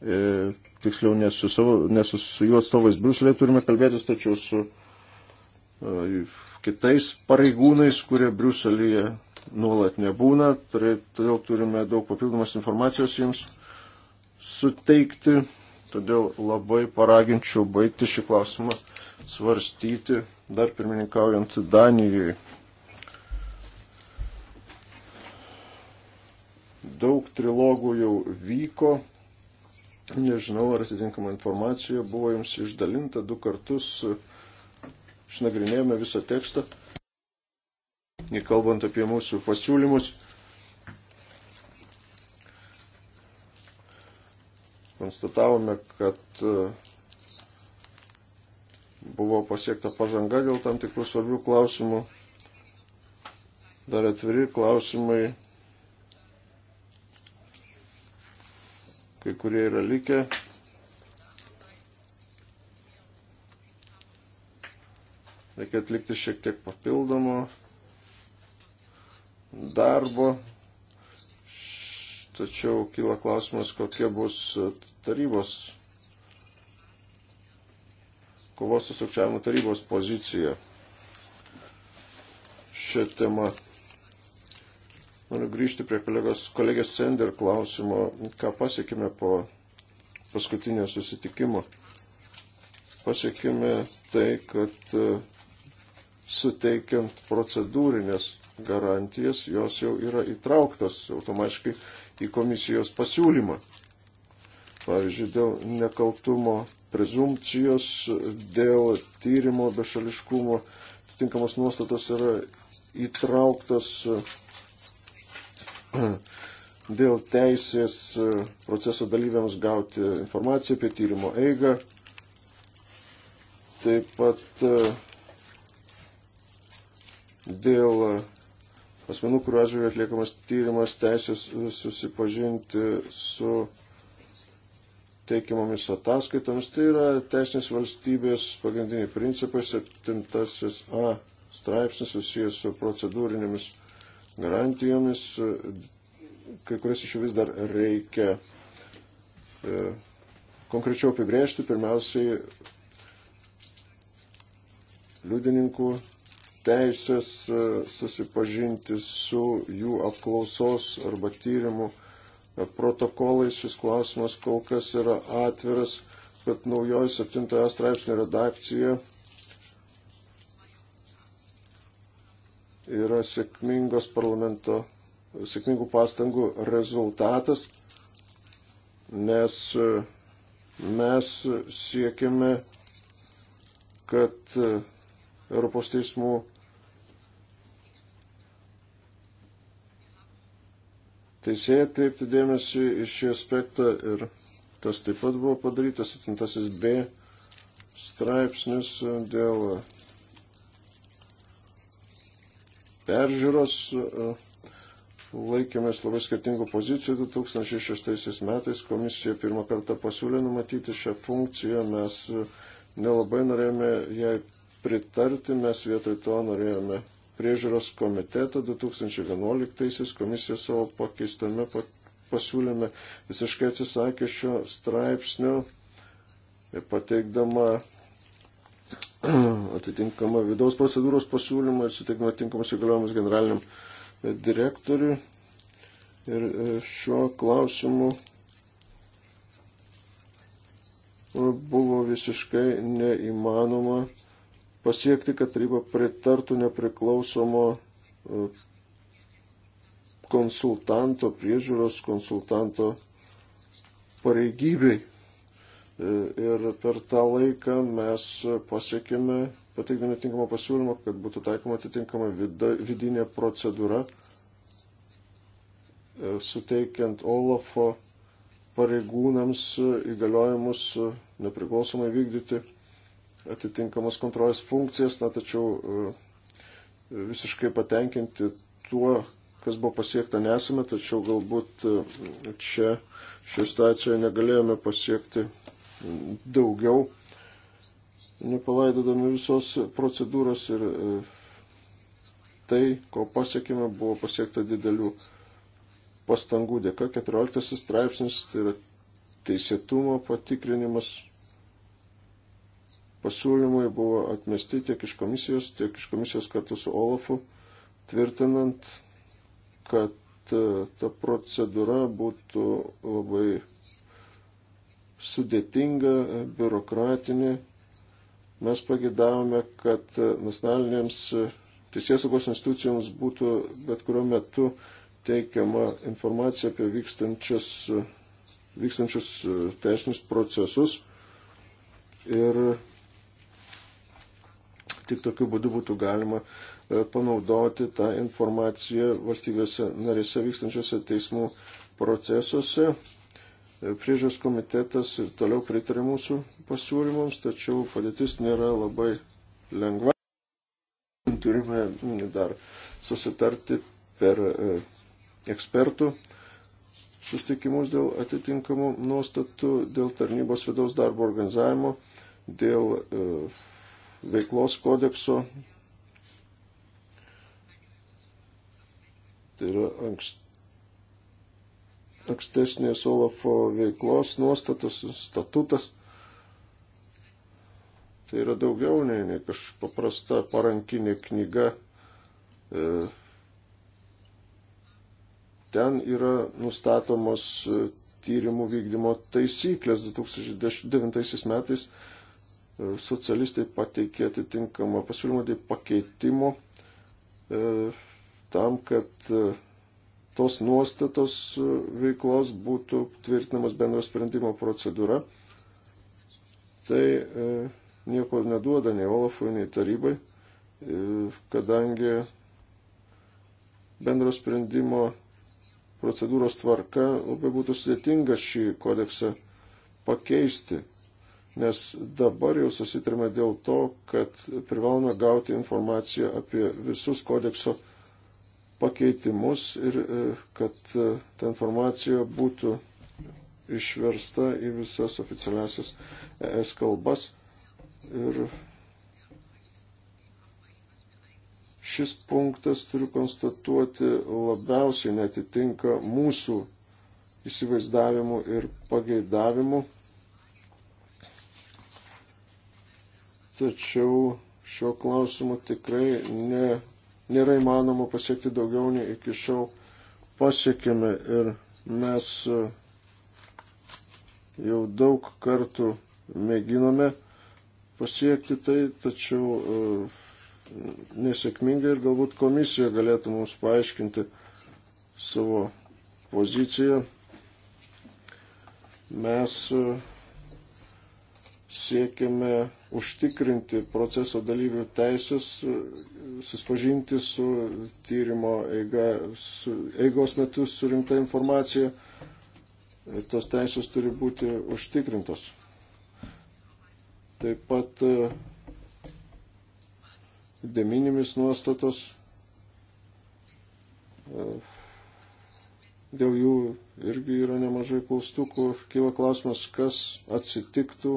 E, tiksliau, ne su, savo, ne su, su jų atstovais Briuselėje turime kalbėtis, tačiau su e, kitais pareigūnais, kurie Briuselėje nuolat nebūna. Todėl turime daug papildomos informacijos jums suteikti. Todėl labai paraginčiau baigti šį klausimą svarstyti dar pirmininkaujant Danijai. Daug trilogų jau vyko. Nežinau, ar atitinkama informacija buvo jums išdalinta du kartus. Išnagrinėjome visą tekstą. Kalbant apie mūsų pasiūlymus, konstatavome, kad e, buvo pasiekta pažanga dėl tam tikrų svarbių klausimų. Dar atviri klausimai, kai kurie yra likę. Reikia atlikti šiek tiek papildomo darbo, tačiau kyla klausimas, kokie bus tarybos, kovos su sukčiavimu tarybos poziciją šią temą. Noriu grįžti prie kolegos, kolegės Sender klausimo, ką pasiekime po paskutinio susitikimo. Pasiekime tai, kad e, suteikiant procedūrinės garantijas, jos jau yra įtrauktos automatiškai į komisijos pasiūlymą pavyzdžiui, dėl nekaltumo prezumcijos, dėl tyrimo bešališkumo, atitinkamos nuostatos yra įtrauktas dėl teisės proceso dalyviams gauti informaciją apie tyrimo eigą. Taip pat e, dėl asmenų, kuriuo atžvilgiu atliekamas tyrimas, teisės susipažinti su teikiamomis ataskaitomis. Tai yra teisinės valstybės pagrindiniai principai, septintasis A straipsnis susijęs su procedūrinėmis garantijomis. Kai kurias iš jų vis dar reikia e, konkrečiau apibrėžti. Pirmiausiai liudininkų teisės e, susipažinti su jų apklausos arba tyrimų protokolais. Šis klausimas kol kas yra atviras, kad naujoji 7 straipsnio redakcija yra sėkmingos parlamento, sėkmingų pastangų rezultatas, nes e, mes siekiame, kad e, Europos teismų teisėjai atkreipti dėmesį į šį aspektą ir tas taip pat buvo padaryta 7b straipsnis dėl e, peržiūros e, laikėmės labai skirtingų pozicijų 2006 metais komisija pirmą kartą pasiūlė numatyti šią funkciją, mes e, nelabai norėjome jai pritarti, mes vietoj to norėjome priežiūros komiteto 2011 komisija savo pakeistame pasiūlyme visiškai atsisakė šio straipsnio, e, pateikdama atitinkamą vidaus procedūros pasiūlymą ir suteikdama atitinkamus įgaliojimus generaliniam e, direktoriui. Ir e, šiuo klausimu buvo visiškai neįmanoma pasiekti, kad taryba pritartų nepriklausomo e, konsultanto, priežiūros konsultanto pareigybei. E, ir per tą laiką mes pasiekėme, pateikdami tinkamą pasiūlymą, kad būtų taikoma atitinkama vidinė procedūra, e, suteikiant Olafo pareigūnams įgaliojimus nepriklausomai vykdyti atitinkamas kontrolės funkcijas, na tačiau e, visiškai patenkinti tuo, kas buvo pasiekta nesame, tačiau galbūt e, čia šioje situacijoje negalėjome pasiekti daugiau, nepalaidodami visos procedūros ir e, tai, ko pasiekime, buvo pasiekta didelių pastangų dėka. 14 straipsnis tai yra teisėtumo patikrinimas pasiūlymai buvo atmesti tiek iš komisijos, tiek iš komisijos kartu su Olafu, tvirtinant, kad e, ta procedūra būtų labai sudėtinga, biurokratinė. Mes pagėdavome, kad e, nacionalinėms e, teisėsaugos institucijoms būtų bet kuriuo metu teikiama informacija apie vykstančius, vykstančius teisinius procesus ir tik tokiu būdu būtų galima e, panaudoti tą informaciją valstybėse narėse vykstančiose teismų procesuose. E, Priežios komitetas ir toliau pritarė mūsų pasiūlymams, tačiau padėtis nėra labai lengva. Turime dar susitarti per e, ekspertų susitikimus dėl atitinkamų nuostatų, dėl tarnybos vidaus darbo organizavimo, dėl veiklos kodekso. Tai yra ankst, ankstesnės Olafo veiklos nuostatas, statutas. Tai yra daugiau nei, nei kažkokia paprasta parankinė knyga. E, ten yra nustatomos e, tyrimų vykdymo taisyklės 2009 metais socialistai pateikė atitinkamą pasiūlymą dėl pakeitimų e, tam, kad e, tos nuostatos e, veiklos būtų tvirtinamas bendro sprendimo procedūra. Tai nieko neduoda nei Olafui, nei tarybai, kadangi bendro sprendimo procedūros tvarka labai būtų sudėtinga šį kodeksą pakeisti nes dabar jau susitarime dėl to, kad privalome gauti informaciją apie visus kodekso pakeitimus ir e, kad e, ta informacija būtų išversta į visas oficialiasias ES kalbas. Ir šis punktas, turiu konstatuoti, labiausiai netitinka mūsų įsivaizdavimų ir pageidavimų tačiau šiuo klausimu tikrai ne, nėra įmanoma pasiekti daugiau nei iki šiol pasiekėme ir mes e, jau daug kartų mėginome pasiekti tai, tačiau e, nesėkmingai ir galbūt komisija galėtų mums paaiškinti savo poziciją. Mes e, siekiame užtikrinti proceso dalyvių teisės, suspažinti su tyrimo eiga, su eigos metu surinkta informacija. Tos teisės turi būti užtikrintos. Taip pat e, deminimis nuostatos e, dėl jų irgi yra nemažai klaustukų. Kyla klausimas, kas atsitiktų,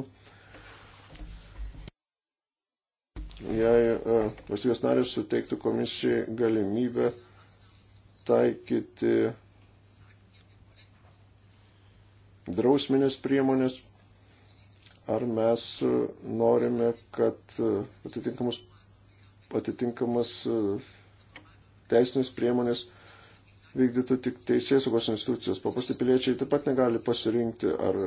jei e, valstybės narės suteiktų komisijai galimybę taikyti drausminės priemonės, ar mes norime, kad e, atitinkamas, atitinkamas e, teisinės priemonės vykdytų tik teisėsaugos institucijos. Paprasti piliečiai taip pat negali pasirinkti, ar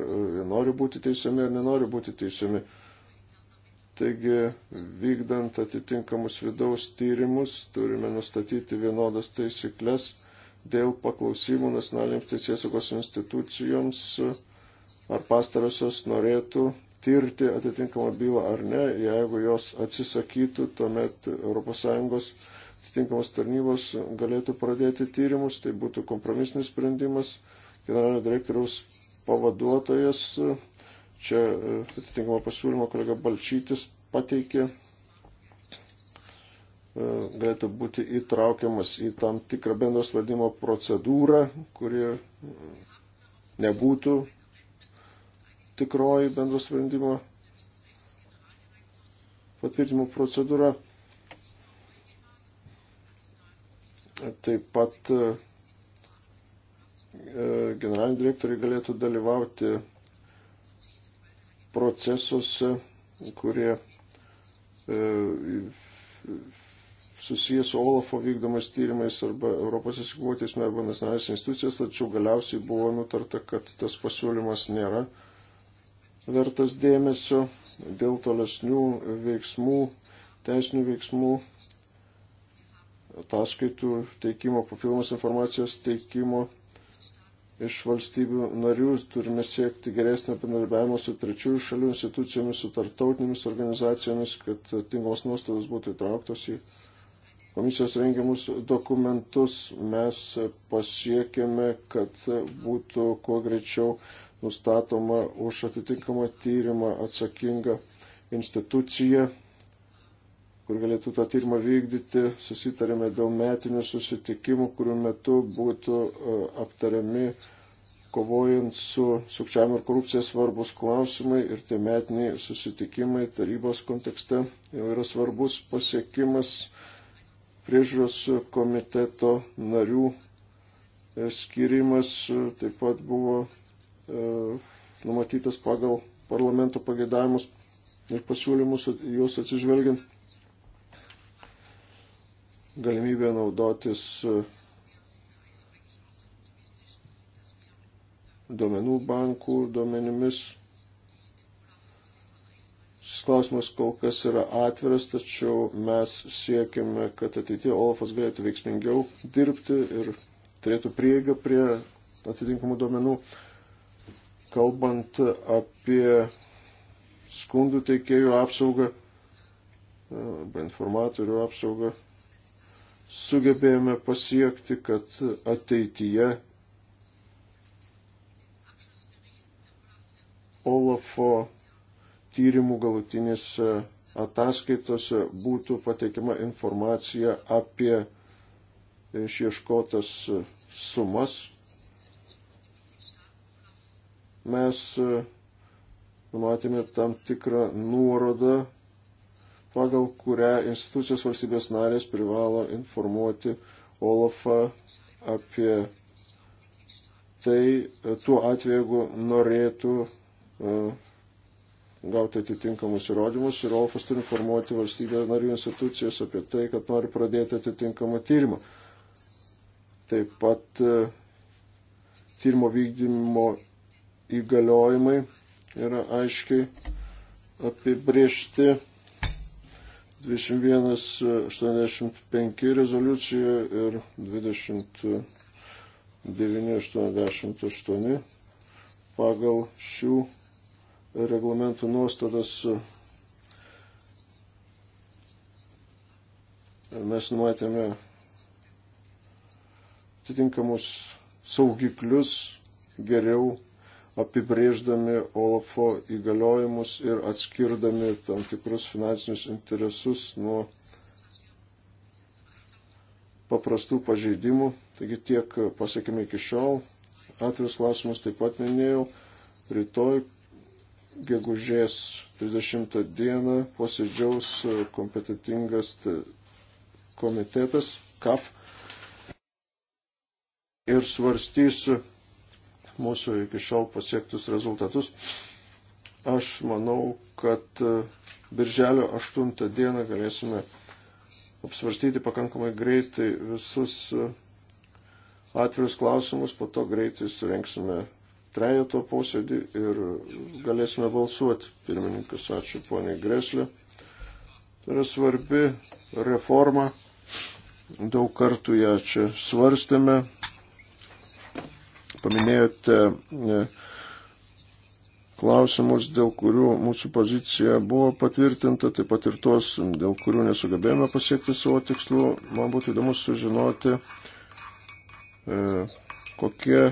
nori būti teisiami, ar nenori būti teisiami. Uh, Taigi, vykdant atitinkamus vidaus tyrimus, turime nustatyti vienodas taisyklės dėl paklausimų nacionalinėms teisėsaugos institucijoms, ar pastarosios norėtų tirti atitinkamą bylą ar ne. Jeigu jos atsisakytų, tuomet ES atitinkamos tarnybos galėtų pradėti tyrimus, tai būtų kompromisinis sprendimas. Generalinio direktoriaus pavaduotojas Čia e, atitinkamą pasiūlymą kolega Balčytis pateikė e, galėtų būti įtraukiamas į tam tikrą bendros valdymo procedūrą, kuri e, nebūtų tikroji bendros valdymo patvirtimo procedūra. Taip pat generaliniai direktoriai galėtų dalyvauti procesuose, kurie e, susijęs su Olafo vykdomais tyrimais arba Europos įsikūrimo teisme arba nacionalinės institucijas, tačiau galiausiai buvo nutarta, kad tas pasiūlymas nėra vertas dėmesio dėl tolesnių veiksmų, teisinių veiksmų, ataskaitų teikimo, papildomos informacijos teikimo iš valstybių narių, turime siekti geresnio bendarbiavimo su trečiųjų šalių institucijomis, su tarptautinėmis organizacijomis, kad tinkamos nuostatos būtų įtrauktos į komisijos rengiamus dokumentus. Mes pasiekėme, kad būtų kuo greičiau nustatoma už atitinkamą tyrimą atsakinga institucija kur galėtų tą tyrimą vykdyti, susitarėme dėl metinių susitikimų, kurių metu būtų e, aptariami kovojant su sukčiavimu ir korupcija svarbus klausimai ir tie metiniai susitikimai tarybos kontekste jau yra svarbus pasiekimas priežiūros komiteto narių e, skirimas e, taip pat buvo numatytas pagal parlamento pagėdavimus ir pasiūlymus juos atsižvelgiant galimybę naudotis e, duomenų bankų duomenimis. Šis klausimas kol kas yra atviras, tačiau mes siekiame, kad ateitie Olafas galėtų veiksmingiau dirbti ir turėtų prieigą prie atitinkamų duomenų. Kalbant apie skundų teikėjų apsaugą, e, arba informatorių apsaugą, sugebėjome pasiekti, kad ateityje Olafo tyrimų galutinėse ataskaitose būtų pateikiama informacija apie išieškotas sumas. Mes numatėme tam tikrą nuorodą pagal kurią institucijos valstybės narės privalo informuoti Olafą apie tai tuo atveju, jeigu norėtų e, gauti atitinkamus įrodymus ir Olafas turi informuoti valstybės narių institucijas apie tai, kad nori pradėti atitinkamą tyrimą. Taip pat e, tyrimo vykdymo įgaliojimai yra aiškiai apibriežti 2185 rezoliucija ir 2988 pagal šių reglamentų nuostatas mes numatėme atitinkamus saugiklius geriau apibrėždami Olafo įgaliojimus ir atskirdami tam tikrus finansinius interesus nuo paprastų pažeidimų. Taigi tiek pasiekime iki šiol. Atvirus klausimus taip pat minėjau. Rytoj gegužės 30 dieną posėdžiaus kompetitingas komitetas KAF ir svarstys mūsų iki šiol pasiektus rezultatus. Aš manau, kad e, birželio 8 dieną galėsime apsvarstyti pakankamai greitai visus e, atvirus klausimus, po to greitai surenksime trejato posėdį ir galėsime balsuoti. Pirmininkas, ačiū poniai Greslė. Tai yra svarbi reforma, daug kartų ją čia svarstėme, paminėjote e, klausimus, dėl kurių mūsų pozicija buvo patvirtinta, taip pat ir tuos, dėl kurių nesugebėjome pasiekti savo tikslų. Man būtų įdomu sužinoti, e, kokie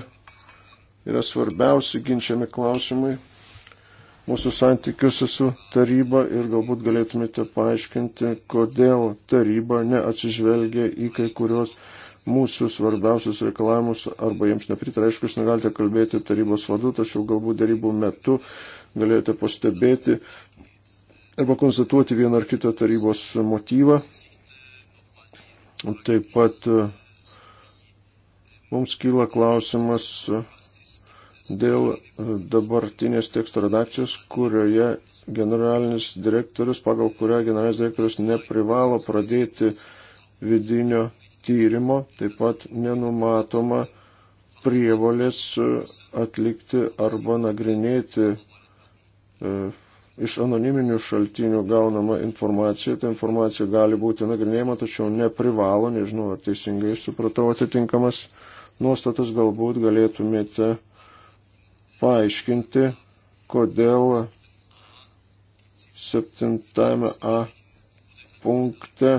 yra svarbiausi ginčiami klausimai mūsų santykius su taryba ir galbūt galėtumėte paaiškinti, kodėl taryba neatsižvelgia į kai kurios mūsų svarbiausius reikalavimus arba jiems nepritarė. Aišku, jūs negalite kalbėti tarybos vadu, tačiau galbūt darybų metu galėjote pastebėti arba konstatuoti vieną ar kitą tarybos motyvą. Taip pat e, mums kyla klausimas, dėl e, dabartinės teksto redakcijos, kurioje generalinis direktorius, pagal kurią generalinis direktorius neprivalo pradėti vidinio tyrimo, taip pat nenumatoma prievolės atlikti arba nagrinėti e, iš anoniminių šaltinių gaunama informacija. Ta informacija gali būti nagrinėjama, tačiau neprivalo, nežinau, ar teisingai supratau atitinkamas nuostatas, galbūt galėtumėte paaiškinti, kodėl 7a punkte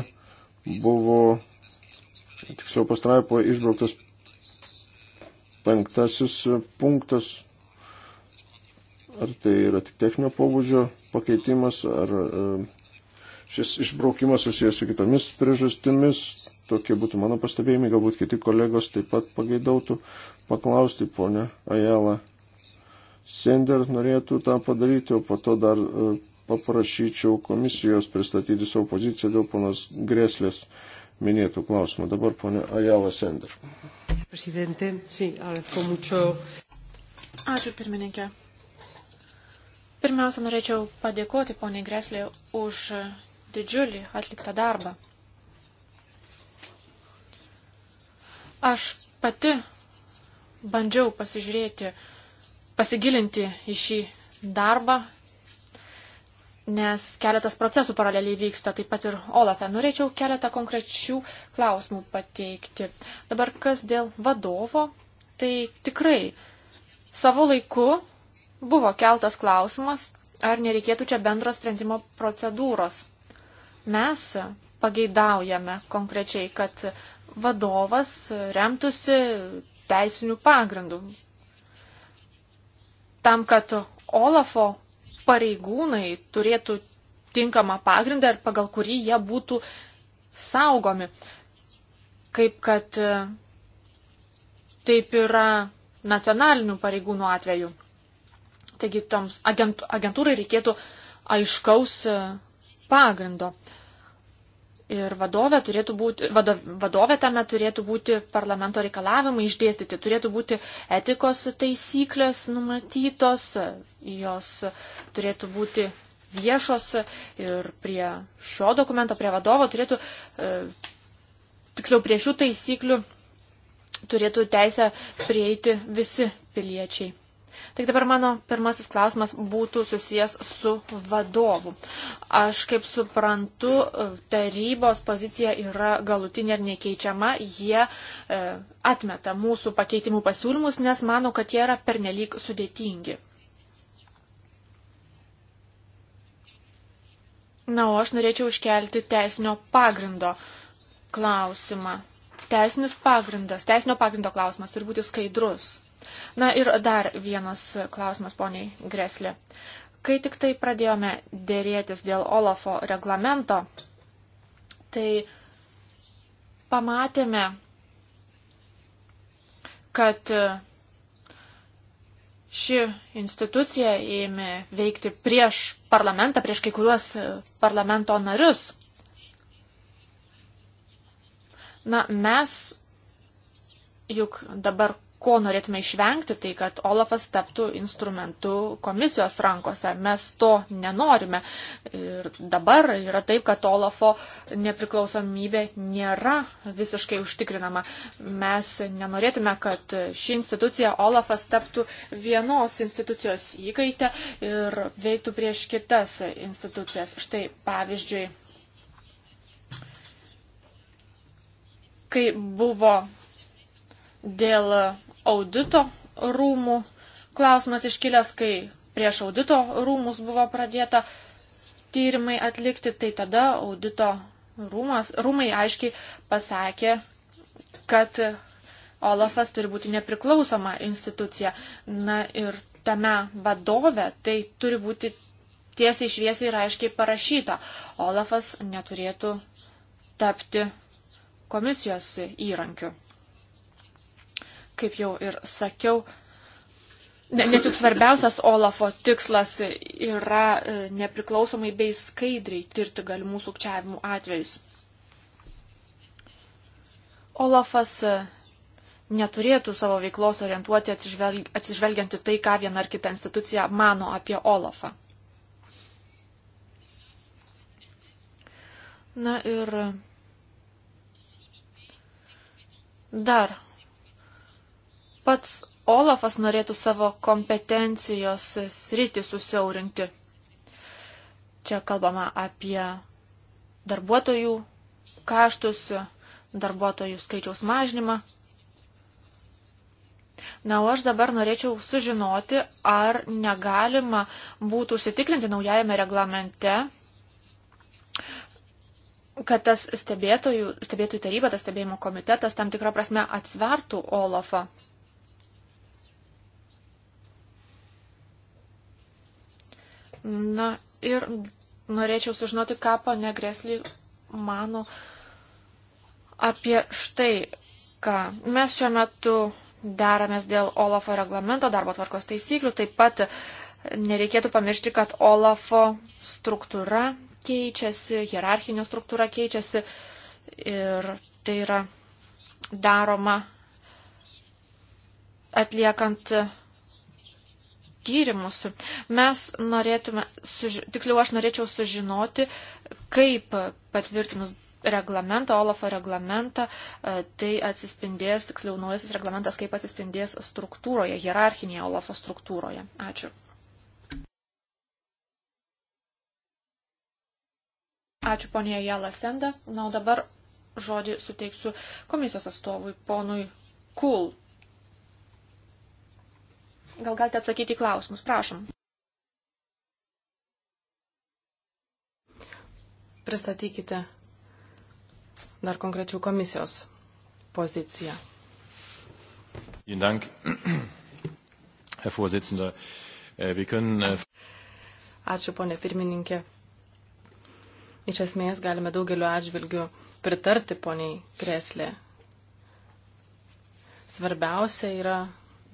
buvo, tiksliau pastraipoje, išbrauktas penktasis punktas. Ar tai yra tik techninio pobūdžio pakeitimas, ar e, šis išbraukimas susijęs su kitomis priežastimis. Tokie būtų mano pastebėjimai, galbūt kiti kolegos taip pat pageidautų paklausti ponę Ajelą Sender norėtų tą padaryti, o po to dar e, paprašyčiau komisijos pristatyti savo poziciją dėl ponos Greslės minėtų klausimų. Dabar ponė Ajala Sender. Ačiū pirmininkė. Pirmiausia, norėčiau padėkoti poniai Greslė už didžiulį atliktą darbą. Aš pati bandžiau pasižiūrėti, uh, pasigilinti į šį darbą, nes keletas procesų paraleliai vyksta, taip pat ir Olafe. Norėčiau keletą konkrečių klausimų pateikti. Dabar kas dėl vadovo, tai tikrai savo laiku buvo keltas klausimas, ar nereikėtų čia bendro sprendimo procedūros. Mes pageidaujame konkrečiai, kad vadovas remtųsi teisinių pagrindų, tam, kad Olafo pareigūnai turėtų tinkamą pagrindą ir pagal kurį jie būtų saugomi. Kaip kad e, taip yra nacionalinių pareigūnų atveju. Taigi toms agentūrai reikėtų aiškaus e, pagrindo ir vadovė, turėtų būti, vado, vadovė tame turėtų būti parlamento reikalavimai išdėstyti, turėtų būti etikos taisyklės numatytos, jos turėtų būti viešos ir prie šio dokumento, prie vadovo turėtų, e, tiksliau prie šių taisyklių turėtų teisę prieiti visi piliečiai. Tik dabar mano pirmasis klausimas būtų susijęs su vadovu. Aš kaip suprantu, tarybos pozicija yra galutinė ir nekeičiama. Jie e, atmeta mūsų pakeitimų pasiūlymus, nes mano, kad jie yra pernelyg sudėtingi. Na, o aš norėčiau iškelti teisinio pagrindo klausimą. Teisinis pagrindas, teisinio pagrindo klausimas turi būti skaidrus. Na ir dar vienas klausimas, poniai Greslė. Kai tik tai pradėjome dėrėtis dėl Olafo reglamento, tai pamatėme, kad ši institucija ėmė veikti prieš parlamentą, prieš kai kuriuos parlamento narius. Na, mes juk dabar ko norėtume išvengti, tai kad Olafas taptų instrumentu komisijos rankose. Mes to nenorime. Ir dabar yra taip, kad Olafo nepriklausomybė nėra visiškai užtikrinama. Mes nenorėtume, kad ši institucija Olafas taptų vienos institucijos įkaitę ir veiktų prieš kitas institucijas. Štai pavyzdžiui. Kai buvo dėl audito rūmų klausimas iškilęs, kai prieš audito rūmus buvo pradėta tyrimai atlikti, tai tada audito rūmas, rūmai aiškiai pasakė, kad Olafas turi būti nepriklausoma institucija. Na ir tame vadove tai turi būti tiesiai šviesiai ir aiškiai parašyta. Olafas neturėtų tapti komisijos įrankiu kaip jau ir sakiau, nes juk svarbiausias Olafo tikslas yra e, nepriklausomai bei skaidriai tirti galimų sukčiavimų atvejus. Olafas e, neturėtų savo veiklos orientuoti atsižvelgianti tai, ką viena ar kita institucija mano apie Olafą. Na ir dar pats Olafas norėtų savo kompetencijos sritį susiaurinti. Čia kalbama apie darbuotojų kaštus, darbuotojų skaičiaus mažinimą. Na, o aš dabar norėčiau sužinoti, ar negalima būtų užsitikrinti naujajame reglamente, kad tas stebėtojų, stebėtojų taryba, tas stebėjimo komitetas tam tikrą prasme atsvertų Olafą. Na ir norėčiau sužinoti, ką pane Gresly mano apie štai ką. Mes šiuo metu deramės dėl Olafo reglamento, darbo tvarkos taisyklių, taip pat nereikėtų pamiršti, kad Olafo struktūra keičiasi, hierarchinė struktūra keičiasi ir tai yra daroma atliekant tyrimus. Mes norėtume, suži... tiksliau aš norėčiau sužinoti, kaip patvirtinus reglamentą, Olafo reglamentą, e, tai atsispindės, tiksliau naujasis reglamentas, kaip atsispindės struktūroje, hierarchinėje Olafo struktūroje. Ačiū. Ačiū ponė Jala Senda. Na, o dabar žodį suteiksiu komisijos atstovui, ponui Kul. Cool. Gal galite atsakyti į klausimus? Prašom. Pristatykite dar konkrečių komisijos poziciją. Vielen Dank, Herr Vorsitzender. Äh, wir können. Äh, Ačiū, ponė pirmininkė. Iš esmės galime daugeliu atžvilgių pritarti poniai Kreslė. Svarbiausia yra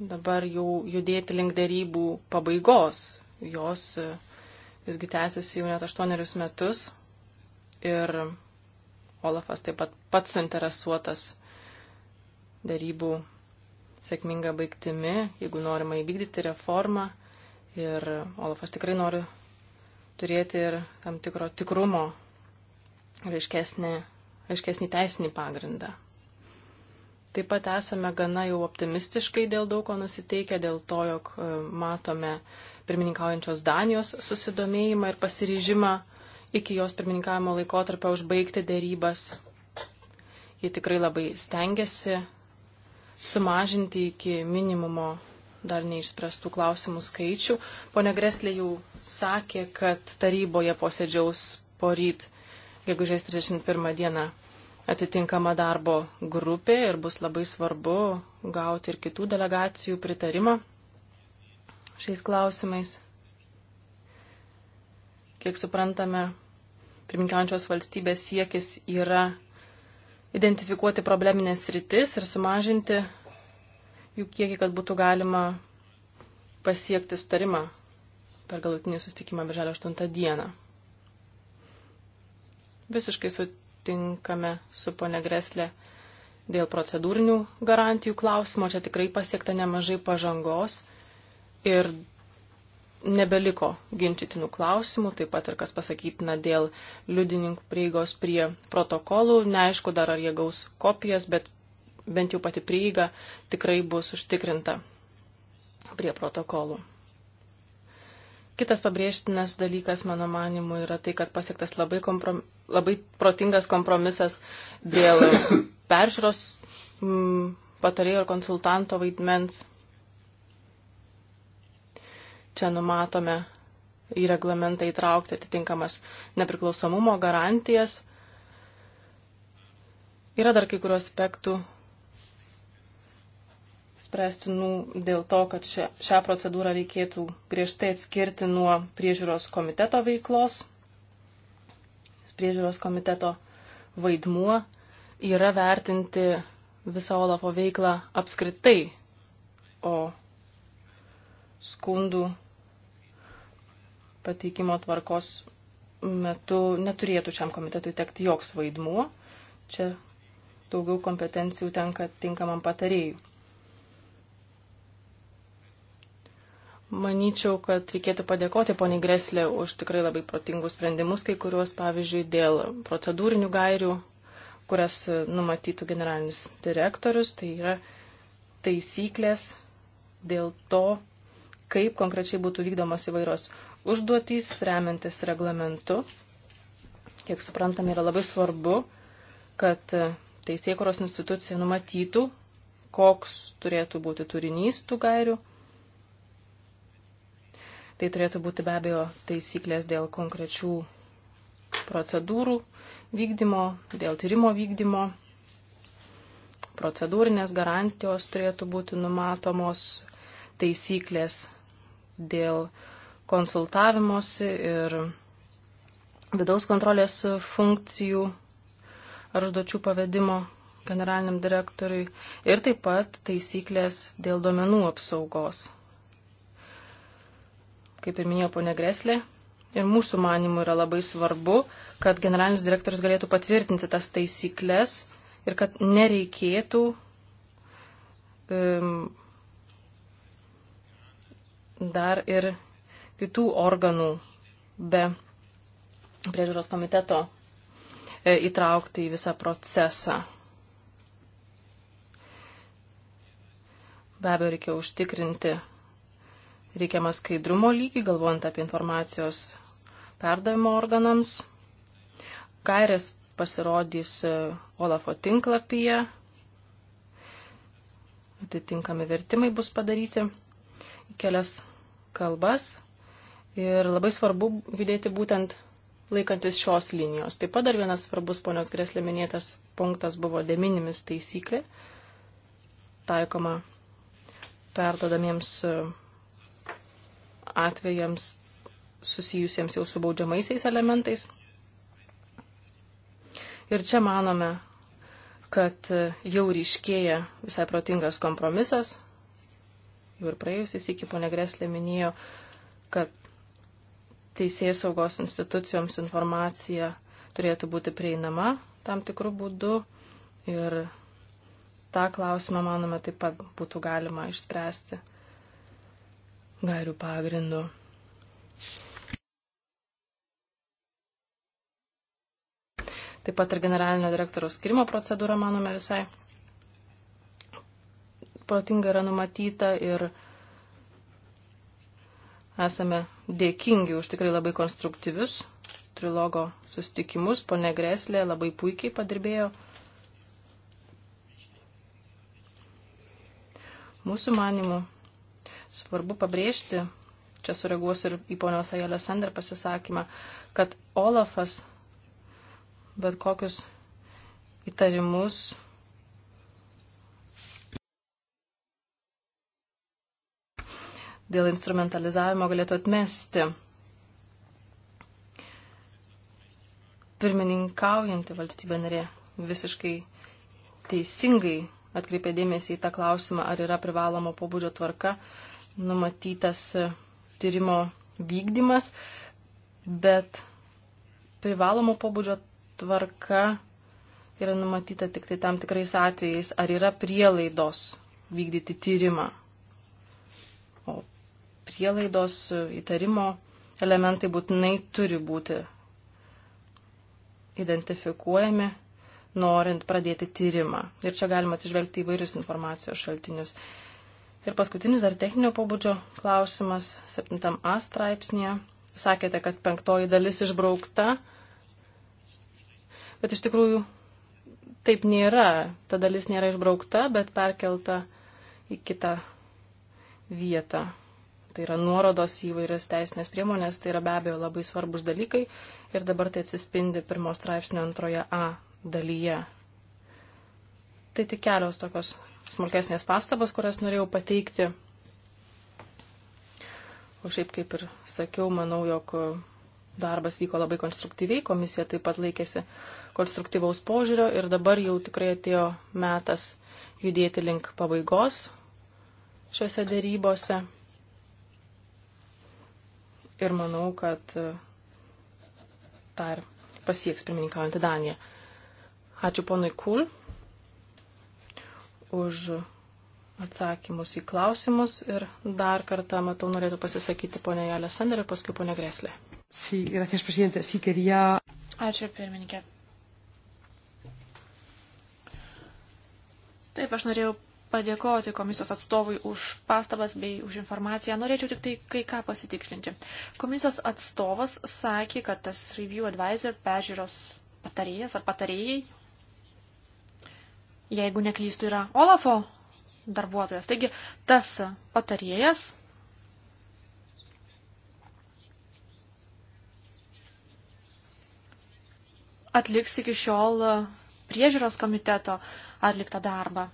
dabar jau judėti link darybų pabaigos. Jos e, visgi tęsiasi jau net aštuonerius metus ir Olafas taip pat pats suinteresuotas darybų sėkminga baigtimi, jeigu norima įvykdyti reformą. Ir Olafas tikrai nori turėti ir tam tikro tikrumo ir aiškesnį, aiškesnį teisinį pagrindą. Taip pat esame gana jau optimistiškai dėl daug ko nusiteikę, dėl to, jog e, matome pirmininkaujančios Danijos susidomėjimą ir pasiryžimą iki jos pirmininkavimo laikotarpio užbaigti dėrybas. Ji tikrai labai stengiasi sumažinti iki minimumo dar neišspręstų klausimų skaičių. Pone Greslė jau sakė, kad taryboje posėdžiaus poryt, gegužės 31 dieną atitinkama darbo grupė ir bus labai svarbu gauti ir kitų delegacijų pritarimą šiais klausimais. Kiek suprantame, pirminkiaujančios valstybės siekis yra identifikuoti probleminės rytis ir sumažinti jų kiekį, kad būtų galima pasiekti sutarimą per galutinį sustikimą birželio 8 dieną. Visiškai su sutinkame su pone Greslė dėl procedūrinių garantijų klausimo. Čia tikrai pasiekta nemažai pažangos ir nebeliko ginčytinų klausimų, taip pat ir kas pasakytina dėl liudininkų prieigos prie protokolų. Neaišku dar, ar jie gaus kopijas, bet bent jau pati prieiga tikrai bus užtikrinta prie protokolų. Kitas pabrėžtinas dalykas, mano manimu, yra tai, kad pasiektas labai, komprom, labai protingas kompromisas dėl peržiūros m, mm, patarėjo ir konsultanto vaidmens. Čia numatome į reglamentą įtraukti atitinkamas nepriklausomumo garantijas. Yra dar kai kurių aspektų, spręstinų nu, dėl to, kad šią, šią procedūrą reikėtų griežtai atskirti nuo priežiūros komiteto veiklos. Priežiūros komiteto vaidmuo yra vertinti visą Olafo veiklą apskritai, o skundų pateikimo tvarkos metu neturėtų šiam komitetui tekti joks vaidmuo. Čia daugiau kompetencijų tenka tinkamam patarėjui. Manyčiau, kad reikėtų padėkoti poniai Greslė už tikrai labai protingus sprendimus, kai kuriuos, pavyzdžiui, dėl procedūrinių gairių, kurias numatytų generalinis direktorius, tai yra taisyklės dėl to, kaip konkrečiai būtų vykdomos įvairios užduotys, remiantis reglamentu. Kiek suprantam, yra labai svarbu, kad teisėkuros institucija numatytų, koks turėtų būti turinys tų gairių Tai turėtų būti be abejo taisyklės dėl konkrečių procedūrų vykdymo, dėl tyrimo vykdymo. Procedūrinės garantijos turėtų būti numatomos taisyklės dėl konsultavimosi ir vidaus kontrolės funkcijų ar užduočių pavedimo generaliniam direktoriui ir taip pat taisyklės dėl duomenų apsaugos kaip ir minėjo ponė Greslė, ir mūsų manimų yra labai svarbu, kad generalinis direktorius galėtų patvirtinti tas taisyklės ir kad nereikėtų um, dar ir kitų organų be priežiūros komiteto e, įtraukti į visą procesą. Be abejo, reikia užtikrinti reikiamą skaidrumo lygį, galvojant apie informacijos perdavimo organams. Gairės pasirodys e, Olafo tinklapyje, atitinkami vertimai bus padaryti į kelias kalbas ir labai svarbu judėti būtent laikantis šios linijos. Taip pat dar vienas svarbus ponios Greslė minėtas punktas buvo deminimis taisyklė, taikoma perdodamiems e, atvejams susijusiems jau su baudžiamaisiais elementais. Ir čia manome, kad jau ryškėja visai protingas kompromisas. Jau ir praėjusiais iki ponė Greslė minėjo, kad teisės saugos institucijoms informacija turėtų būti prieinama tam tikrų būdų. Ir tą klausimą, manome, taip pat būtų galima išspręsti gairių pagrindu. Taip pat ir generalinio direktoriaus skirimo procedūra, manome, visai protinga yra numatyta ir esame dėkingi už tikrai labai konstruktyvius trilogo sustikimus. Pone Greslė labai puikiai padirbėjo. Mūsų manimų Svarbu pabrėžti, čia sureaguosiu ir į ponios Ajelio Sander pasisakymą, kad Olafas bet kokius įtarimus dėl instrumentalizavimo galėtų atmesti. Pirmininkaujanti valstybė narė visiškai teisingai atkreipė dėmesį į tą klausimą, ar yra privalomo pobūdžio tvarka numatytas e, tyrimo vykdymas, bet privalomo pobūdžio tvarka yra numatyta tik tai tam tikrais atvejais, ar yra prielaidos vykdyti tyrimą. O prielaidos e, įtarimo elementai būtinai turi būti identifikuojami, norint pradėti tyrimą. Ir čia galima atsižvelgti įvairius informacijos šaltinius. Ir paskutinis dar techninio pobūdžio klausimas 7a straipsnėje. Sakėte, kad penktoji dalis išbraukta, bet iš tikrųjų taip nėra. Ta dalis nėra išbraukta, bet perkelta į kitą vietą. Tai yra nuorodos į vairias teisinės priemonės, tai yra be abejo labai svarbus dalykai ir dabar tai atsispindi pirmos straipsnio antroje A dalyje. Tai tik kelios tokios smulkesnės pastabas, kurias norėjau pateikti. O šiaip kaip ir sakiau, manau, jog darbas vyko labai konstruktyviai, komisija taip pat laikėsi konstruktyvaus požiūrio ir dabar jau tikrai atėjo metas judėti link pabaigos šiuose dėrybose. Ir manau, kad e, dar pasieks pirmininkaujantį Daniją. Ačiū ponui Kul. Cool už atsakymus į klausimus ir dar kartą, matau, norėtų pasisakyti ponia Jalė Sander ir paskui ponia Greslė. Sí, gracias, presidente. Sí, quería... Ačiū, pirmininkė. Taip, aš norėjau padėkoti komisijos atstovui už pastabas bei už informaciją. Norėčiau tik tai kai ką pasitikslinti. Komisijos atstovas sakė, kad tas review advisor peržiūros patarėjas ar patarėjai jeigu neklystų, yra Olafo darbuotojas. Taigi tas patarėjas atliks iki šiol priežiūros komiteto atliktą darbą.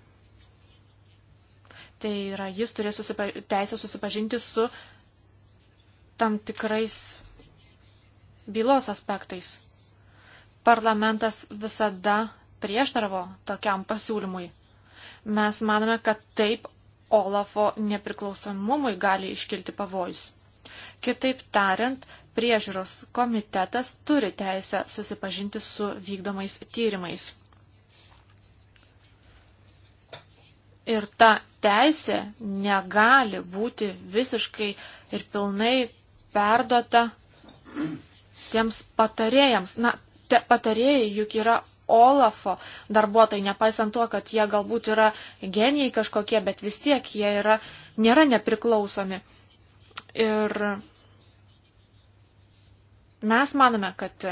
Tai yra, jis turės susipa teisę susipažinti su tam tikrais bylos aspektais. Parlamentas visada prieštaravo tokiam pasiūlymui. Mes manome, kad taip Olafo nepriklausomumui gali iškilti pavojus. Kitaip tariant, priežiūros komitetas turi teisę susipažinti su vykdomais tyrimais. Ir ta teisė negali būti visiškai ir pilnai perduota tiems patarėjams. Na, te, patarėjai juk yra Olafo darbuotojai, nepaisant to, kad jie galbūt yra genijai kažkokie, bet vis tiek jie yra, nėra nepriklausomi. Ir mes manome, kad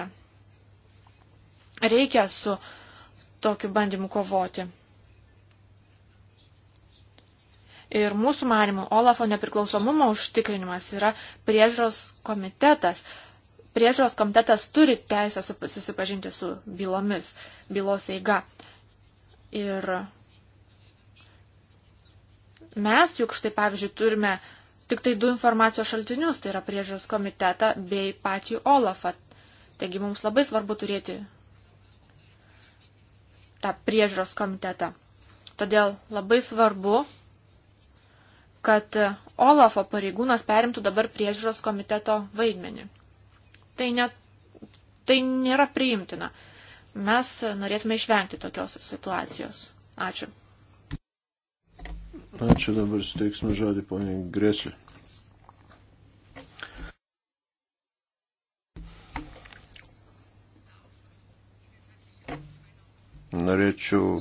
reikia su tokiu bandymu kovoti. Ir mūsų manimų Olafo nepriklausomumo užtikrinimas yra priežos komitetas priežiūros komitetas turi teisę susipažinti su bylomis, bylos eiga. Ir mes juk štai, pavyzdžiui, turime tik tai du informacijos šaltinius, tai yra priežiūros komitetą bei patį Olafą. Taigi mums labai svarbu turėti tą priežiūros komitetą. Todėl labai svarbu, kad Olafo pareigūnas perimtų dabar priežiūros komiteto vaidmenį. Tai, ne, tai nėra priimtina. Mes norėtume išvengti tokios situacijos. Ačiū. Ačiū dabar suteiksime žodį poniai Greslį. Norėčiau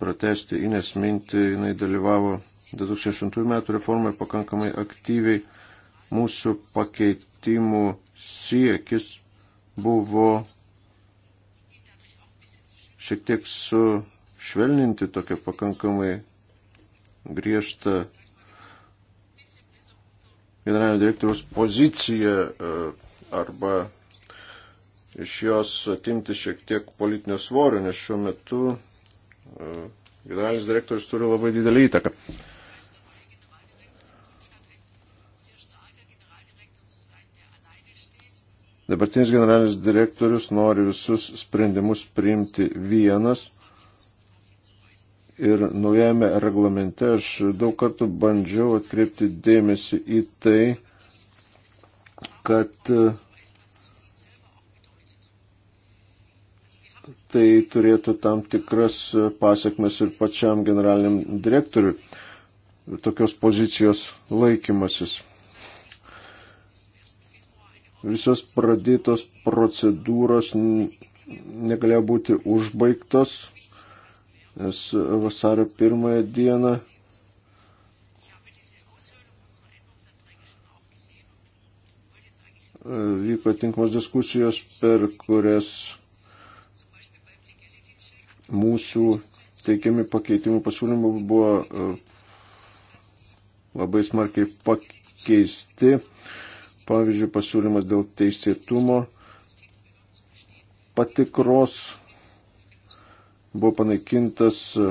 pratesti Ines mintį, jinai dalyvavo 2008 metų reformoje pakankamai aktyviai mūsų pakeitimų siekis buvo šiek tiek sušvelninti tokią pakankamai griežtą generalinio direktoriaus poziciją e, arba iš jos atimti šiek tiek politinio svorio, nes šiuo metu e, generalinis direktorius turi labai didelį įtaką. Dabartinis generalinis direktorius nori visus sprendimus priimti vienas. Ir naujame reglamente aš daug kartų bandžiau atkreipti dėmesį į tai, kad tai turėtų tam tikras pasiekmes ir pačiam generaliniam direktoriui tokios pozicijos laikymasis visos pradėtos procedūros negalėjo būti užbaigtos, nes vasario pirmąją dieną vyko tinkamos diskusijos, per kurias mūsų teikiami pakeitimų pasiūlymų buvo e, labai smarkiai pakeisti. Uh, Pavyzdžiui, pasiūlymas dėl teisėtumo patikros buvo panaikintas e,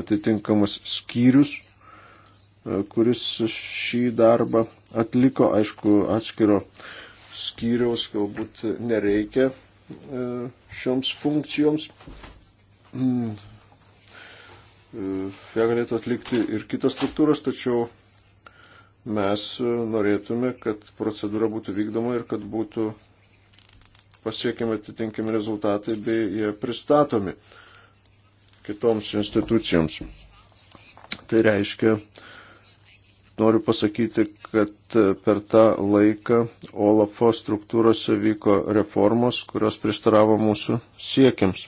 atitinkamas skyrius, e, kuris šį darbą atliko, aišku, atskiro skyriaus galbūt nereikia e, šioms funkcijoms. Hmm. Ją galėtų atlikti ir kitos struktūros, tačiau mes norėtume, kad procedūra būtų vykdoma ir kad būtų pasiekime atitinkami rezultatai bei jie pristatomi kitoms institucijoms. Tai reiškia, noriu pasakyti, kad per tą laiką Olafo struktūrose vyko reformos, kurios pristaravo mūsų siekiams.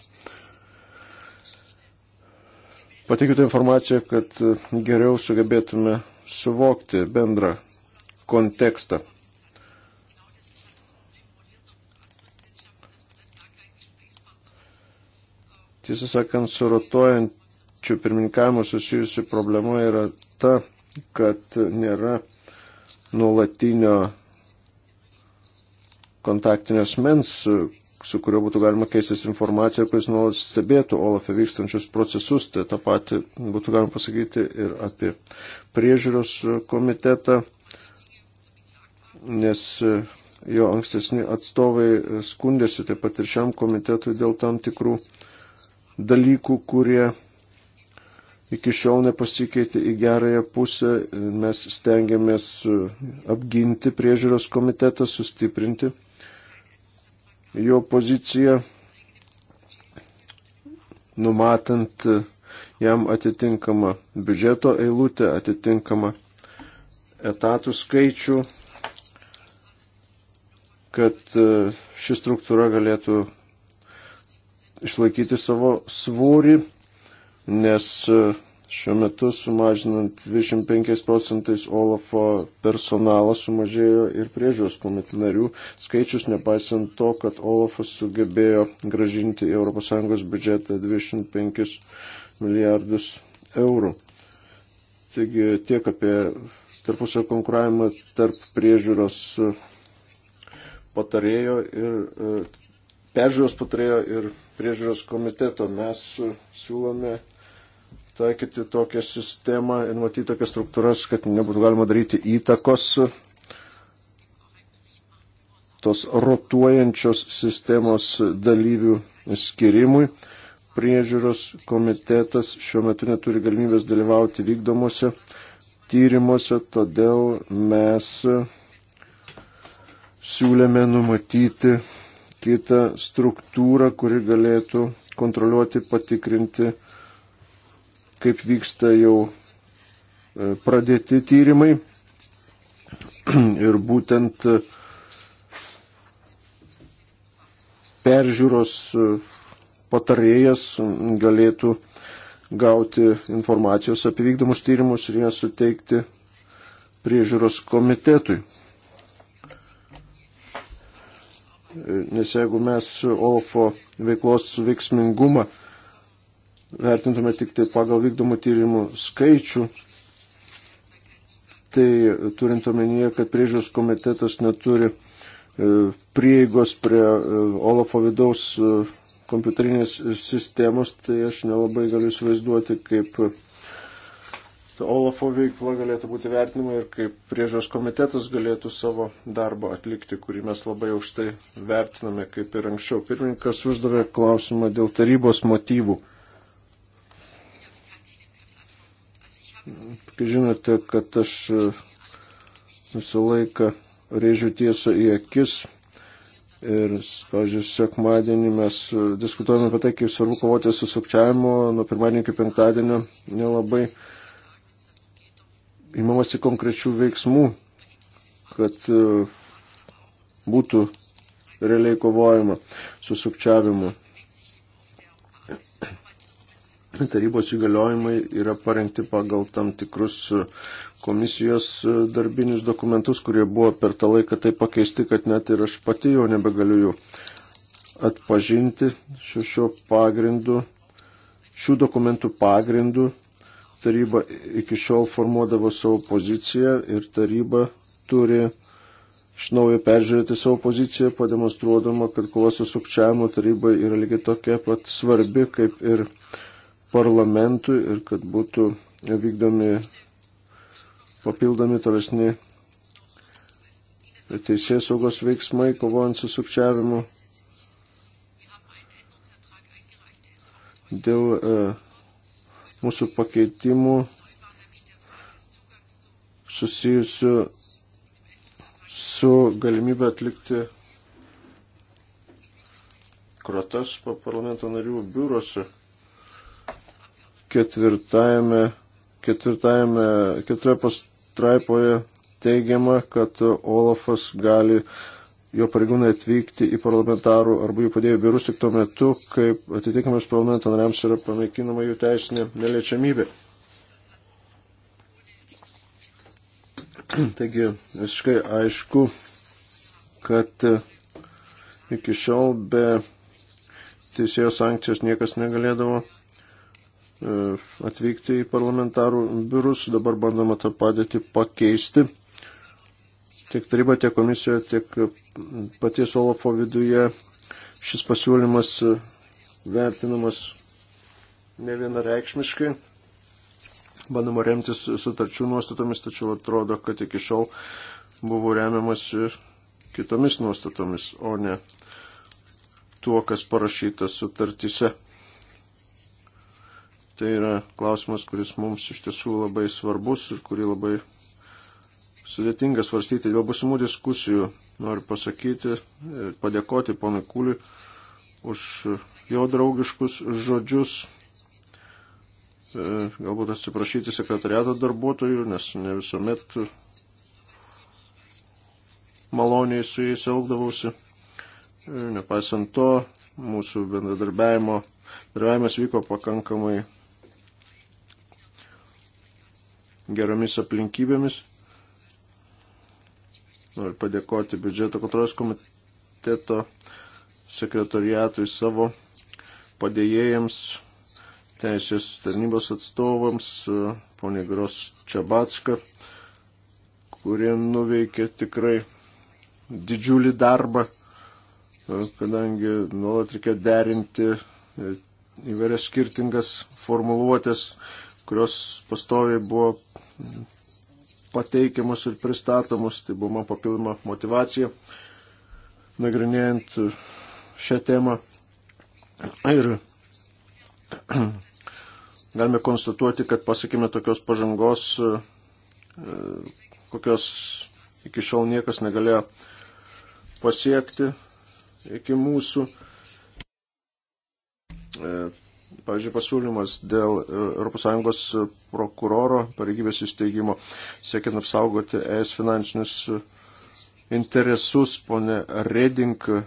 Patikiu tą informaciją, kad geriau sugebėtume suvokti bendrą kontekstą. Tiesą sakant, su rotuojančiu pirmininkavimu susijusi problema yra ta, kad nėra nuolatinio kontaktinio asmens, su kuriuo būtų galima keistis informacija, kuris nuolat stebėtų Olafė vykstančius procesus. Tai tą patį būtų galima pasakyti ir apie priežiūros komitetą, nes jo ankstesni atstovai skundėsi taip pat ir šiam komitetui dėl tam tikrų dalykų, kurie iki šiol nepasikeitė į gerąją pusę. Mes stengiamės apginti priežiūros komitetą, sustiprinti jo poziciją, numatant jam atitinkamą biudžeto eilutę, atitinkamą etatų skaičių, kad e, ši struktūra galėtų išlaikyti savo svorį, nes e, Šiuo metu sumažinant 25 procentais Olafo personalą sumažėjo ir priežiūros komitetų narių skaičius, nepaisant to, kad Olafas sugebėjo gražinti į ES biudžetą 25 milijardus eurų. Taigi tiek apie tarpusio konkuravimą tarp priežiūros patarėjo ir e, peržiūros patarėjo ir priežiūros komiteto. Mes e, siūlome taikyti tokią sistemą ir matyti tokias struktūras, kad nebūtų galima daryti įtakos tos rotuojančios sistemos dalyvių skirimui. Priežiūros komitetas šiuo metu neturi galimybės dalyvauti vykdomuose tyrimuose, todėl mes siūlėme numatyti kitą struktūrą, kuri galėtų kontroliuoti, patikrinti kaip vyksta jau e, pradėti tyrimai. Ir būtent e, peržiūros e, patarėjas galėtų gauti informacijos apie vykdomus tyrimus ir ją suteikti priežiūros komitetui. Nes jeigu mes OFO veiklos veiksmingumą vertintume tik tai pagal vykdomų tyrimų skaičių, tai turint omenyje, kad priežiūros komitetas neturi e, prieigos prie e, Olafo vidaus e, kompiuterinės sistemos, tai aš nelabai galiu įsivaizduoti, kaip Olafo veikla galėtų būti vertinama ir kaip priežiūros komitetas galėtų savo darbą atlikti, kurį mes labai aukštai vertiname, kaip ir anksčiau. Pirmininkas uždavė klausimą dėl tarybos motyvų. Kai žinote, kad aš e, visą laiką rėžiu tiesą į akis ir, pavyzdžiui, sekmadienį mes e, diskutuojame apie tai, kaip svarbu kovoti su sukčiavimu, nuo pirmadienio iki penktadienio nelabai įmamasi konkrečių veiksmų, kad e, būtų realiai kovojama su sukčiavimu tarybos įgaliojimai yra parengti pagal tam tikrus e, komisijos e, darbinius dokumentus, kurie buvo per tą laiką taip pakeisti, kad net ir aš pati jau nebegaliu jų atpažinti šiuo šio pagrindu, šių dokumentų pagrindu. Taryba iki šiol formuodavo savo poziciją ir taryba turi iš naujo peržiūrėti savo poziciją, pademonstruodama, kad kova su sukčiavimu taryba yra lygiai tokia pat svarbi kaip ir parlamentui ir kad būtų vykdomi papildomi tolesni teisės saugos veiksmai, kovojant su sukčiavimu. Dėl e, mūsų pakeitimų susijusių su galimybė atlikti krotas po parlamento narių biurose ketvirtajame, ketvirtajame, keturioje pastraipoje teigiama, kad Olafas gali jo pareigūnai atvykti į parlamentarų arba jų padėjų biurus tik tuo metu, kai atitinkamas parlamento nariams yra panaikinama jų teisinė neliečiamybė. Taigi visiškai aišku, kad e, iki šiol be teisėjo sankcijos niekas negalėdavo E, atvykti į parlamentarų biurus. Dabar bandoma tą padėtį pakeisti. Tiek taryba, tiek komisijoje, tiek paties Olafo viduje šis pasiūlymas vertinamas ne vienareikšmiškai. Bandoma remtis sutarčių nuostatomis, tačiau atrodo, kad iki šiol buvo remiamas kitomis nuostatomis, o ne tuo, kas parašyta sutartyse. Tai yra klausimas, kuris mums iš tiesų labai svarbus ir kurį labai sudėtinga svarstyti. Dėl busimų diskusijų noriu pasakyti ir padėkoti ponui Kūliui už jo draugiškus žodžius. E, galbūt atsiprašyti sekretariato darbuotojų, nes ne visuomet maloniai su jais elgdavausi. E, nepaisant to, mūsų bendradarbiavimo, bendradarbiavimas vyko pakankamai geromis aplinkybėmis. Noriu padėkoti biudžeto kontrolės komiteto sekretoriatui savo padėjėjams, teisės tarnybos atstovams, ponė Gros Čabatska, kurie nuveikė tikrai didžiulį darbą, kadangi nuolat reikėjo derinti e, įvairias skirtingas formuluotės, kurios pastoviai buvo pateikiamos ir pristatomos. Tai buvo man papildoma motivacija nagrinėjant šią temą. Ir galime konstatuoti, kad pasakėme tokios pažangos, kokios iki šiol niekas negalėjo pasiekti iki mūsų. Pavyzdžiui, pasiūlymas dėl e, ES prokuroro pareigybės įsteigimo, siekiant apsaugoti ES finansinius e, interesus, ponė Reding e,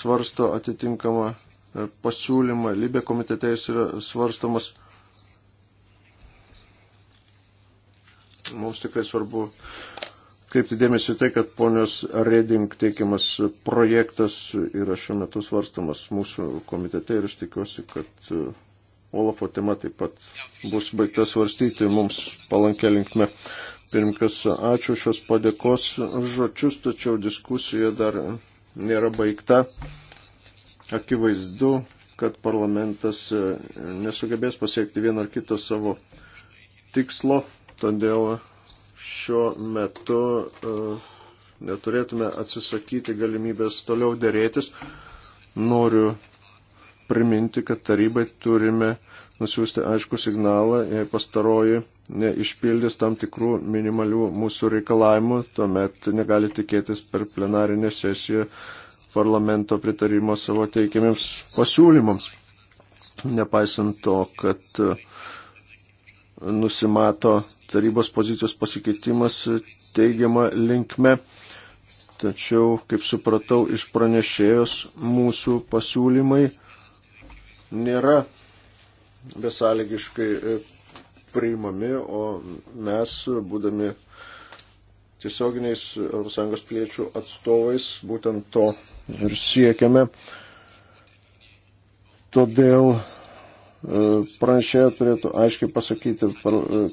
svarsto atitinkamą pasiūlymą, Libė komitete jis yra svarstomas. Mums tikrai svarbu kreipti dėmesį tai, kad ponios Reding teikiamas projektas yra šiuo metu svarstamas mūsų komitete ir aš tikiuosi, kad uh, Olafo tema taip pat bus baigta svarstyti mums palankę linkme. Pirmkas, ačiū šios padėkos žodžius, tačiau diskusija dar nėra baigta. Akivaizdu, kad parlamentas uh, nesugebės pasiekti vieno ar kito savo tikslo, todėl šiuo metu e, neturėtume atsisakyti galimybės toliau dėrėtis. Noriu priminti, kad tarybai turime nusiųsti aišku signalą, jei pastaroji neišpildys tam tikrų minimalių mūsų reikalavimų, tuomet negali tikėtis per plenarinę sesiją parlamento pritarimo savo teikiamiems pasiūlymams. Nepaisant to, kad uh, nusimato tarybos pozicijos pasikeitimas teigiama linkme, tačiau, kaip supratau, iš pranešėjos mūsų pasiūlymai nėra besąlygiškai e, priimami, o mes, būdami tiesioginiais ES piliečių atstovais, būtent to ir siekiame. Todėl pranešėja turėtų aiškiai pasakyti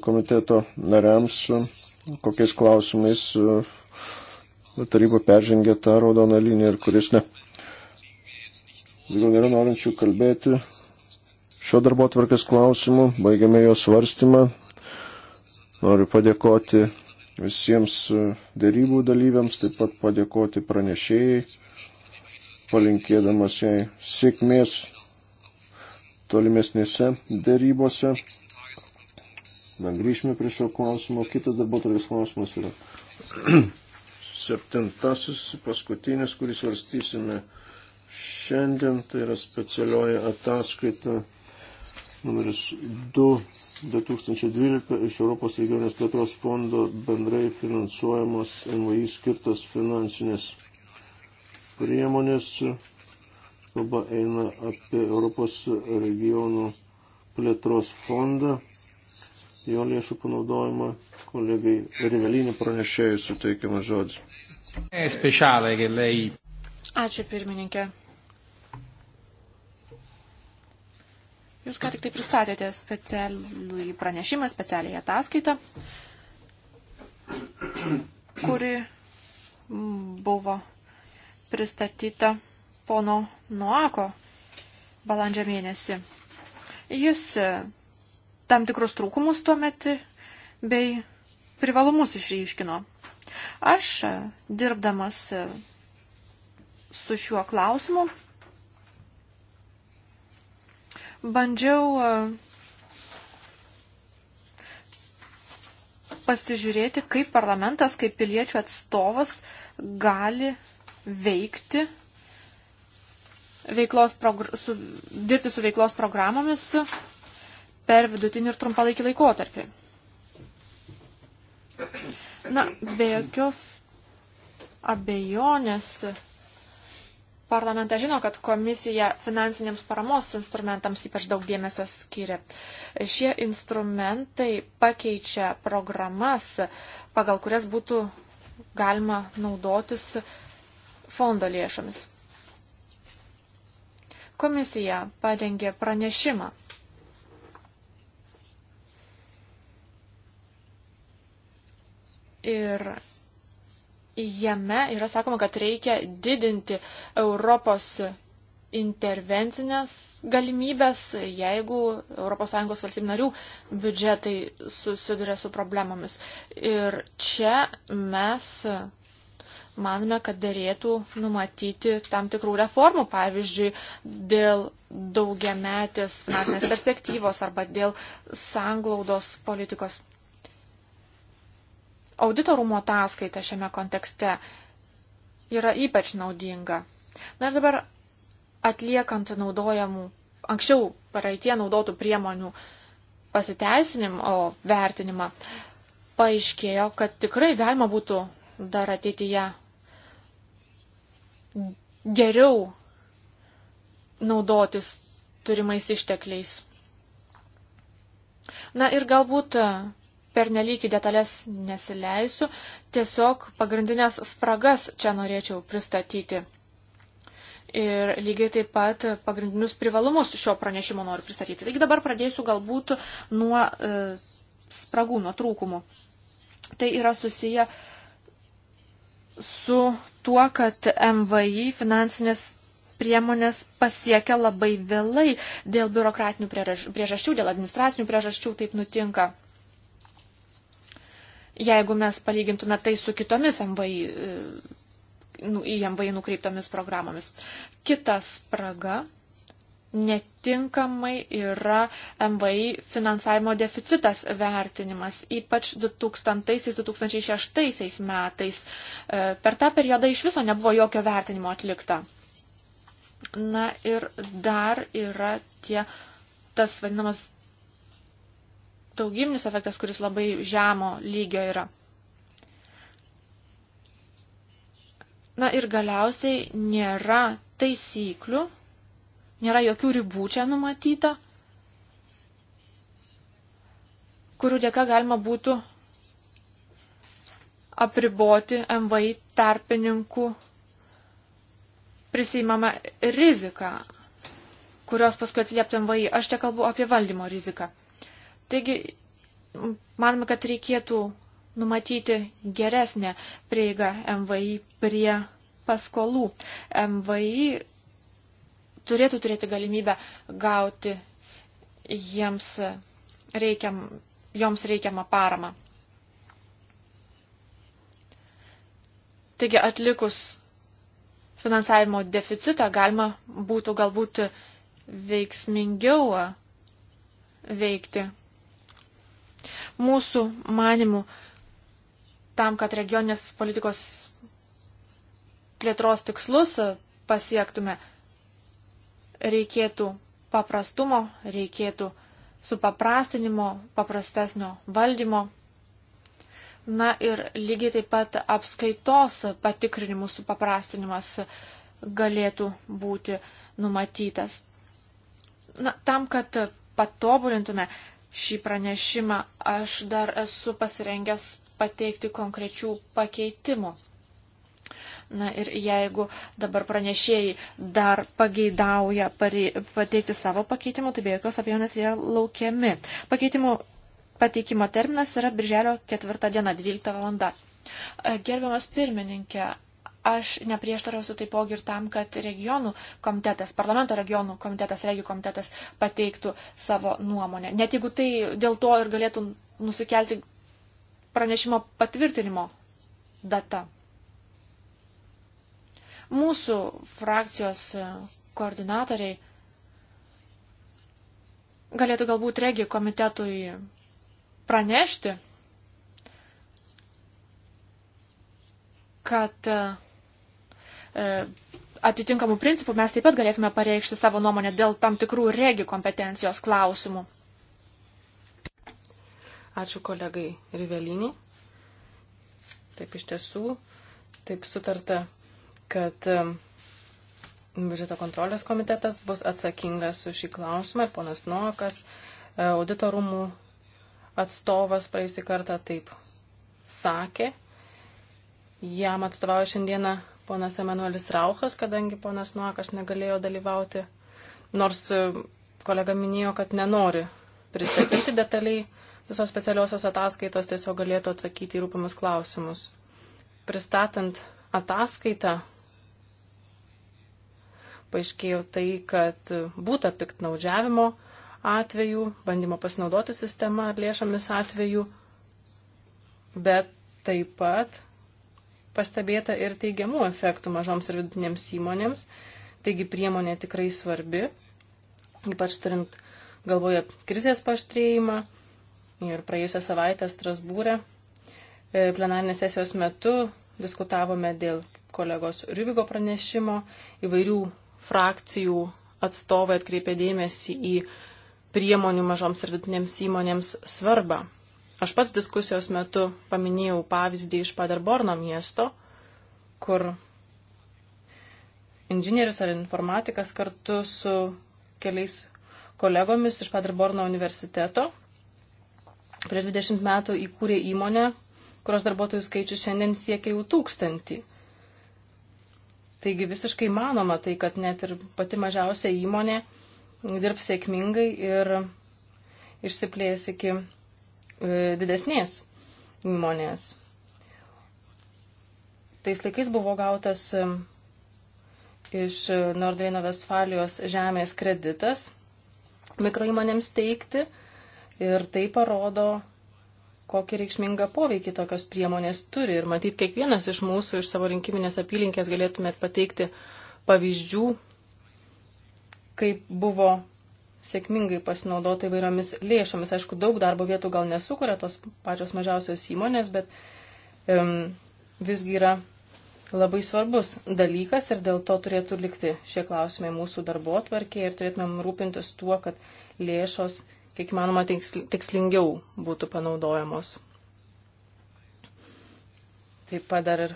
komiteto nariams, kokiais klausimais e, taryba peržengė tą raudoną liniją ir kuris ne. Jeigu nėra norinčių kalbėti šio darbo tvarkės klausimų, baigiame jo svarstymą. Noriu padėkoti visiems e, dėrybų dalyviams, taip pat padėkoti pranešėjai, palinkėdamas jai sėkmės tolimesnėse dėrybose. Na, grįžime prie šio klausimo. Kitas darbuotojas klausimas yra septintasis, paskutinis, kurį svarstysime šiandien, tai yra specialioji ataskaita numeris 2 2012 iš Europos regionės plėtros fondo bendrai finansuojamos NVI skirtas finansinės priemonės Kalba eina apie Europos regionų plėtros fondą, jo lėšų panaudojimą. Kolegai Rivelinį pranešėjai suteikiamas žodis. Ačiū pirmininkė. Jūs ką tik tai pristatėte specialų pranešimą, specialiai ataskaitą, kuri buvo pristatyta pono Noako balandžio mėnesį. Jis e, tam tikrus trūkumus tuo metu bei privalumus išryškino. Aš, e, dirbdamas e, su šiuo klausimu, bandžiau pasižiūrėti, kaip parlamentas, kaip piliečių atstovas gali veikti veiklos su, dirbti su veiklos programomis per vidutinį ir trumpalaikį laikotarpį. Na, be jokios abejonės parlamentas žino, kad komisija finansiniams paramos instrumentams ypač daug dėmesio skiria. Šie instrumentai pakeičia programas, pagal kurias būtų galima naudotis fondo lėšomis. Komisija parengė pranešimą. Ir jame yra sakoma, kad reikia didinti Europos intervencinės galimybės, jeigu ES valstybių narių biudžetai susiduria su problemomis. Ir čia mes manome, kad dėlėtų numatyti tam tikrų reformų, pavyzdžiui, dėl daugiametės metinės perspektyvos arba dėl sanglaudos politikos. Auditorumo ataskaita šiame kontekste yra ypač naudinga. Na ir dabar atliekant naudojamų, anksčiau praeitie naudotų priemonių pasiteisinimą, o vertinimą, paaiškėjo, kad tikrai galima būtų dar ateityje geriau naudotis turimais ištekliais. Na ir galbūt e, pernelyg į detalės nesileisiu, tiesiog pagrindinės spragas čia norėčiau pristatyti. Ir lygiai taip pat pagrindinius privalumus šio pranešimo noriu pristatyti. Taigi dabar pradėsiu galbūt nuo e, spragų, nuo trūkumų. Tai yra susiję su tuo, kad MVI finansinės priemonės pasiekia labai vėlai dėl biurokratinių priežasčių, dėl administracinių priežasčių taip nutinka. Jeigu mes palygintume tai su kitomis MVI, e, nu, į MVI nukreiptomis programomis. Kitas spraga netinkamai yra MVI finansavimo deficitas vertinimas, ypač 2000-2006 metais. E, per tą periodą iš viso nebuvo jokio vertinimo atlikta. Na ir dar yra tie, tas vadinamas daugimnis efektas, kuris labai žemo lygio yra. Na ir galiausiai nėra taisyklių Nėra jokių ribų čia numatyta, kurių dėka galima būtų apriboti MVI tarpininkų prisimamą riziką, kurios paskui atsilieptų MVI. Aš čia kalbu apie valdymo riziką. Taigi, manome, kad reikėtų numatyti geresnę prieigą MVI prie paskolų. MVI turėtų turėti galimybę gauti jiems reikiam, joms reikiamą paramą. Taigi atlikus finansavimo deficitą galima būtų galbūt veiksmingiau veikti. Mūsų manimų tam, kad regioninės politikos plėtros tikslus pasiektume, reikėtų paprastumo, reikėtų supaprastinimo, paprastesnio valdymo. Na ir lygiai taip pat apskaitos patikrinimų supaprastinimas galėtų būti numatytas. Na, tam, kad patobulintume šį pranešimą, aš dar esu pasirengęs pateikti konkrečių pakeitimų. Na ir jeigu dabar pranešėjai dar pageidauja pateikti savo pakeitimų, tai be jokios abejonės jie laukiami. Pakeitimų pateikimo terminas yra birželio 4 diena, 12 valanda. E, gerbiamas pirmininkė, aš neprieštarausiu taipogi ir tam, kad regionų komitetas, parlamento regionų komitetas, regijų komitetas pateiktų savo nuomonę. Net jeigu tai dėl to ir galėtų nusikelti pranešimo patvirtinimo data. Mūsų frakcijos e, koordinatoriai galėtų galbūt regi komitetui pranešti, kad e, e, atitinkamų principų mes taip pat galėtume pareikšti savo nuomonę dėl tam tikrų regi kompetencijos klausimų. Ačiū kolegai Rivelinį. Taip iš tiesų, taip sutarta kad biudžeto kontrolės komitetas bus atsakingas už šį klausimą ir ponas Nuokas, e, auditorumų atstovas praeisį kartą taip sakė. Jam atstovauja šiandieną ponas Emanuelis Rauchas, kadangi ponas Nuokas negalėjo dalyvauti, nors e, kolega minėjo, kad nenori pristatyti detaliai visos specialiosios ataskaitos, tiesiog galėtų atsakyti į rūpimus klausimus. Pristatant ataskaitą paaiškėjo tai, kad būta piktnaudžiavimo atvejų, bandymo pasinaudoti sistemą ar lėšomis atvejų, bet taip pat pastebėta ir teigiamų efektų mažoms ir vidutinėms įmonėms, taigi priemonė tikrai svarbi, ypač turint galvoje krizės paštrėjimą ir praėjusią savaitę Strasbūrę e, plenarinės sesijos metu diskutavome dėl kolegos Ryvigo pranešimo įvairių frakcijų atstovai atkreipė dėmesį į priemonių mažoms ir vidutinėms įmonėms svarbą. Aš pats diskusijos metu paminėjau pavyzdį iš Paderborno miesto, kur inžinierius ar informatikas kartu su keliais kolegomis iš Paderborno universiteto prieš 20 metų įkūrė įmonę, kurios darbuotojų skaičius šiandien siekia jau tūkstantį. Taigi visiškai manoma tai, kad net ir pati mažiausia įmonė dirbs sėkmingai ir išsiplės iki e, didesnės įmonės. Tais laikais buvo gautas e, iš Nordreino Vestfalijos žemės kreditas mikroįmonėms teikti ir tai parodo kokį reikšmingą poveikį tokios priemonės turi. Ir matyt, kiekvienas iš mūsų iš savo rinkiminės apylinkės galėtumėt pateikti pavyzdžių, kaip buvo sėkmingai pasinaudota įvairiomis lėšomis. Aišku, daug darbo vietų gal nesukuria tos pačios mažiausios įmonės, bet um, visgi yra labai svarbus dalykas ir dėl to turėtų likti šie klausimai mūsų darbo atvarkėje ir turėtumėm rūpintis tuo, kad lėšos kiek manoma tikslingiau būtų panaudojamos. Taip pat dar ir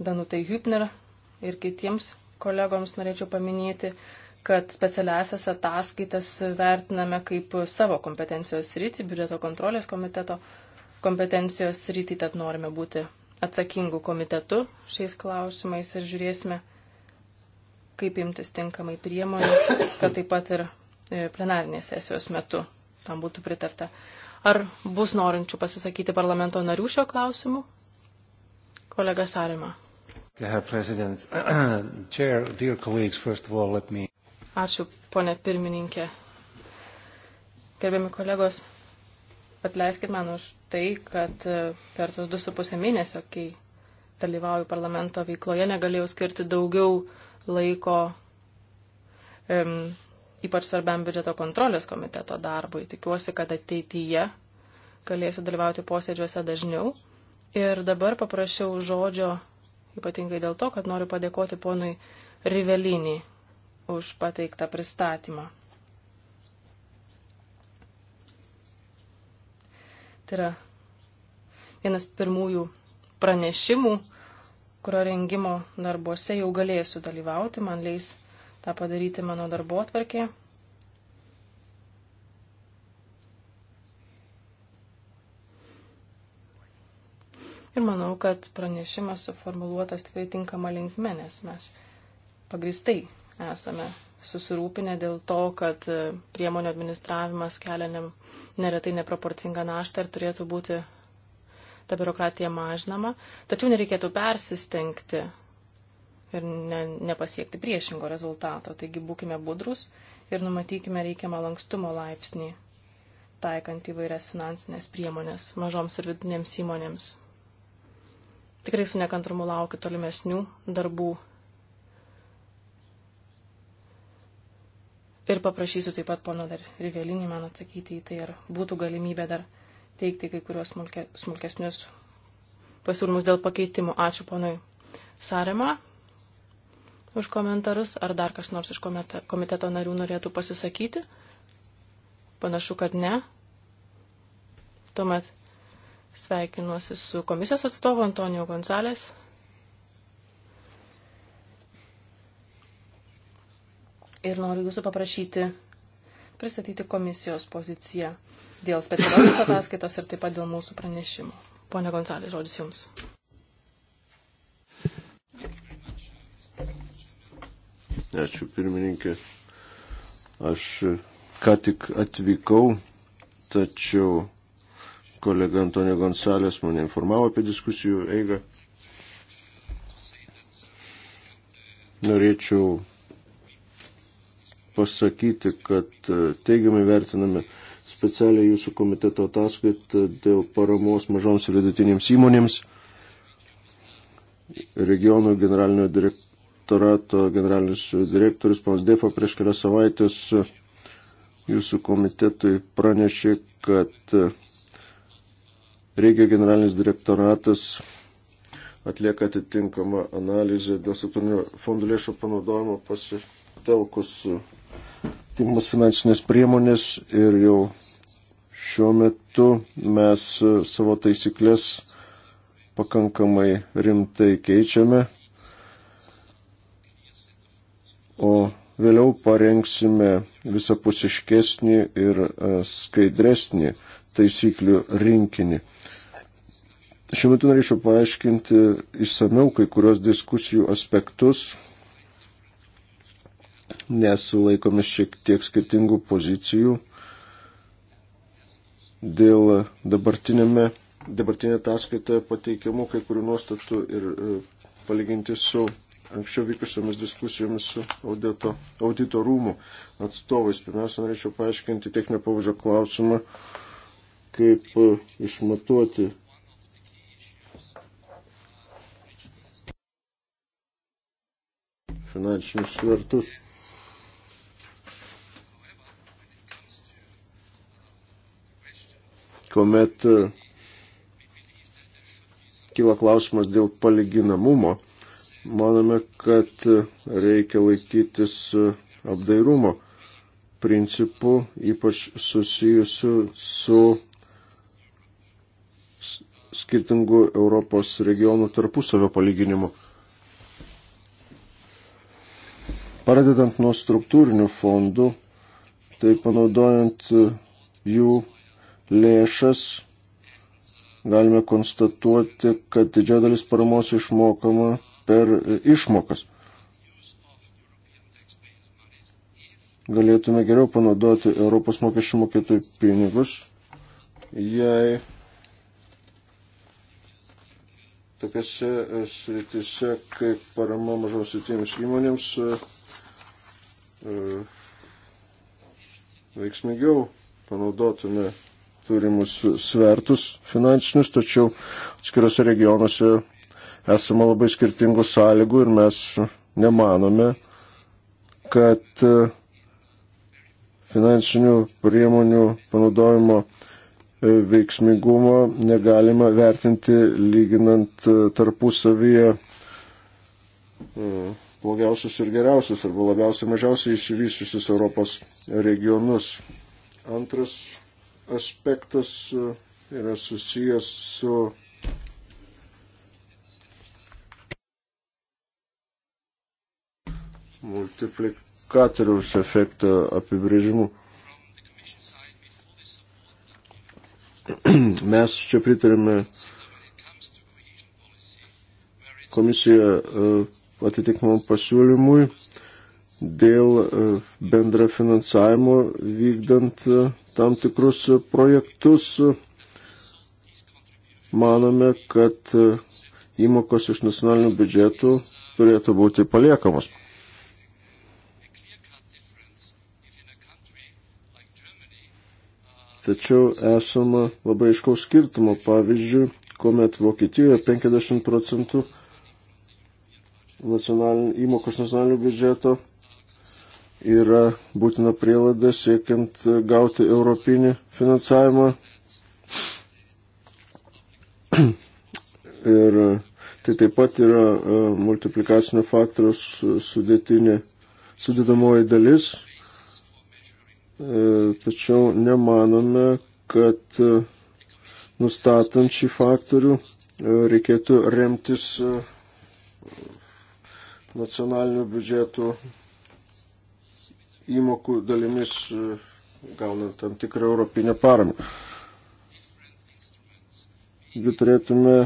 Danutai Hübner ir kitiems kolegoms norėčiau paminėti, kad specialiasias ataskaitas vertiname kaip savo kompetencijos rytį, biudžeto kontrolės komiteto kompetencijos rytį, tad norime būti atsakingų komitetų šiais klausimais ir žiūrėsime, kaip imtis tinkamai priemonių, kad taip pat ir E, plenarinės sesijos metu tam būtų pritarta. Ar bus norinčių pasisakyti parlamento narių šio klausimu? Kolega Sarima. Ačiū, ponė pirmininkė. Gerbiami kolegos, atleiskit man už tai, kad e, per tos du su pusę mėnesio, kai dalyvauju parlamento veikloje, negalėjau skirti daugiau laiko um, ypač svarbiam biudžeto kontrolės komiteto darbui. Tikiuosi, kad ateityje galėsiu dalyvauti posėdžiuose dažniau. Ir dabar paprašiau žodžio ypatingai dėl to, kad noriu padėkoti ponui Rivelinį už pateiktą pristatymą. Tai yra vienas pirmųjų pranešimų, kurio rengimo darbuose jau galėsiu dalyvauti, man leis tą padaryti mano darbo atvarkė. Ir manau, kad pranešimas suformuluotas tikrai tinkama linkme, nes mes pagristai esame susirūpinę dėl to, kad e, priemonių administravimas kelia ne, neretai neproporcingą naštą ir turėtų būti ta biurokratija mažinama. Tačiau nereikėtų persistengti ir ne, nepasiekti priešingo rezultato. Taigi būkime budrus ir numatykime reikiamą lankstumo laipsnį, taikant įvairias finansinės priemonės mažoms ir vidinėms įmonėms. Tikrai su nekantrumu laukiu tolimesnių darbų. Ir paprašysiu taip pat pono dar Rivelinį man atsakyti į tai, ar būtų galimybė dar teikti kai kurios smulke, smulkesnius pasiūlymus dėl pakeitimų. Ačiū ponui Sarema už komentarus. Ar dar kas nors iš komiteto narių norėtų pasisakyti? Panašu, kad ne. Tuomet sveikinuosi su komisijos atstovu Antonijo Gonzalės. Ir noriu jūsų paprašyti pristatyti komisijos poziciją dėl specialios ataskaitos ir taip pat dėl mūsų pranešimų. Pone Gonzalės, žodis jums. Ačiū pirmininkė. Aš ką tik atvykau, tačiau kolega Antonio Gonsalės mane informavo apie diskusijų eigą. Norėčiau pasakyti, kad e, teigiamai vertiname specialią jūsų komiteto ataskaitą dėl paramos mažoms ir vidutinėms įmonėms. Regionų generalinio direkt direktorato generalinis direktorius Pons Defo prieš kelias savaitės jūsų komitetui pranešė, kad Reigio generalinis direktoratas atlieka atitinkamą analizę dėl struktūrinių fondų lėšų panaudojimo pasitelkus tinkamas finansinės priemonės ir jau šiuo metu mes savo taisyklės pakankamai rimtai keičiame o vėliau parengsime visapusiškesnį ir e, skaidresnį taisyklių rinkinį. Šiuo metu norėčiau paaiškinti įsameu kai kurios diskusijų aspektus, nes sulaikome šiek tiek skirtingų pozicijų dėl dabartinėme, dabartinė ataskaitoje pateikiamų kai kurių nuostatų ir e, palyginti su anksčiau vykusiamis diskusijomis su audito, audito rūmų atstovais. Pirmiausia, norėčiau paaiškinti techninio pavadžio klausimą, kaip e, išmatuoti. finansinius svertus. Komet e, kyla klausimas dėl palyginamumo manome, kad reikia laikytis apdairumo principų, ypač susijusių su skirtingų Europos regionų tarpusavio palyginimu. Pradedant nuo struktūrinių fondų, tai panaudojant jų lėšas, galime konstatuoti, kad didžioji dalis paramos išmokama per e, išmokas. Galėtume geriau panaudoti Europos mokesčių mokėtojų pinigus, jei tokiuose sritise kaip parama mažos sritėms įmonėms e, e, veiksmingiau panaudotume turimus svertus finansinius, tačiau atskirose regionuose esame labai skirtingų sąlygų ir mes nemanome, kad e, finansinių priemonių panaudojimo e, veiksmingumo negalima vertinti lyginant e, tarpusavyje blogiausius ir geriausius arba labiausiai mažiausiai išsivysiusius Europos regionus. Antras aspektas yra susijęs su multiplikatoriaus efekto apibrėžimu. Mes čia pritarėme komisiją e, atitikmam pasiūlymui dėl e, bendra finansavimo vykdant e, tam tikrus projektus. Manome, kad įmokos iš nacionalinių biudžetų turėtų būti paliekamos. Tačiau esama labai iškaus skirtumo, pavyzdžiui, kuomet Vokietijoje 50 procentų nacionalin, įmokos nacionalinio biudžeto yra būtina prielada siekiant gauti europinį finansavimą. Ir tai taip pat yra e, multiplikacinio faktoriaus sudėtinė sudėdamoji dalis, E, tačiau nemanome, kad e, nustatant šį faktorių e, reikėtų remtis nacionalinių biudžetų įmokų dalimis, gaunant tam tikrą europinę paramą. Jų turėtume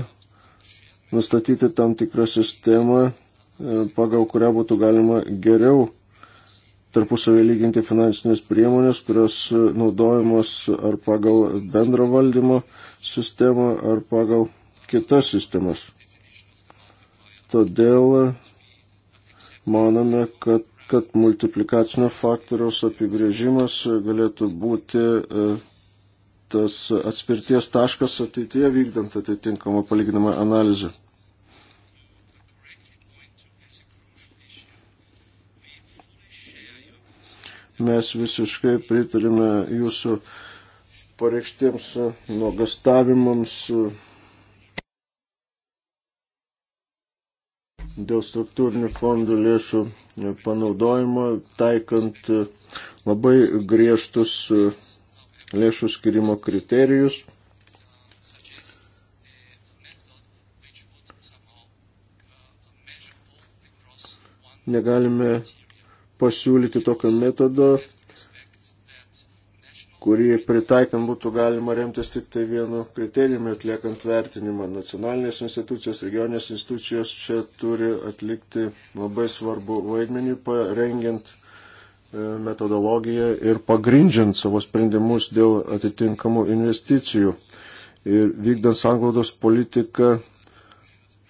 nustatyti tam tikrą sistemą, pagal kurią būtų galima geriau tarpusavį lyginti finansinės priemonės, kurios naudojamos ar pagal bendro valdymo sistemą, ar pagal kitas sistemas. Todėl manome, kad, kad multiplikacinio faktoriaus apibrėžimas galėtų būti e, tas atspirties taškas ateityje vykdant atitinkamą palyginamą analizę. Mes visiškai pritarime jūsų pareikštiems nuogastavimams dėl struktūrinių fondų lėšų panaudojimo, taikant labai griežtus lėšų skirimo kriterijus. Negalime pasiūlyti tokio metodo, kurį pritaikant būtų galima remtis tik tai vienu kriterijumi atliekant vertinimą. Nacionalinės institucijos, regioninės institucijos čia turi atlikti labai svarbu vaidmenį, parengiant e, metodologiją ir pagrindžiant savo sprendimus dėl atitinkamų investicijų. Ir vykdant sanglaudos politiką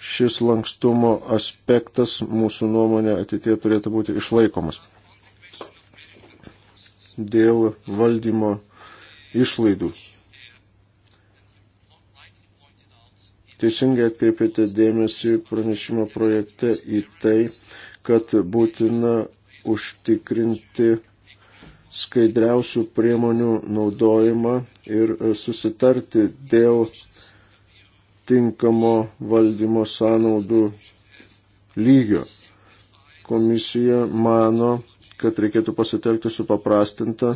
šis lankstumo aspektas mūsų nuomonė ateitie turėtų būti išlaikomas. Dėl valdymo išlaidų. Teisingai atkreipėte dėmesį pranešimo projekte į tai, kad būtina užtikrinti skaidriausių priemonių naudojimą ir susitarti dėl tinkamo valdymo sąnaudų lygio. Komisija mano, kad reikėtų pasitelkti supaprastintą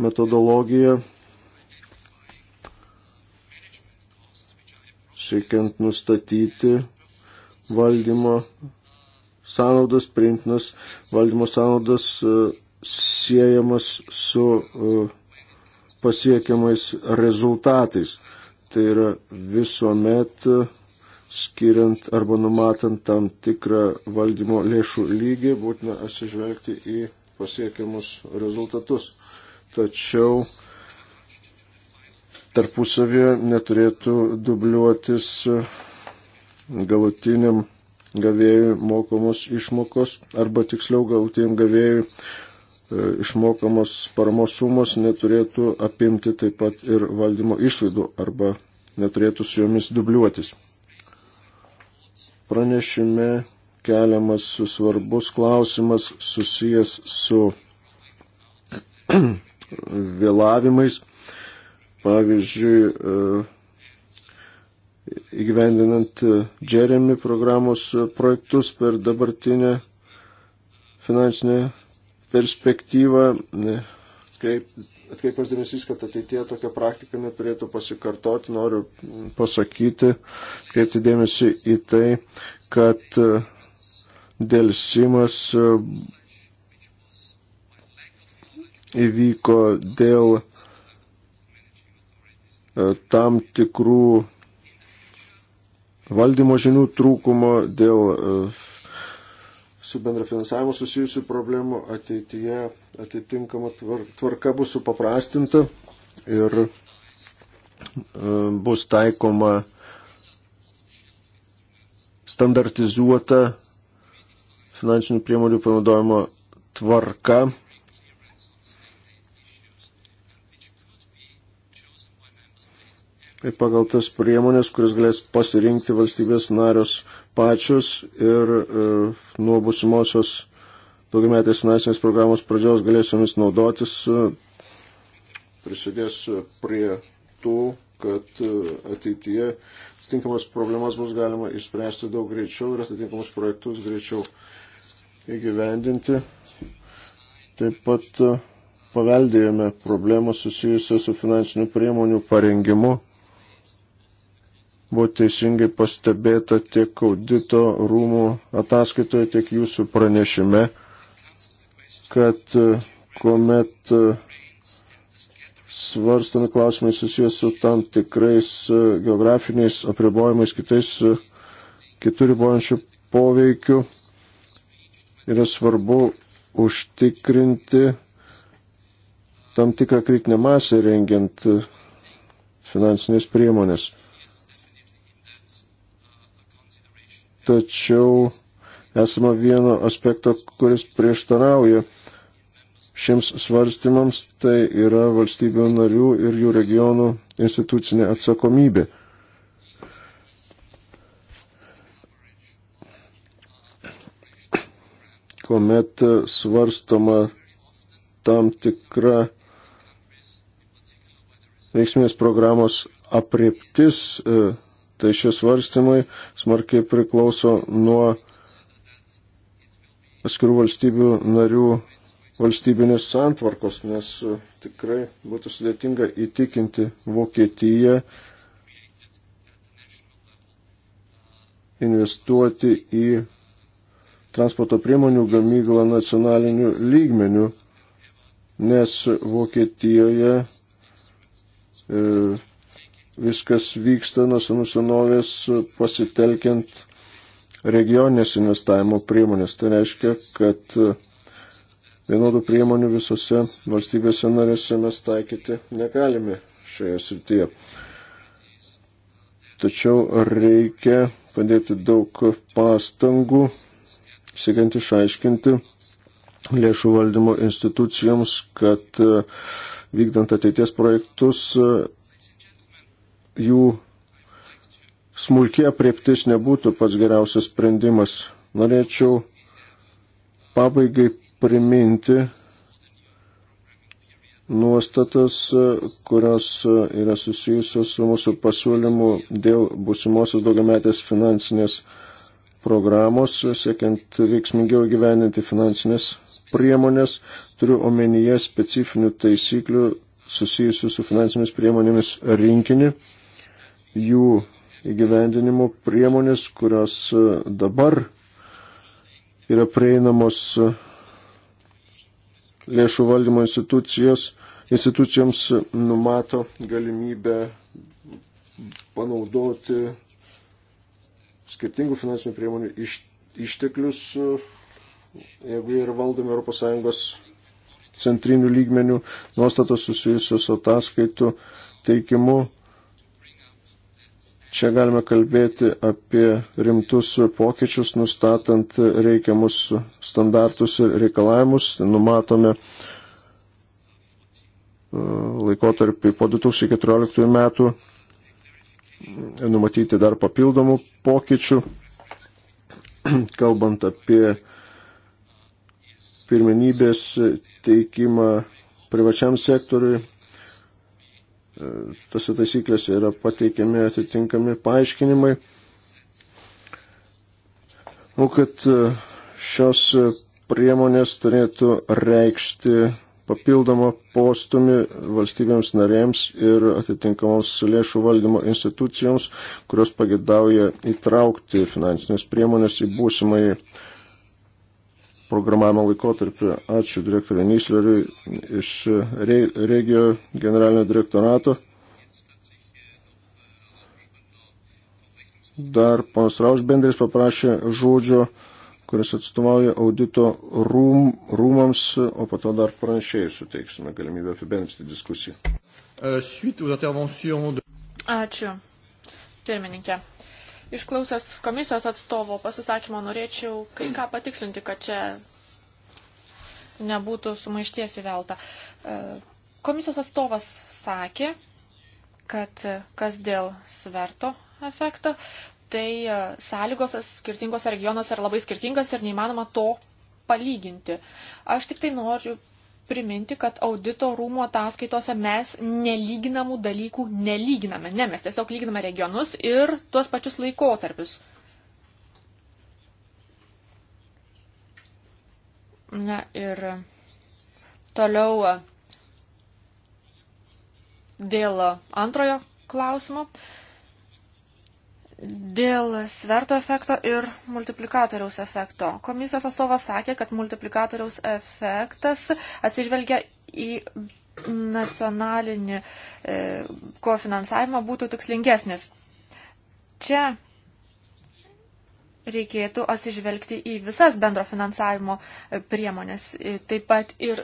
metodologiją, siekiant nustatyti valdymo sąnaudas, priimtinas valdymo sąnaudas e, siejamas su e, pasiekiamais rezultatais. Tai yra visuomet skiriant arba numatant tam tikrą valdymo lėšų lygį, būtina atsižvelgti į pasiekiamus rezultatus. Tačiau tarpusavėje neturėtų dubliuotis galutiniam gavėjui mokomos išmokos arba tiksliau galutiniam gavėjui E, išmokamos paramos sumos neturėtų apimti taip pat ir valdymo išlaidų arba neturėtų su jomis dubliuotis. Pranešime keliamas svarbus klausimas susijęs su vėlavimais. Pavyzdžiui, e, įgyvendinant Jeremy programos projektus per dabartinę finansinę perspektyvą, atkreipęs dėmesys, kad ateitie tokia praktika neturėtų pasikartoti, noriu pasakyti, kreipti dėmesį į tai, kad e, dėlsimas e, įvyko dėl e, tam tikrų valdymo žinių trūkumo, dėl su bendrafinansavimu susijusių problemų ateityje atitinkama tvarka bus supaprastinta ir e, bus taikoma standartizuota finansinių priemonių panaudojimo tvarka. Ir pagal tas priemonės, kuris galės pasirinkti valstybės narios pačius ir e, nuo busimosios daugiametės finansinės programos pradžios galėsimis naudotis, e, prisidės prie tų, kad e, ateityje atitinkamas problemas bus galima išspręsti daug greičiau ir atitinkamus projektus greičiau įgyvendinti. Taip pat e, paveldėjome problemą susijusią su finansinių priemonių parengimu Buvo teisingai pastebėta tiek audito rūmų ataskaitoje, tiek jūsų pranešime, kad e, kuomet e, svarstami klausimai susijęs su tam tikrais e, geografiniais apribojimais, kitais kitų ribojančių poveikių, yra svarbu užtikrinti tam tikrą kritinę masę rengiant finansinės priemonės. tačiau esama vieno aspekto, kuris prieštarauja šiems svarstymams, tai yra valstybių narių ir jų regionų institucinė atsakomybė. kuomet svarstoma tam tikra veiksmės programos apriptis, e, Tai šis svarstymai smarkiai priklauso nuo atskirų valstybių narių valstybinės santvarkos, nes e, tikrai būtų sudėtinga įtikinti Vokietiją investuoti į transporto priemonių gamyklą nacionaliniu lygmeniu, nes Vokietijoje e, viskas vyksta nuo senų senovės pasitelkiant regioninės investavimo priemonės. Tai reiškia, kad vienodų priemonių visose valstybėse narėse mes taikyti negalime šioje srityje. Tačiau reikia padėti daug pastangų, siekiant išaiškinti lėšų valdymo institucijoms, kad vykdant ateities projektus jų smulkė prieptis nebūtų pats geriausias sprendimas. Norėčiau pabaigai priminti nuostatas, kurios yra susijusios su mūsų pasiūlymu dėl busimosios daugiametės finansinės programos, siekiant veiksmingiau gyveninti finansinės priemonės, turiu omenyje specifinių taisyklių susijusių su finansinėmis priemonėmis rinkinį jų įgyvendinimo priemonės, kurios e, dabar yra prieinamos e, lėšų valdymo institucijos, institucijoms e, numato galimybę panaudoti skirtingų finansinių priemonių iš, išteklius, jeigu jie yra valdomi ES centrinių lygmenių nuostatos susijusios ataskaitų teikimu Čia galime kalbėti apie rimtus pokyčius, nustatant reikiamus standartus ir reikalavimus. Numatome e, laikotarpį po 2014 metų e, numatyti dar papildomų pokyčių, kalbant apie pirmenybės teikimą privačiam sektoriui tose taisyklėse yra pateikiami atitinkami paaiškinimai. O kad e, šios priemonės turėtų reikšti papildomą postumį valstybėms narėms ir atitinkamoms lėšų valdymo institucijoms, kurios pagėdauja įtraukti finansinės priemonės į būsimąjį programavimo laikotarpį. Ačiū direktoriui Nysleriui iš re, regio generalinio direktorato. Dar ponas Raušbendris paprašė žodžio, kuris atstovauja audito rūm, rūmams, o po to dar pranešėjai suteiksime galimybę apibendrinti diskusiją. Euh, Ačiū. Pirmininkė. Išklausęs komisijos atstovo pasisakymo norėčiau kai ką patikslinti, kad čia nebūtų sumaišties įvelta. E, komisijos atstovas sakė, kad e, kas dėl sverto efekto, tai e, sąlygos skirtingose regionuose yra labai skirtingas ir neįmanoma to palyginti. Aš tik tai noriu priminti, kad audito rūmų ataskaitose mes nelyginamų dalykų nelyginame. Ne, mes tiesiog lyginame regionus ir tuos pačius laikotarpius. Na ir toliau e, dėl antrojo klausimo. Uh, Dėl sverto efekto ir multiplikatoriaus efekto. Komisijos atstovas sakė, kad multiplikatoriaus efektas atsižvelgia į nacionalinį e, kofinansavimą būtų tikslingesnis. Čia reikėtų atsižvelgti į visas bendro finansavimo e, priemonės, e, taip pat ir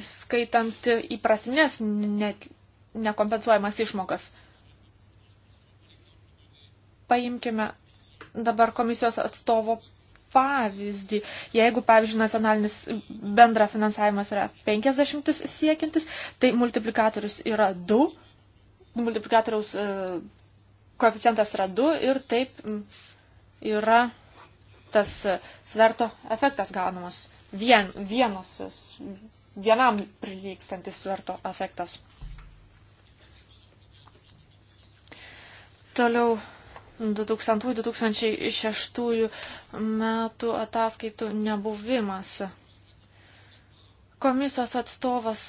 įskaitant įprastinės nekompensuojamas išmokas. Paimkime dabar komisijos atstovo pavyzdį. Jeigu, pavyzdžiui, nacionalinis bendra finansavimas yra 50 siekiantis, tai multiplikatorius yra 2, multiplikatoriaus e, koeficientas yra 2 ir taip yra tas e, sverto efektas gaunamas. Vien, vienas, vienam prilykstantis sverto efektas. Toliau 2000-2006 metų ataskaitų nebuvimas. Komisijos atstovas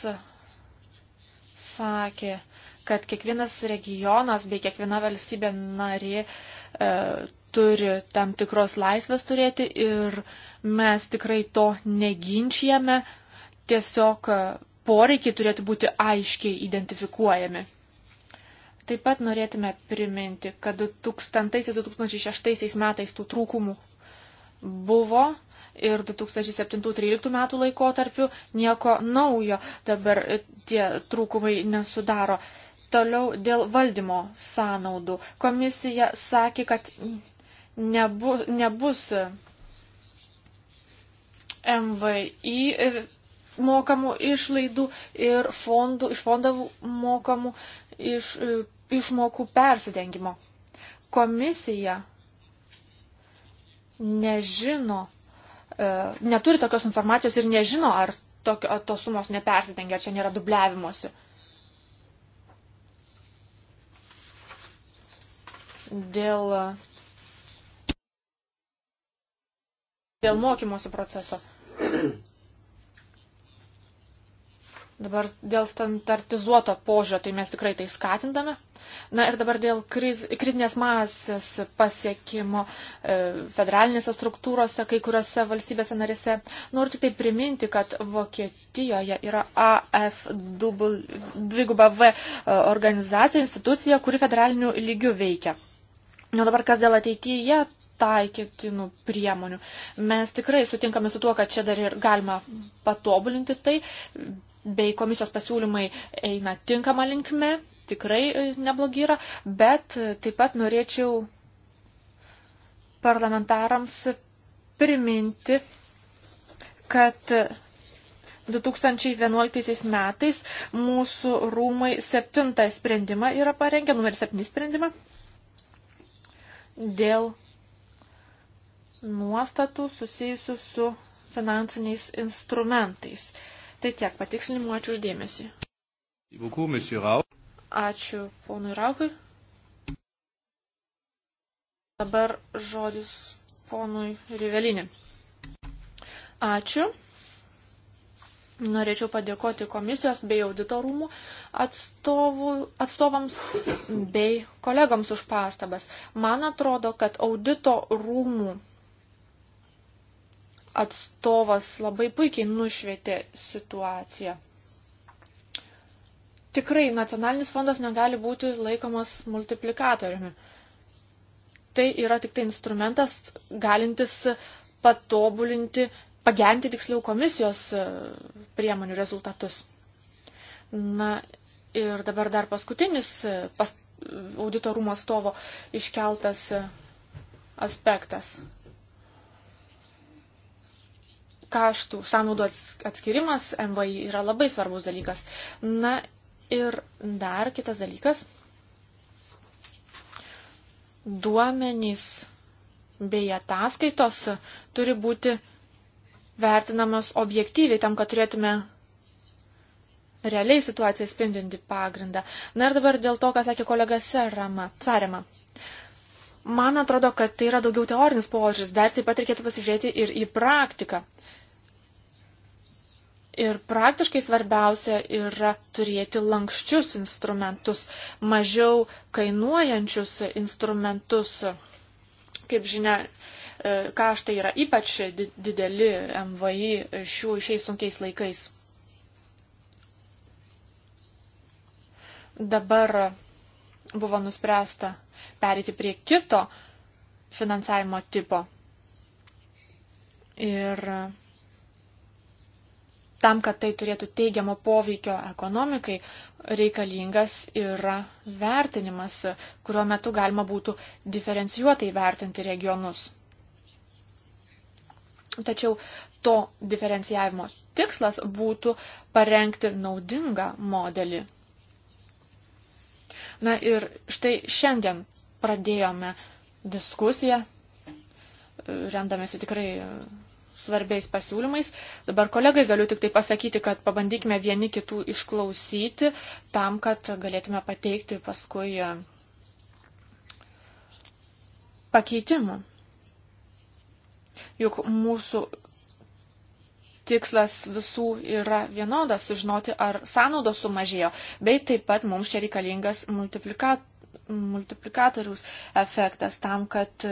sakė, kad kiekvienas regionas bei kiekviena valstybė narė e, turi tam tikros laisvės turėti ir mes tikrai to neginčijame, tiesiog e, poreikiai turėtų būti aiškiai identifikuojami. Taip pat norėtume priminti, kad 2000-2006 metais tų trūkumų buvo ir 2007-2013 metų laikotarpiu nieko naujo dabar tie trūkumai nesudaro. Toliau dėl valdymo sąnaudų. Komisija sakė, kad nebu, nebus MVI mokamų išlaidų ir fondų, iš fondų mokamų iš išmokų persidengimo. Komisija nežino, e, neturi tokios informacijos ir nežino, ar tokio, tos sumos nepersidengia, ar čia nėra dubliavimuose. Dėl, dėl mokymosi proceso. Dabar dėl standartizuoto požiūrio, tai mes tikrai tai skatindame. Na ir dabar dėl kriz, kritinės masės pasiekimo e, federalinėse struktūrose, kai kuriuose valstybėse narėse. Noriu tik tai priminti, kad Vokietijoje yra AFWV e, organizacija, institucija, kuri federaliniu lygiu veikia. Na dabar kas dėl ateityje taikytinų priemonių. Mes tikrai sutinkame su tuo, kad čia dar ir galima patobulinti tai, bei komisijos pasiūlymai eina tinkama linkme, tikrai e, neblogi yra, bet e, taip pat norėčiau parlamentarams priminti, kad 2011 e, metais mūsų rūmai septintą sprendimą yra parengę, numeris septyni sprendimą, dėl nuostatų susijusių su finansiniais instrumentais. Tai tiek patikslinimų, ačiū uždėmesi. Ačiū ponui Rauhui. Dabar žodis ponui Rivelinė. Ačiū. Norėčiau padėkoti komisijos bei auditorumų atstovų, atstovams bei kolegams už pastabas. Man atrodo, kad audito rūmų atstovas labai puikiai nušvietė situaciją. Tikrai nacionalinis fondas negali būti laikomas multiplikatoriumi. Tai yra tik tai instrumentas galintis patobulinti, pagerinti tiksliau komisijos e, priemonių rezultatus. Na ir dabar dar paskutinis e, pas, e, auditorumo stovo iškeltas aspektas kaštų sąnaudų atskirimas MVI yra labai svarbus dalykas. Na ir dar kitas dalykas. Duomenys bei ataskaitos turi būti vertinamas objektyviai tam, kad turėtume realiai situaciją spindinti pagrindą. Na ir dabar dėl to, ką sakė kolega Serama, Sarema. Man atrodo, kad tai yra daugiau teorinis požiūris, dar taip pat reikėtų pasižiūrėti ir į praktiką. Ir praktiškai svarbiausia yra turėti lankščius instrumentus, mažiau kainuojančius instrumentus. Kaip žinia, e, kaštai yra ypač dideli MVI šių šiais sunkiais laikais. dabar buvo nuspręsta perėti prie kito finansavimo tipo. Ir tam, kad tai turėtų teigiamo poveikio ekonomikai, reikalingas yra vertinimas, kuriuo metu galima būtų diferencijuotai vertinti regionus. Tačiau to diferencijavimo tikslas būtų parengti naudingą modelį. Na ir štai šiandien pradėjome diskusiją, remdamėsi tikrai svarbiais pasiūlymais. Dabar kolegai galiu tik tai pasakyti, kad pabandykime vieni kitų išklausyti tam, kad galėtume pateikti paskui e, pakeitimų. Juk mūsų tikslas visų yra vienodas - sužinoti, ar sąnaudos sumažėjo, bei taip pat mums čia reikalingas multiplikatorius efektas tam, kad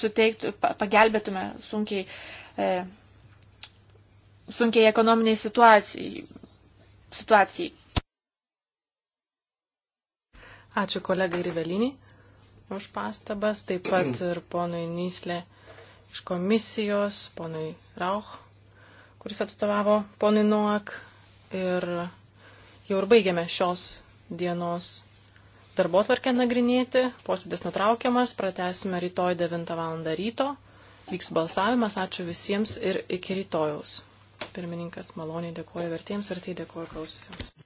suteiktų, pagelbėtume sunkiai, e, sunkiai ekonominiai situacijai. situacijai. Ačiū kolegai Rivelinį už pastabas, taip pat ir ponui Nyslė iš komisijos, ponui Rauch, kuris atstovavo ponui Noak. Ir jau ir baigėme šios dienos darbo tvarkę nagrinėti. Posėdis nutraukiamas, pratesime rytoj 9 val. ryto. Vyks balsavimas, ačiū visiems ir iki rytojaus. Pirmininkas maloniai dėkoja vertėjams ir tai dėkoja klaususiems.